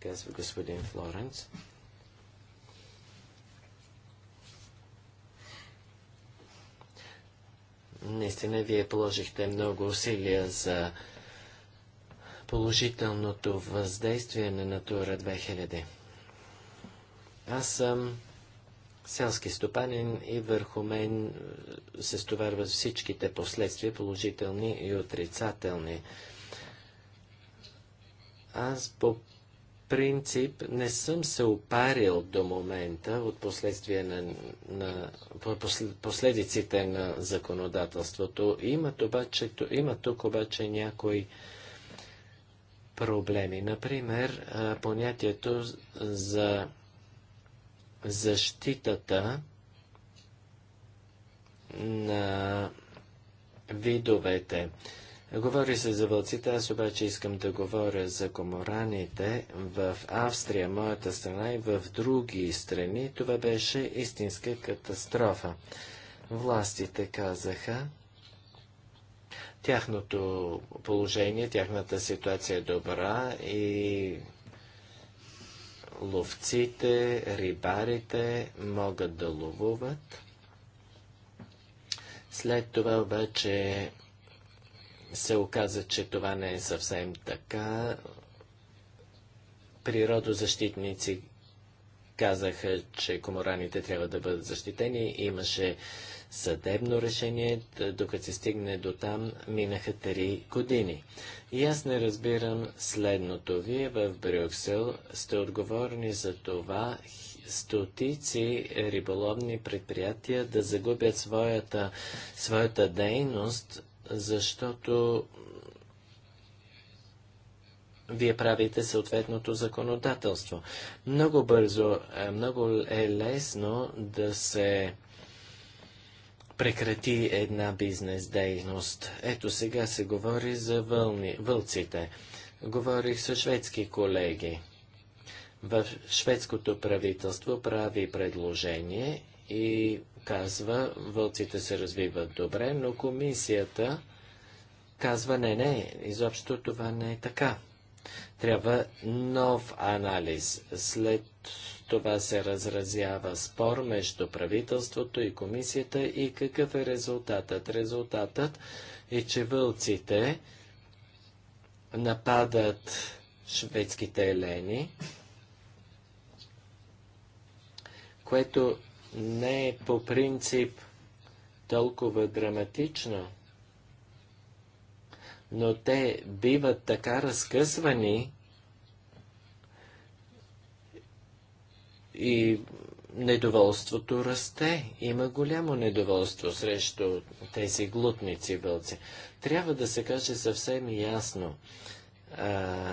казва господин Флоренц. Наистина, вие положихте много усилия за положителното въздействие на Натура 2000. Аз съм селски стопанин и върху мен е, се стоварват всичките последствия, положителни и отрицателни. Аз по принцип не съм се опарил до момента от последствия на, на последиците на законодателството. Имат, обаче, има тук обаче някои проблеми. Например, понятието за защитата на видовете. Говори се за вълците, аз обаче искам да говоря за комораните в Австрия, моята страна и в други страни. Това беше истинска катастрофа. Властите казаха, тяхното положение, тяхната ситуация е добра и ловците, рибарите могат да ловуват. След това обаче се оказа, че това не е съвсем така. Природозащитници казаха, че комораните трябва да бъдат защитени. Имаше съдебно решение, докато се стигне до там, минаха три години. И аз не разбирам следното. Вие в Брюксел сте отговорни за това стотици риболовни предприятия да загубят своята, своята дейност, защото вие правите съответното законодателство. Много бързо, е, много е лесно да се прекрати една бизнес дейност. Ето сега се говори за вълни, вълците. Говорих с шведски колеги. В шведското правителство прави предложение и казва, вълците се развиват добре, но комисията казва, не, не, изобщо това не е така. Трябва нов анализ. След това се разразява спор между правителството и комисията и какъв е резултатът. Резултатът е, че вълците нападат шведските елени, което не е по принцип толкова драматично, но те биват така разкъсвани, И недоволството расте. Има голямо недоволство срещу тези глутници бълци. Трябва да се каже съвсем ясно. А,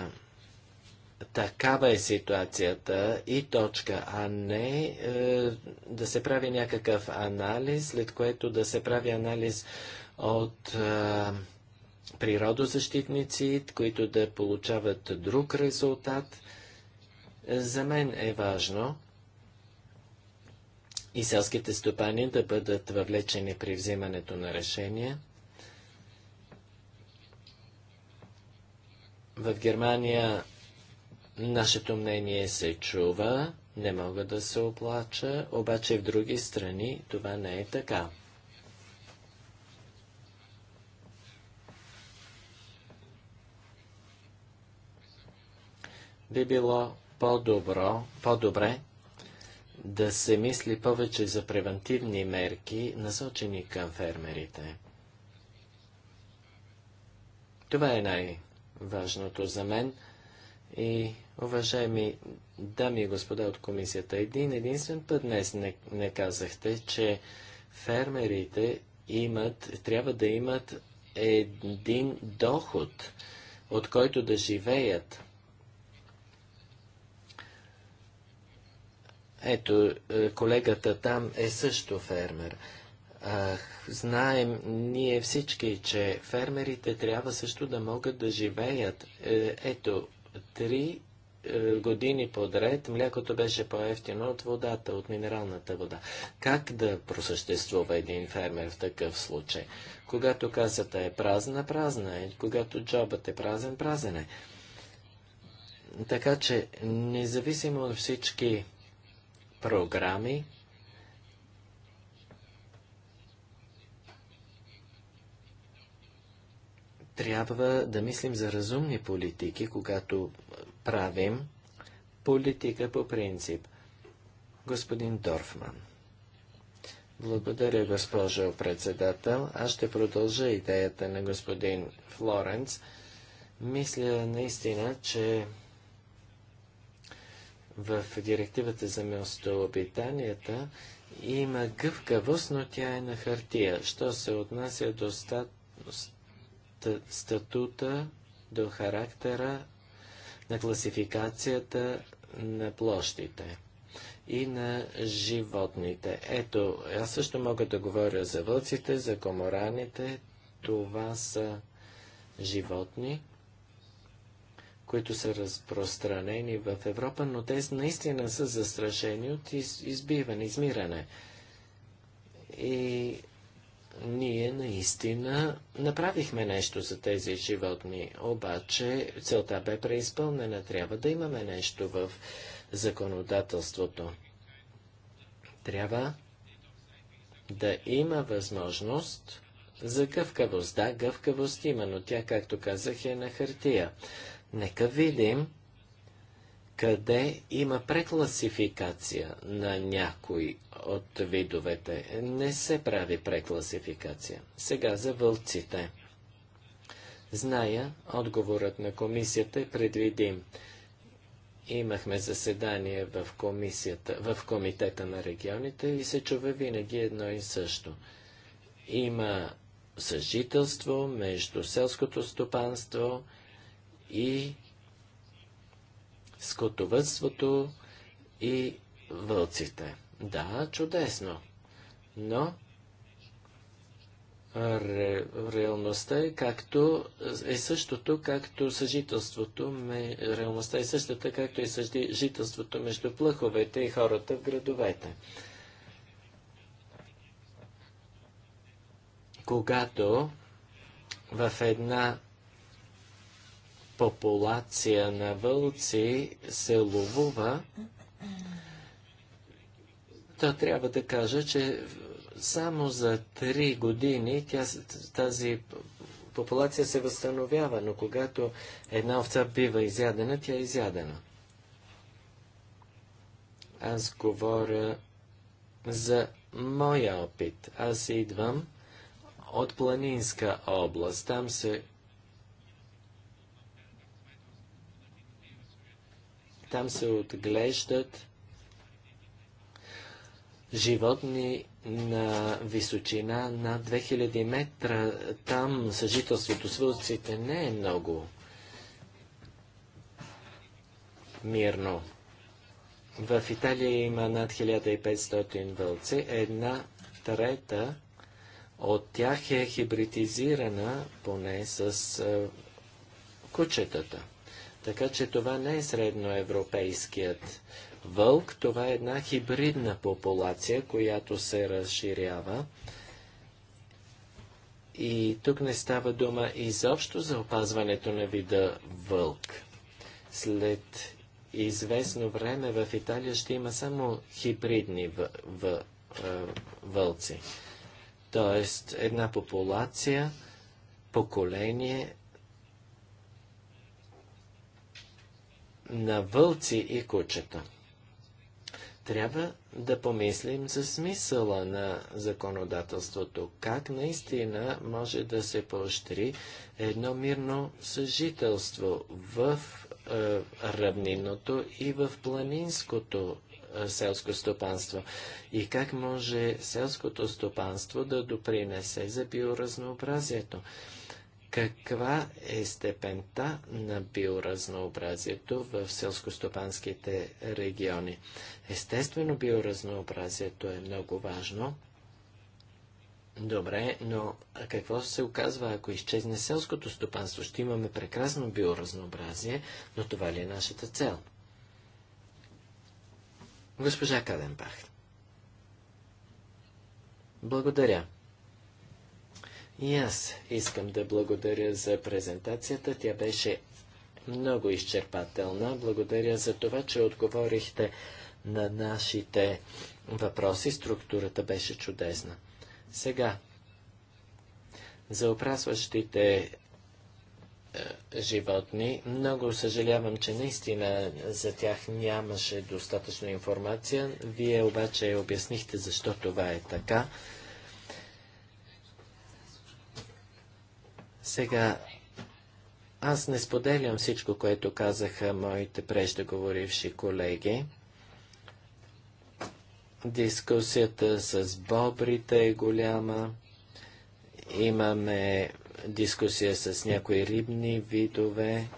такава е ситуацията и точка, а не е, да се прави някакъв анализ, след което да се прави анализ от е, природозащитници, които да получават друг резултат. За мен е важно и селските стопани да бъдат въвлечени при взимането на решения. В Германия нашето мнение се чува, не мога да се оплача, обаче в други страни това не е така. Би било по-добро, по-добре да се мисли повече за превентивни мерки, насочени към фермерите. Това е най-важното за мен. И, уважаеми дами и господа от комисията, един единствен път днес не, не казахте, че фермерите имат, трябва да имат един доход, от който да живеят. Ето, е, колегата там е също фермер. А, знаем ние всички, че фермерите трябва също да могат да живеят. Е, ето, три е, години подред млякото беше по-ефтино от водата, от минералната вода. Как да просъществува един фермер в такъв случай? Когато касата е празна, празна е. Когато джобът е празен, празен е. Така че, независимо от всички програми, трябва да мислим за разумни политики, когато правим политика по принцип. Господин Дорфман. Благодаря, госпожо председател. Аз ще продължа идеята на господин Флоренц. Мисля наистина, че в директивата за местообитанията има гъвкавост, но тя е на хартия. Що се отнася до стат... статута, до характера, на класификацията на площите и на животните. Ето, аз също мога да говоря за вълците, за комораните. Това са животни, които са разпространени в Европа, но те наистина са застрашени от из, избиване, измиране. И ние наистина направихме нещо за тези животни, обаче целта бе преизпълнена. Трябва да имаме нещо в законодателството. Трябва да има възможност за гъвкавост. Да, гъвкавост има, но тя, както казах, е на хартия. Нека видим къде има прекласификация на някой от видовете. Не се прави прекласификация. Сега за вълците. Зная, отговорът на комисията е предвидим. Имахме заседание в, комисията, в комитета на регионите и се чува винаги едно и също. Има съжителство между селското стопанство и и скотовътството и вълците. Да, чудесно, но ре, реалността е както е същото, както съжителството, ме, реалността е същата, както е съжителството между плъховете и хората в градовете. Когато в една популация на вълци се ловува, то трябва да кажа, че само за три години тя, тази популация се възстановява, но когато една овца бива изядена, тя е изядена. Аз говоря за моя опит. Аз идвам от планинска област. Там се Там се отглеждат животни на височина на 2000 метра. Там съжителството с вълците не е много мирно. В Италия има над 1500 вълци. Една трета от тях е хибридизирана поне с кучетата. Така че това не е средноевропейският вълк, това е една хибридна популация, която се разширява. И тук не става дума изобщо за опазването на вида вълк. След известно време в Италия ще има само хибридни в, в, е, вълци. Тоест една популация, поколение на вълци и кучета. Трябва да помислим за смисъла на законодателството, как наистина може да се поощри едно мирно съжителство в е, равнинното и в планинското е, селско стопанство и как може селското стопанство да допринесе за биоразнообразието. Каква е степента на биоразнообразието в селскостопанските региони? Естествено, биоразнообразието е много важно. Добре, но какво се оказва, ако изчезне селското стопанство? Ще имаме прекрасно биоразнообразие, но това ли е нашата цел? Госпожа Каденбах. Благодаря. И аз искам да благодаря за презентацията. Тя беше много изчерпателна. Благодаря за това, че отговорихте на нашите въпроси. Структурата беше чудесна. Сега, за опрасващите е, животни. Много съжалявам, че наистина за тях нямаше достатъчно информация. Вие обаче обяснихте защо това е така. Сега, аз не споделям всичко, което казаха моите преждеговоривши колеги. Дискусията с бобрите е голяма. Имаме дискусия с някои рибни видове.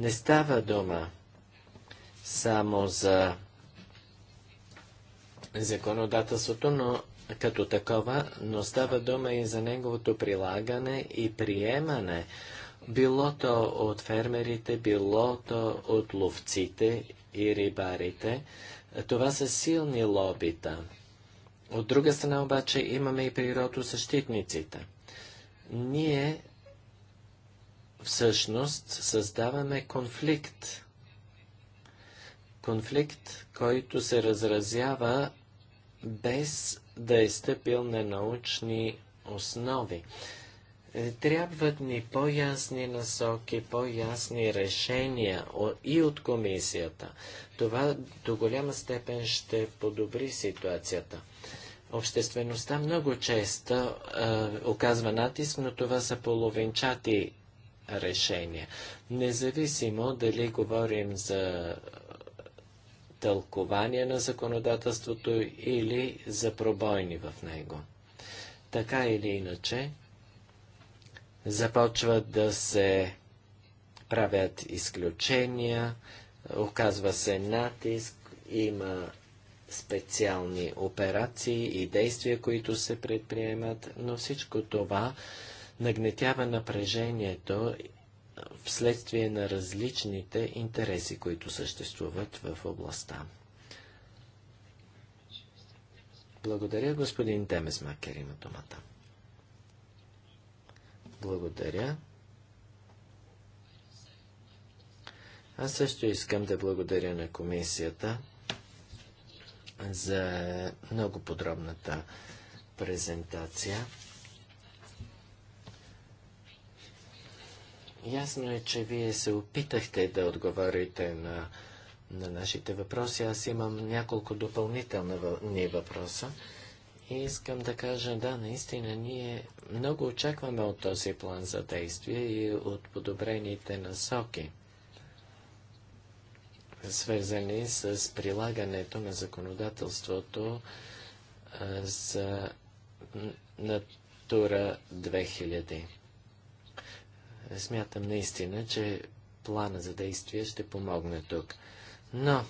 Не става дума само за законодателството, но като такова, но става дума и за неговото прилагане и приемане, било то от фермерите, било то от ловците и рибарите. Това са силни лобита. От друга страна обаче имаме и природозащитниците. Ние всъщност създаваме конфликт. Конфликт, който се разразява без да е стъпил на научни основи. Е, трябват ни по-ясни насоки, по-ясни решения и от комисията. Това до голяма степен ще подобри ситуацията. Обществеността много често е, оказва натиск, но това са половинчати решения. Независимо дали говорим за тълкования на законодателството или за пробойни в него. Така или иначе, започват да се правят изключения, оказва се натиск, има специални операции и действия, които се предприемат, но всичко това нагнетява напрежението вследствие на различните интереси, които съществуват в областта. Благодаря, господин Макер, има думата. Благодаря. Аз също искам да благодаря на комисията за много подробната презентация. Ясно е, че вие се опитахте да отговорите на, на нашите въпроси. Аз имам няколко допълнителни въпроса. И искам да кажа, да, наистина, ние много очакваме от този план за действие и от подобрените насоки, свързани с прилагането на законодателството за Натура 2000. Смятам наистина, че плана за действие ще помогне тук. Но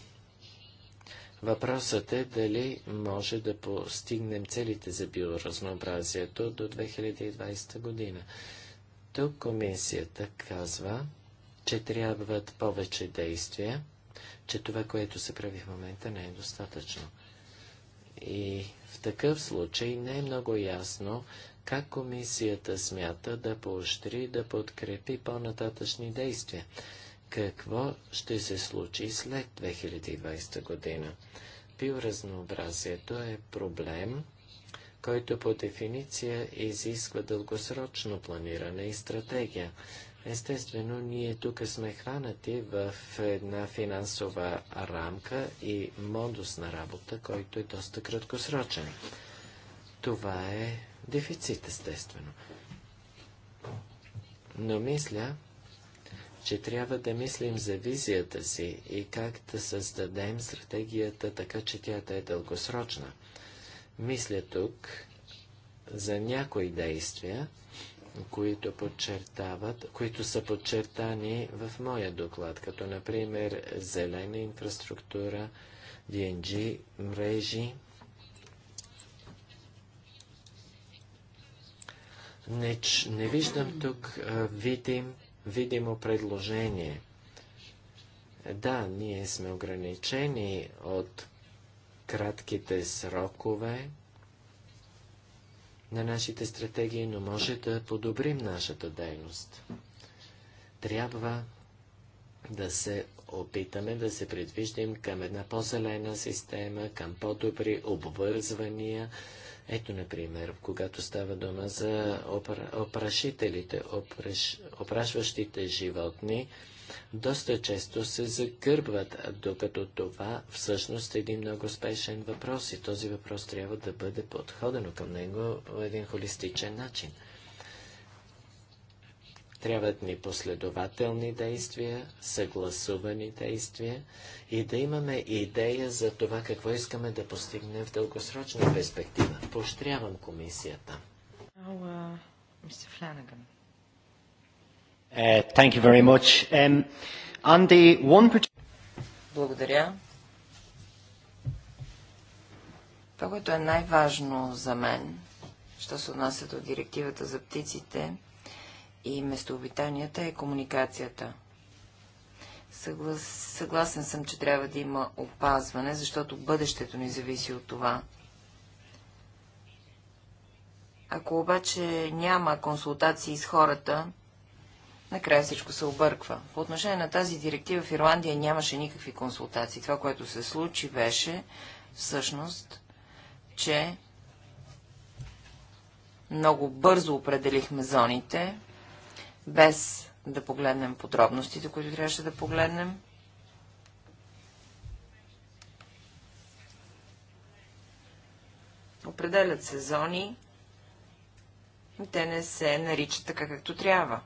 въпросът е дали може да постигнем целите за биоразнообразието до 2020 година. Тук комисията казва, че трябват повече действия, че това, което се прави в момента, не е достатъчно. И в такъв случай не е много ясно как комисията смята да поощри, да подкрепи по-нататъчни действия? Какво ще се случи след 2020 година? Биоразнообразието е проблем, който по дефиниция изисква дългосрочно планиране и стратегия. Естествено, ние тук сме хванати в една финансова рамка и модус на работа, който е доста краткосрочен. Това е дефицит, естествено. Но мисля, че трябва да мислим за визията си и как да създадем стратегията така, че тя да е дългосрочна. Мисля тук за някои действия, които, подчертават, които са подчертани в моя доклад, като например зелена инфраструктура, ДНГ, мрежи, Не, не виждам тук видим, видимо предложение. Да, ние сме ограничени от кратките срокове на нашите стратегии, но може да подобрим нашата дейност. Трябва да се опитаме да се предвиждим към една по-зелена система, към по-добри обвързвания ето, например, когато става дума за опра... опрашителите, опреш... опрашващите животни, доста често се загърбват, докато това всъщност е един много спешен въпрос и този въпрос трябва да бъде подходено към него по един холистичен начин. Трябват ни последователни действия, съгласувани действия и да имаме идея за това какво искаме да постигнем в дългосрочна перспектива. Поощрявам комисията. Uh, е, Благодаря. Това, което е най-важно за мен, що се отнася до директивата за птиците, и местообитанията е комуникацията. Съглас... Съгласен съм, че трябва да има опазване, защото бъдещето ни зависи от това. Ако обаче няма консултации с хората, накрая всичко се обърква. По отношение на тази директива в Ирландия нямаше никакви консултации. Това, което се случи, беше всъщност, че много бързо определихме зоните без да погледнем подробностите, които трябваше да погледнем. Определят се зони и те не се наричат така, както трябва.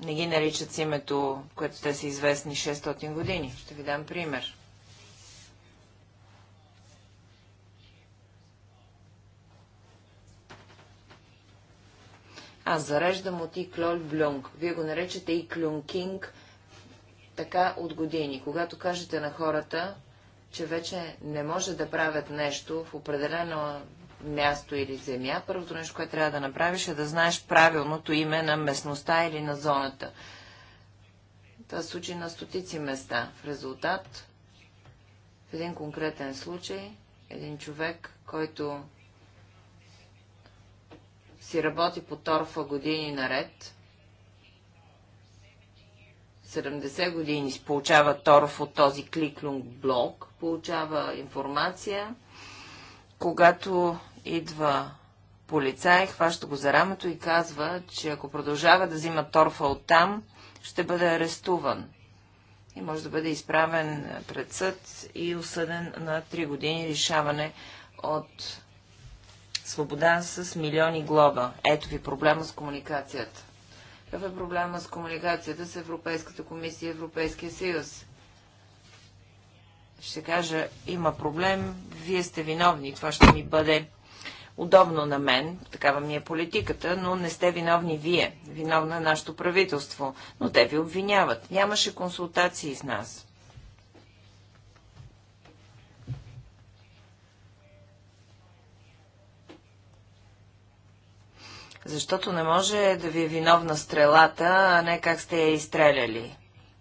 Не ги наричат с името, което те са известни 600 години. Ще ви дам пример. Аз зареждам от Иклоль Блюнг. Вие го наречете и Клюнкинг така от години. Когато кажете на хората, че вече не може да правят нещо в определено място или земя, първото нещо, което трябва да направиш е да знаеш правилното име на местността или на зоната. Това се случи на стотици места. В резултат, в един конкретен случай, един човек, който си работи по торфа години наред. 70 години получава торф от този кликлюнг блок, получава информация. Когато идва полицай, хваща го за рамото и казва, че ако продължава да взима торфа от там, ще бъде арестуван и може да бъде изправен пред съд и осъден на 3 години лишаване от Свобода с милиони глоба. Ето ви проблема с комуникацията. Какъв е проблема с комуникацията с Европейската комисия и Европейския съюз? Ще кажа, има проблем, вие сте виновни, това ще ми бъде удобно на мен, такава ми е политиката, но не сте виновни вие. виновна е нашето правителство, но те ви обвиняват. Нямаше консултации с нас. Защото не може да ви е виновна стрелата, а не как сте я изстреляли.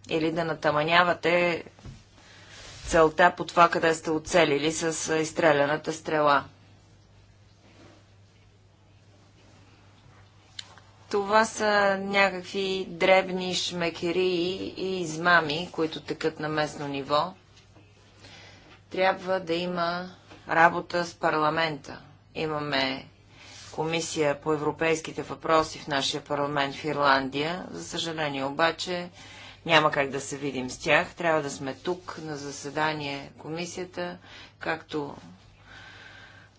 Или да натаманявате целта по това, къде сте оцелили с изстреляната стрела. Това са някакви дребни шмекерии и измами, които текат на местно ниво. Трябва да има работа с парламента. Имаме комисия по европейските въпроси в нашия парламент в Ирландия. За съжаление обаче няма как да се видим с тях. Трябва да сме тук на заседание комисията, както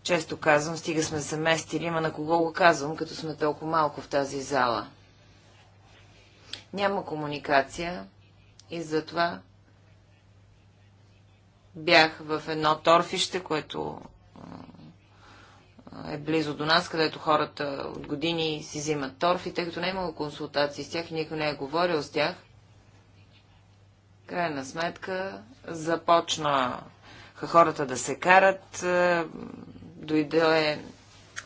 често казвам, стига сме се местили, има на кого го казвам, като сме толкова малко в тази зала. Няма комуникация и затова бях в едно торфище, което е близо до нас, където хората от години си взимат торф и тъй като не е имало консултации с тях и никой не е говорил с тях, крайна сметка започна хората да се карат, е, дойде е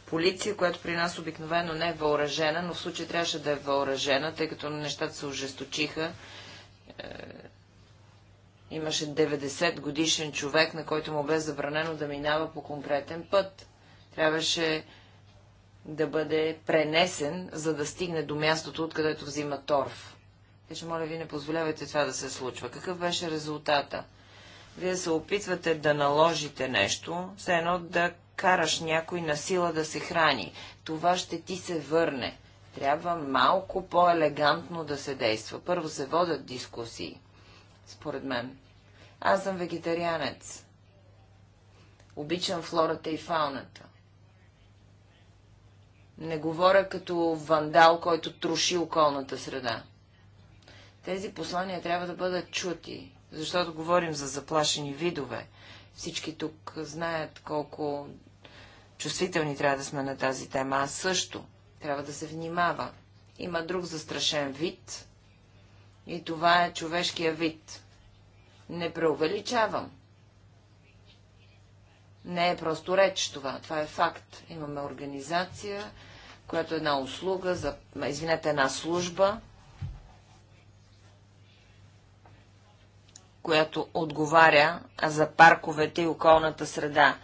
полиция, която при нас обикновено не е въоръжена, но в случай трябваше да е въоръжена, тъй като нещата се ожесточиха. Е, имаше 90 годишен човек, на който му бе забранено да минава по конкретен път трябваше да бъде пренесен, за да стигне до мястото, откъдето взима торф. Каже, моля ви, не позволявайте това да се случва. Какъв беше резултата? Вие се опитвате да наложите нещо, все едно да караш някой на сила да се храни. Това ще ти се върне. Трябва малко по-елегантно да се действа. Първо се водят дискусии, според мен. Аз съм вегетарианец. Обичам флората и фауната. Не говоря като вандал, който троши околната среда. Тези послания трябва да бъдат чути, защото говорим за заплашени видове. Всички тук знаят колко чувствителни трябва да сме на тази тема. а също трябва да се внимава. Има друг застрашен вид и това е човешкия вид. Не преувеличавам. Не е просто реч това. Това е факт. Имаме организация, която е една услуга, за, извинете, една служба, която отговаря за парковете и околната среда.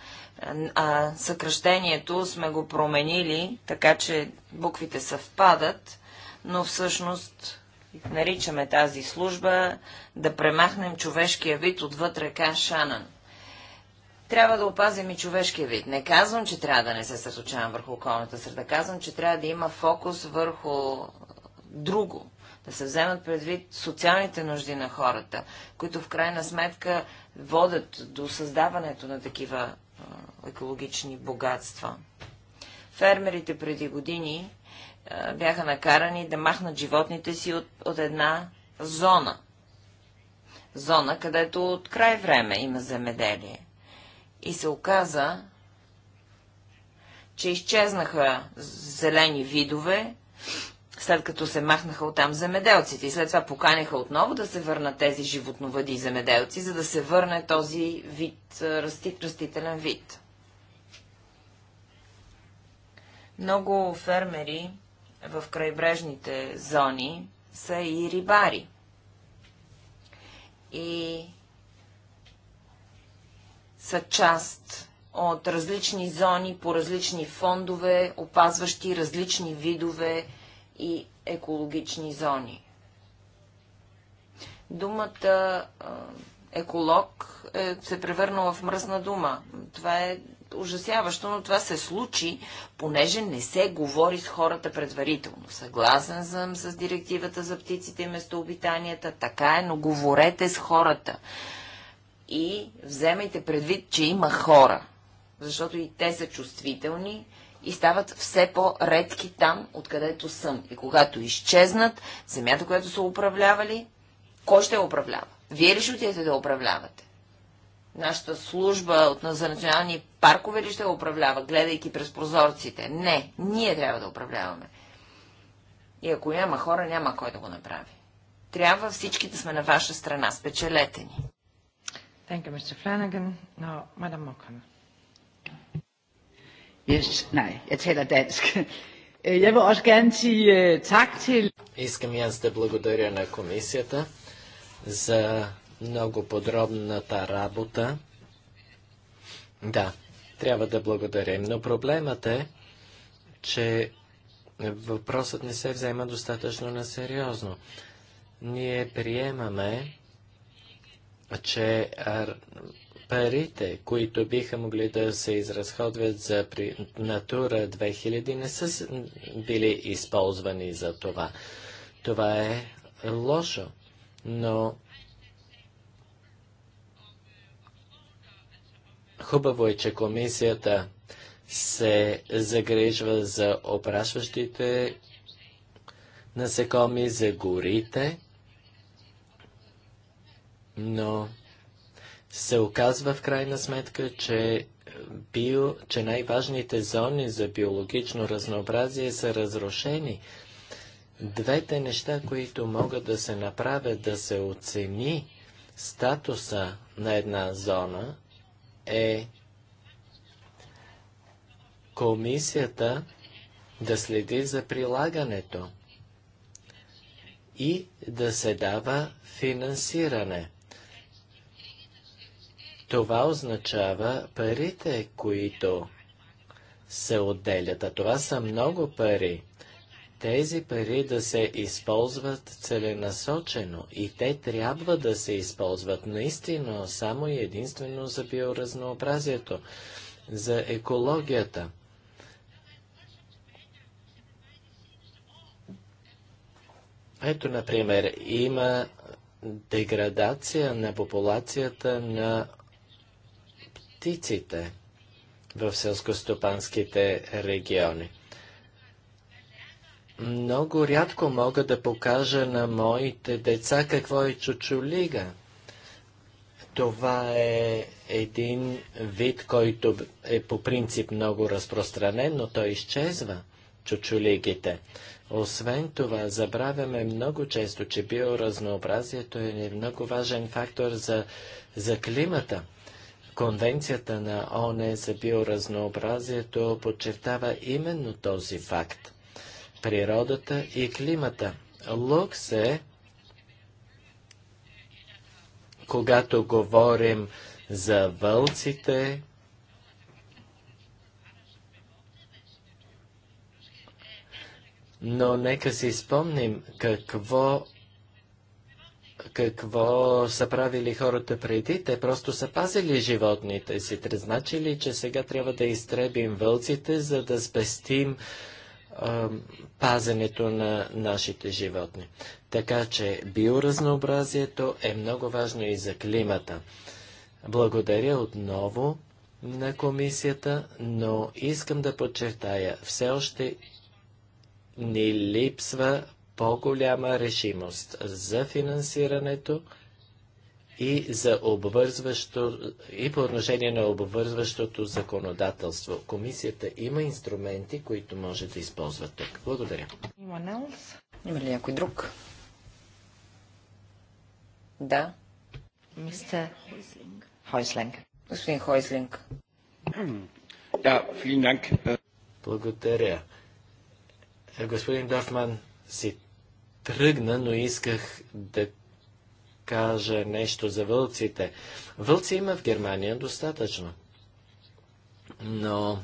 А, съкръщението сме го променили, така че буквите съвпадат, но всъщност наричаме тази служба да премахнем човешкия вид отвътре река Шанан трябва да опазим и човешкия вид. Не казвам, че трябва да не се съсочавам върху околната среда. Казвам, че трябва да има фокус върху друго. Да се вземат предвид социалните нужди на хората, които в крайна сметка водят до създаването на такива екологични богатства. Фермерите преди години бяха накарани да махнат животните си от, от една зона. Зона, където от край време има земеделие и се оказа, че изчезнаха зелени видове, след като се махнаха оттам земеделците. И след това поканяха отново да се върнат тези животновъди земеделци, за да се върне този вид, растит, растителен вид. Много фермери в крайбрежните зони са и рибари. И са част от различни зони по различни фондове, опазващи различни видове и екологични зони. Думата еколог е, се превърнала в мръсна дума. Това е ужасяващо, но това се случи, понеже не се говори с хората предварително. Съгласен съм с директивата за птиците и местообитанията, така е, но говорете с хората и вземайте предвид, че има хора, защото и те са чувствителни и стават все по-редки там, откъдето съм. И когато изчезнат, земята, която са управлявали, кой ще я управлява? Вие ли ще отидете да управлявате? Нашата служба от за национални паркове ли ще управлява, гледайки през прозорците? Не, ние трябва да управляваме. И ако няма хора, няма кой да го направи. Трябва всички да сме на ваша страна. Спечелете ни. Thank you, Mr. Flanagan. Now, Madam Yes, nej, jeg taler dansk. Øh, jeg vil også gerne sige øh, tak til... Искам и аз да благодаря на комисията за много подробната работа. Да, трябва да благодарим, но проблемът е, че въпросът не се взема достатъчно на сериозно. Ние приемаме че парите, които биха могли да се изразходват за Натура 2000, не са били използвани за това. Това е лошо, но хубаво е, че комисията се загрижва за опрашващите насекоми, за горите но се оказва в крайна сметка, че, био, че най-важните зони за биологично разнообразие са разрушени. Двете неща, които могат да се направят, да се оцени статуса на една зона, е комисията да следи за прилагането и да се дава финансиране. Това означава парите, които се отделят, а това са много пари. Тези пари да се използват целенасочено и те трябва да се използват наистина само и единствено за биоразнообразието, за екологията. Ето, например, има деградация на популацията на птиците в селскостопанските региони. Много рядко мога да покажа на моите деца какво е чучулига. Това е един вид, който е по принцип много разпространен, но той изчезва, чучулигите. Освен това, забравяме много често, че биоразнообразието е много важен фактор за, за климата. Конвенцията на ОНЕ за биоразнообразието подчертава именно този факт. Природата и климата. Лукс е, когато говорим за вълците, но нека си спомним какво какво са правили хората преди. Те просто са пазили животните си. Те значили, че сега трябва да изтребим вълците, за да спестим а, пазенето на нашите животни. Така че биоразнообразието е много важно и за климата. Благодаря отново на комисията, но искам да подчертая, все още ни липсва по-голяма решимост за финансирането и за обвързващо, и по отношение на обвързващото законодателство. Комисията има инструменти, които може да използва тук. Благодаря. Има ли някой друг? Да. Мистер Хойслинг. Господин Хойслинг. Да, Благодаря. Господин Дорфман си тръгна, но исках да кажа нещо за вълците. Вълци има в Германия достатъчно. Но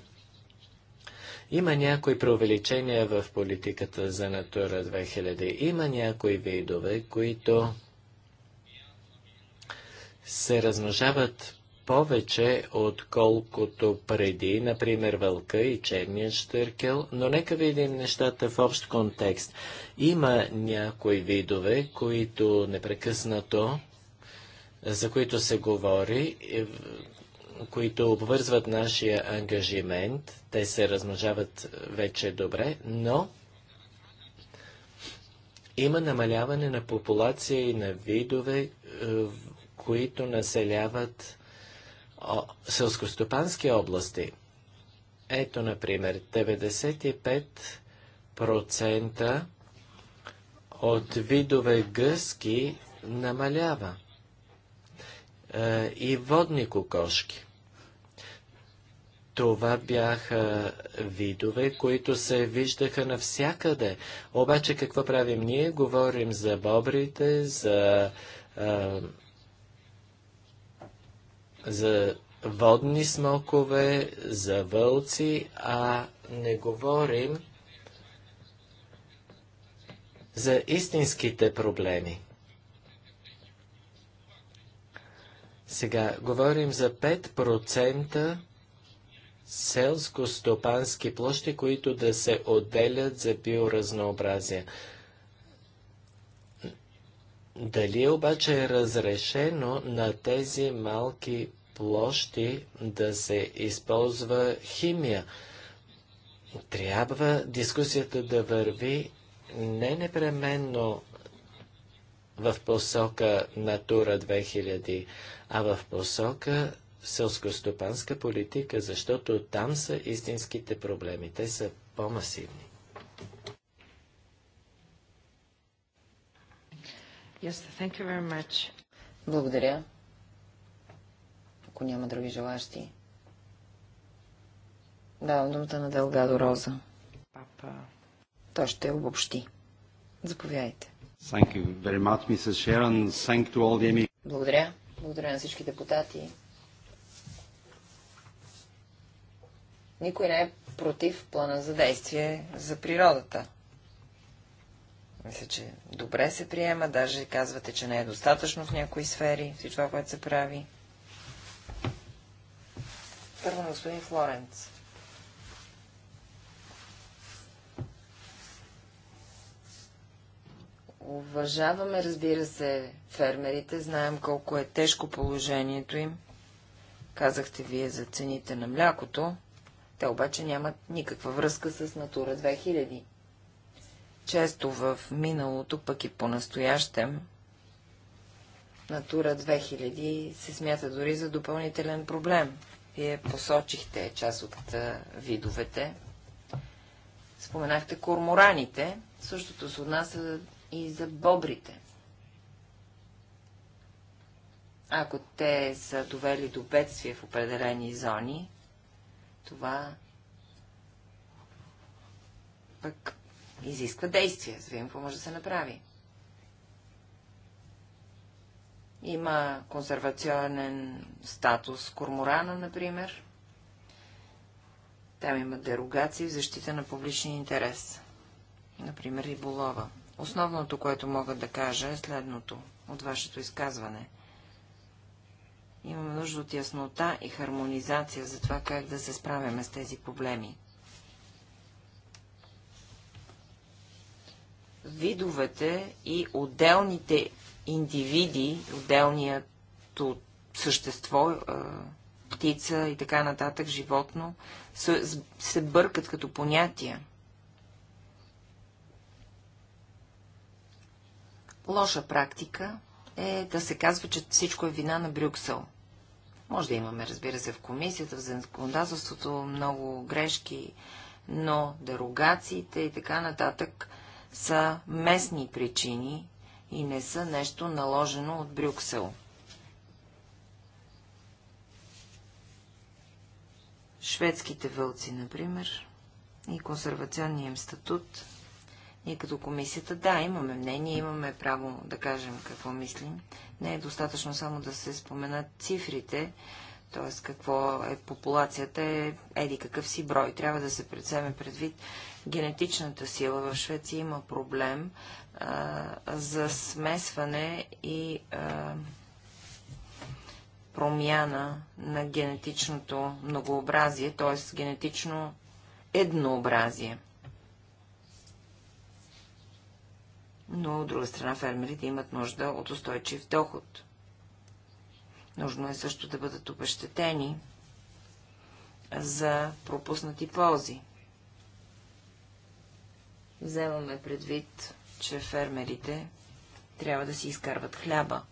има някои преувеличения в политиката за Натура 2000. Има някои видове, които се размножават повече, отколкото преди, например вълка и черния штъркел, но нека видим нещата в общ контекст. Има някои видове, които непрекъснато, за които се говори, е, които обвързват нашия ангажимент, те се размножават вече добре, но има намаляване на популация и на видове, е, които населяват селскостопански области. Ето, например, 95% от видове гъски намалява. Е, и водни кокошки. Това бяха видове, които се виждаха навсякъде. Обаче какво правим ние? Говорим за бобрите, за е, за водни смокове, за вълци, а не говорим за истинските проблеми. Сега говорим за 5% селско-стопански площи, които да се отделят за биоразнообразие. Дали е обаче е разрешено на тези малки площи да се използва химия? Трябва дискусията да върви не непременно в посока Натура 2000, а в посока селскостопанска политика, защото там са истинските проблеми. Те са по-масивни. Yes, thank you very much. Благодаря. Ако няма други желащи. Давам думата на Делгадо Роза. Папа. Той ще обобщи. Заповядайте. Thank you very much, Mrs. Sharon. Thank to all the... E Благодаря. Благодаря на всички депутати. Никой не е против плана за действие за природата мисля, че добре се приема, даже казвате, че не е достатъчно в някои сфери, всичко това, което се прави. Първо на господин Флоренц. Уважаваме, разбира се, фермерите, знаем колко е тежко положението им. Казахте вие за цените на млякото, те обаче нямат никаква връзка с Натура 2000. Често в миналото, пък и по-настоящем, Натура 2000 се смята дори за допълнителен проблем. Вие посочихте част от видовете. Споменахте кормораните. Същото се отнася и за бобрите. Ако те са довели до бедствие в определени зони, това пък изисква действия, за да видим какво може да се направи. Има консервационен статус корморана, например. Там има дерогации в защита на публичния интерес. Например, риболова. Основното, което мога да кажа е следното от вашето изказване. Имаме нужда от яснота и хармонизация за това как да се справяме с тези проблеми. видовете и отделните индивиди, отделното същество, е, птица и така нататък, животно, се бъркат като понятия. Лоша практика е да се казва, че всичко е вина на Брюксел. Може да имаме, разбира се, в комисията, в законодателството много грешки, но дерогациите и така нататък са местни причини и не са нещо наложено от Брюксел. Шведските вълци, например, и консервационния статут, ние като комисията, да, имаме мнение, имаме право да кажем какво мислим. Не е достатъчно само да се споменат цифрите, т.е. какво е популацията, е еди какъв си брой. Трябва да се предземе предвид генетичната сила. В Швеция има проблем а, за смесване и а, промяна на генетичното многообразие, т.е. генетично еднообразие. Но от друга страна фермерите имат нужда от устойчив доход. Нужно е също да бъдат обещетени за пропуснати ползи вземаме предвид, че фермерите трябва да си изкарват хляба.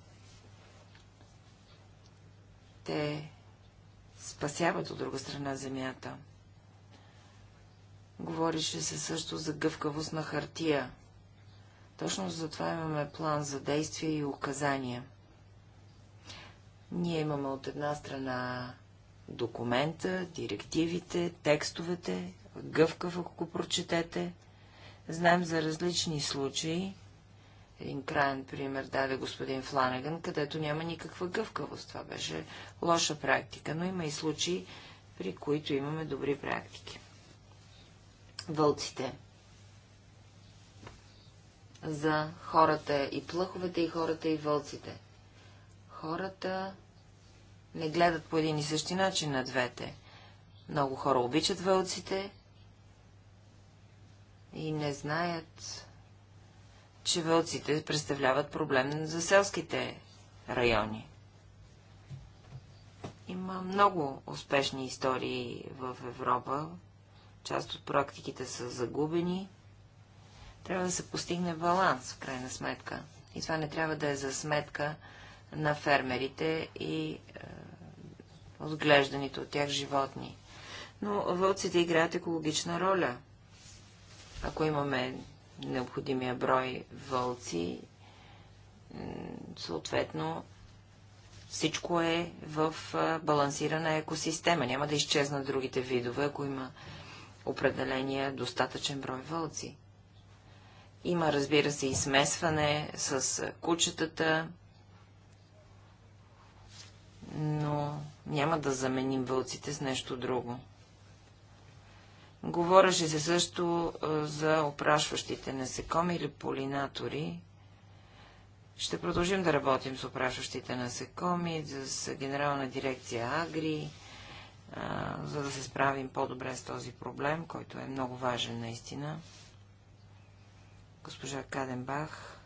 Те спасяват от друга страна земята. Говорише се също за гъвкавост на хартия. Точно за това имаме план за действие и указания. Ние имаме от една страна документа, директивите, текстовете, гъвкаво, ако го прочетете, Знаем за различни случаи. Един крайен пример даде господин Фланеган, където няма никаква гъвкавост. Това беше лоша практика, но има и случаи, при които имаме добри практики. Вълците. За хората и плъховете, и хората и вълците. Хората не гледат по един и същи начин на двете. Много хора обичат вълците, и не знаят, че вълците представляват проблем за селските райони. Има много успешни истории в Европа. Част от практиките са загубени. Трябва да се постигне баланс, в крайна сметка. И това не трябва да е за сметка на фермерите и е, отглежданите от тях животни. Но вълците играят екологична роля – ако имаме необходимия брой вълци, съответно всичко е в балансирана екосистема. Няма да изчезнат другите видове, ако има определения достатъчен брой вълци. Има, разбира се, и смесване с кучетата, но няма да заменим вълците с нещо друго. Говореше се също за опрашващите насекоми или полинатори. Ще продължим да работим с опрашващите насекоми, с генерална дирекция Агри, за да се справим по-добре с този проблем, който е много важен наистина. Госпожа Каденбах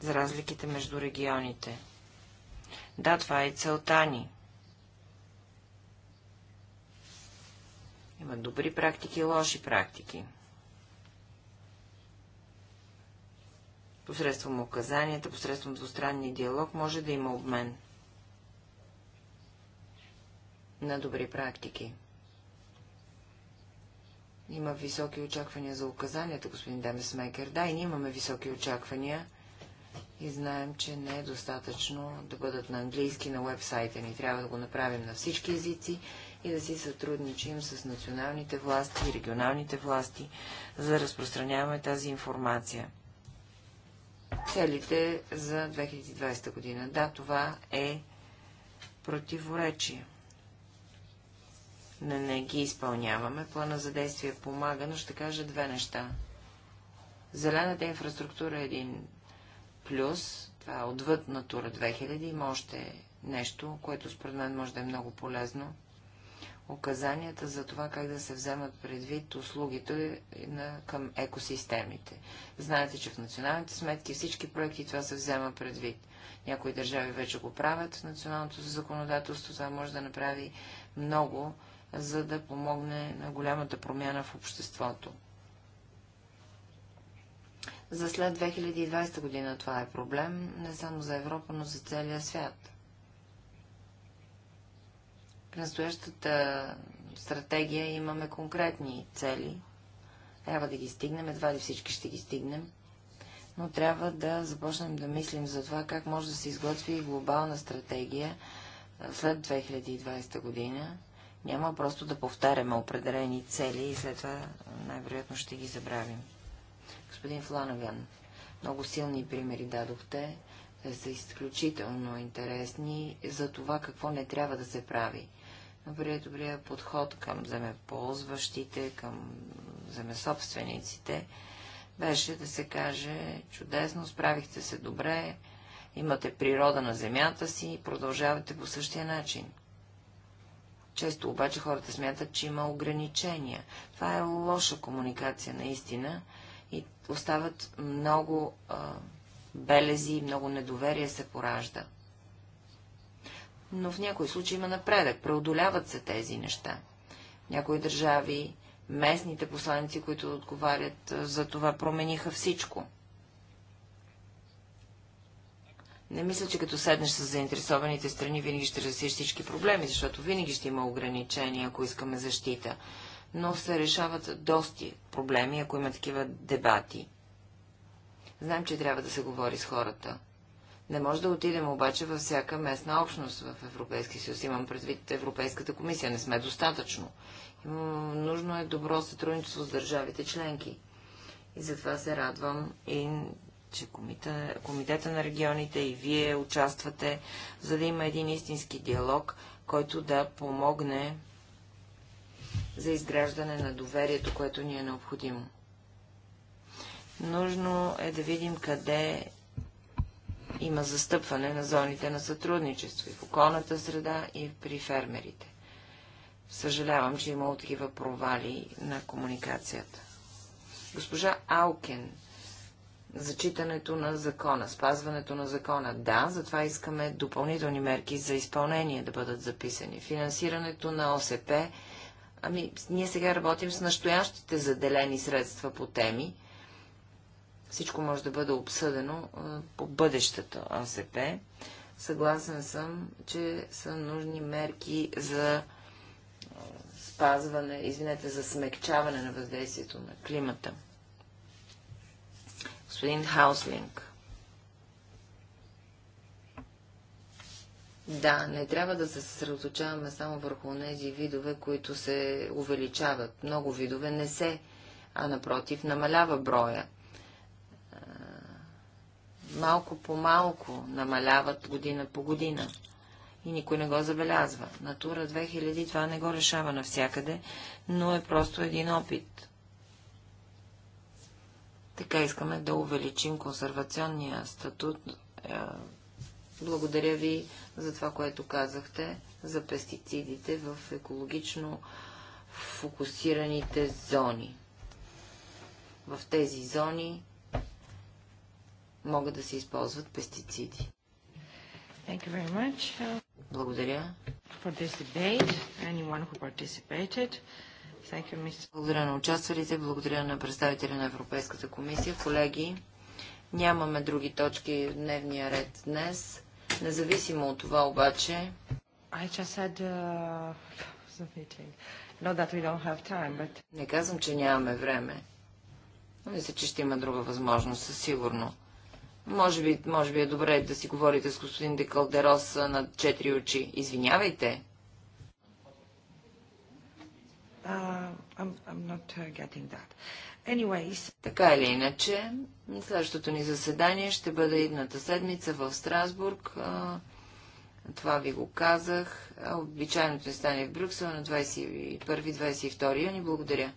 за разликите между регионите. Да, това е целта ни. Има добри практики и лоши практики. Посредством указанията, посредством двустранния диалог може да има обмен на добри практики. Има високи очаквания за указанията, господин Майкер. Да, и ние имаме високи очаквания и знаем, че не е достатъчно да бъдат на английски на вебсайта ни. Трябва да го направим на всички езици и да си сътрудничим с националните власти и регионалните власти, за да разпространяваме тази информация. Целите за 2020 година. Да, това е противоречие. Не, не ги изпълняваме. Плана за действие помага, но ще кажа две неща. Зелената инфраструктура е един плюс, това е отвъд Натура 2000, има още нещо, което според мен може да е много полезно указанията за това как да се вземат предвид услугите на, към екосистемите. Знаете, че в националните сметки всички проекти това се взема предвид. Някои държави вече го правят в националното законодателство. Това може да направи много, за да помогне на голямата промяна в обществото. За след 2020 година това е проблем не само за Европа, но за целия свят – настоящата стратегия имаме конкретни цели. Трябва да ги стигнем, едва ли всички ще ги стигнем, но трябва да започнем да мислим за това, как може да се изготви глобална стратегия след 2020 година. Няма просто да повтаряме определени цели и след това най-вероятно ще ги забравим. Господин Фланаган, много силни примери дадохте. Те са изключително интересни за това какво не трябва да се прави добрия, добрия подход към земеползващите, към земесобствениците, беше да се каже чудесно, справихте се добре, имате природа на земята си и продължавате по същия начин. Често обаче хората смятат, че има ограничения. Това е лоша комуникация наистина и остават много а, белези и много недоверие се поражда но в някои случаи има напредък, преодоляват се тези неща. В някои държави местните посланици, които отговарят за това, промениха всичко. Не мисля, че като седнеш с заинтересованите страни, винаги ще разсиш всички проблеми, защото винаги ще има ограничения, ако искаме защита. Но се решават доста проблеми, ако има такива дебати. Знам, че трябва да се говори с хората. Не може да отидем обаче във всяка местна общност в Европейския съюз. Имам предвид Европейската комисия. Не сме достатъчно. Нужно е добро сътрудничество с държавите членки. И затова се радвам и че комитета, комитета на регионите и вие участвате, за да има един истински диалог, който да помогне за изграждане на доверието, което ни е необходимо. Нужно е да видим къде има застъпване на зоните на сътрудничество и в околната среда, и при фермерите. Съжалявам, че има такива провали на комуникацията. Госпожа Алкен, зачитането на закона, спазването на закона. Да, затова искаме допълнителни мерки за изпълнение да бъдат записани. Финансирането на ОСП. Ами, ние сега работим с настоящите заделени средства по теми всичко може да бъде обсъдено по бъдещата АСП. Съгласен съм, че са нужни мерки за спазване, извинете, за смекчаване на въздействието на климата. Господин Хауслинг. Да, не трябва да се съсредоточаваме само върху тези видове, които се увеличават. Много видове не се, а напротив намалява броя малко по малко намаляват година по година. И никой не го забелязва. Натура 2000 това не го решава навсякъде, но е просто един опит. Така искаме да увеличим консервационния статут. Е, благодаря ви за това, което казахте за пестицидите в екологично фокусираните зони. В тези зони могат да се използват пестициди. Thank you very much. Благодаря. For this debate, anyone who participated. Thank you, Mr. Благодаря на участвалите, благодаря на представителя на Европейската комисия. Колеги, нямаме други точки в дневния ред днес. Независимо от това обаче... I just had uh, Not that we don't have time, but... Не казвам, че нямаме време. Но мисля, че ще има друга възможност, със сигурност. Може би, може би е добре да си говорите с господин Декалдерос на четири очи. Извинявайте. Uh, I'm, I'm uh, Anyways... Така или иначе, следващото ни заседание ще бъде идната седмица в Страсбург. Това ви го казах. Обичайното ни стане в Брюксел на 21-22 юни. Благодаря.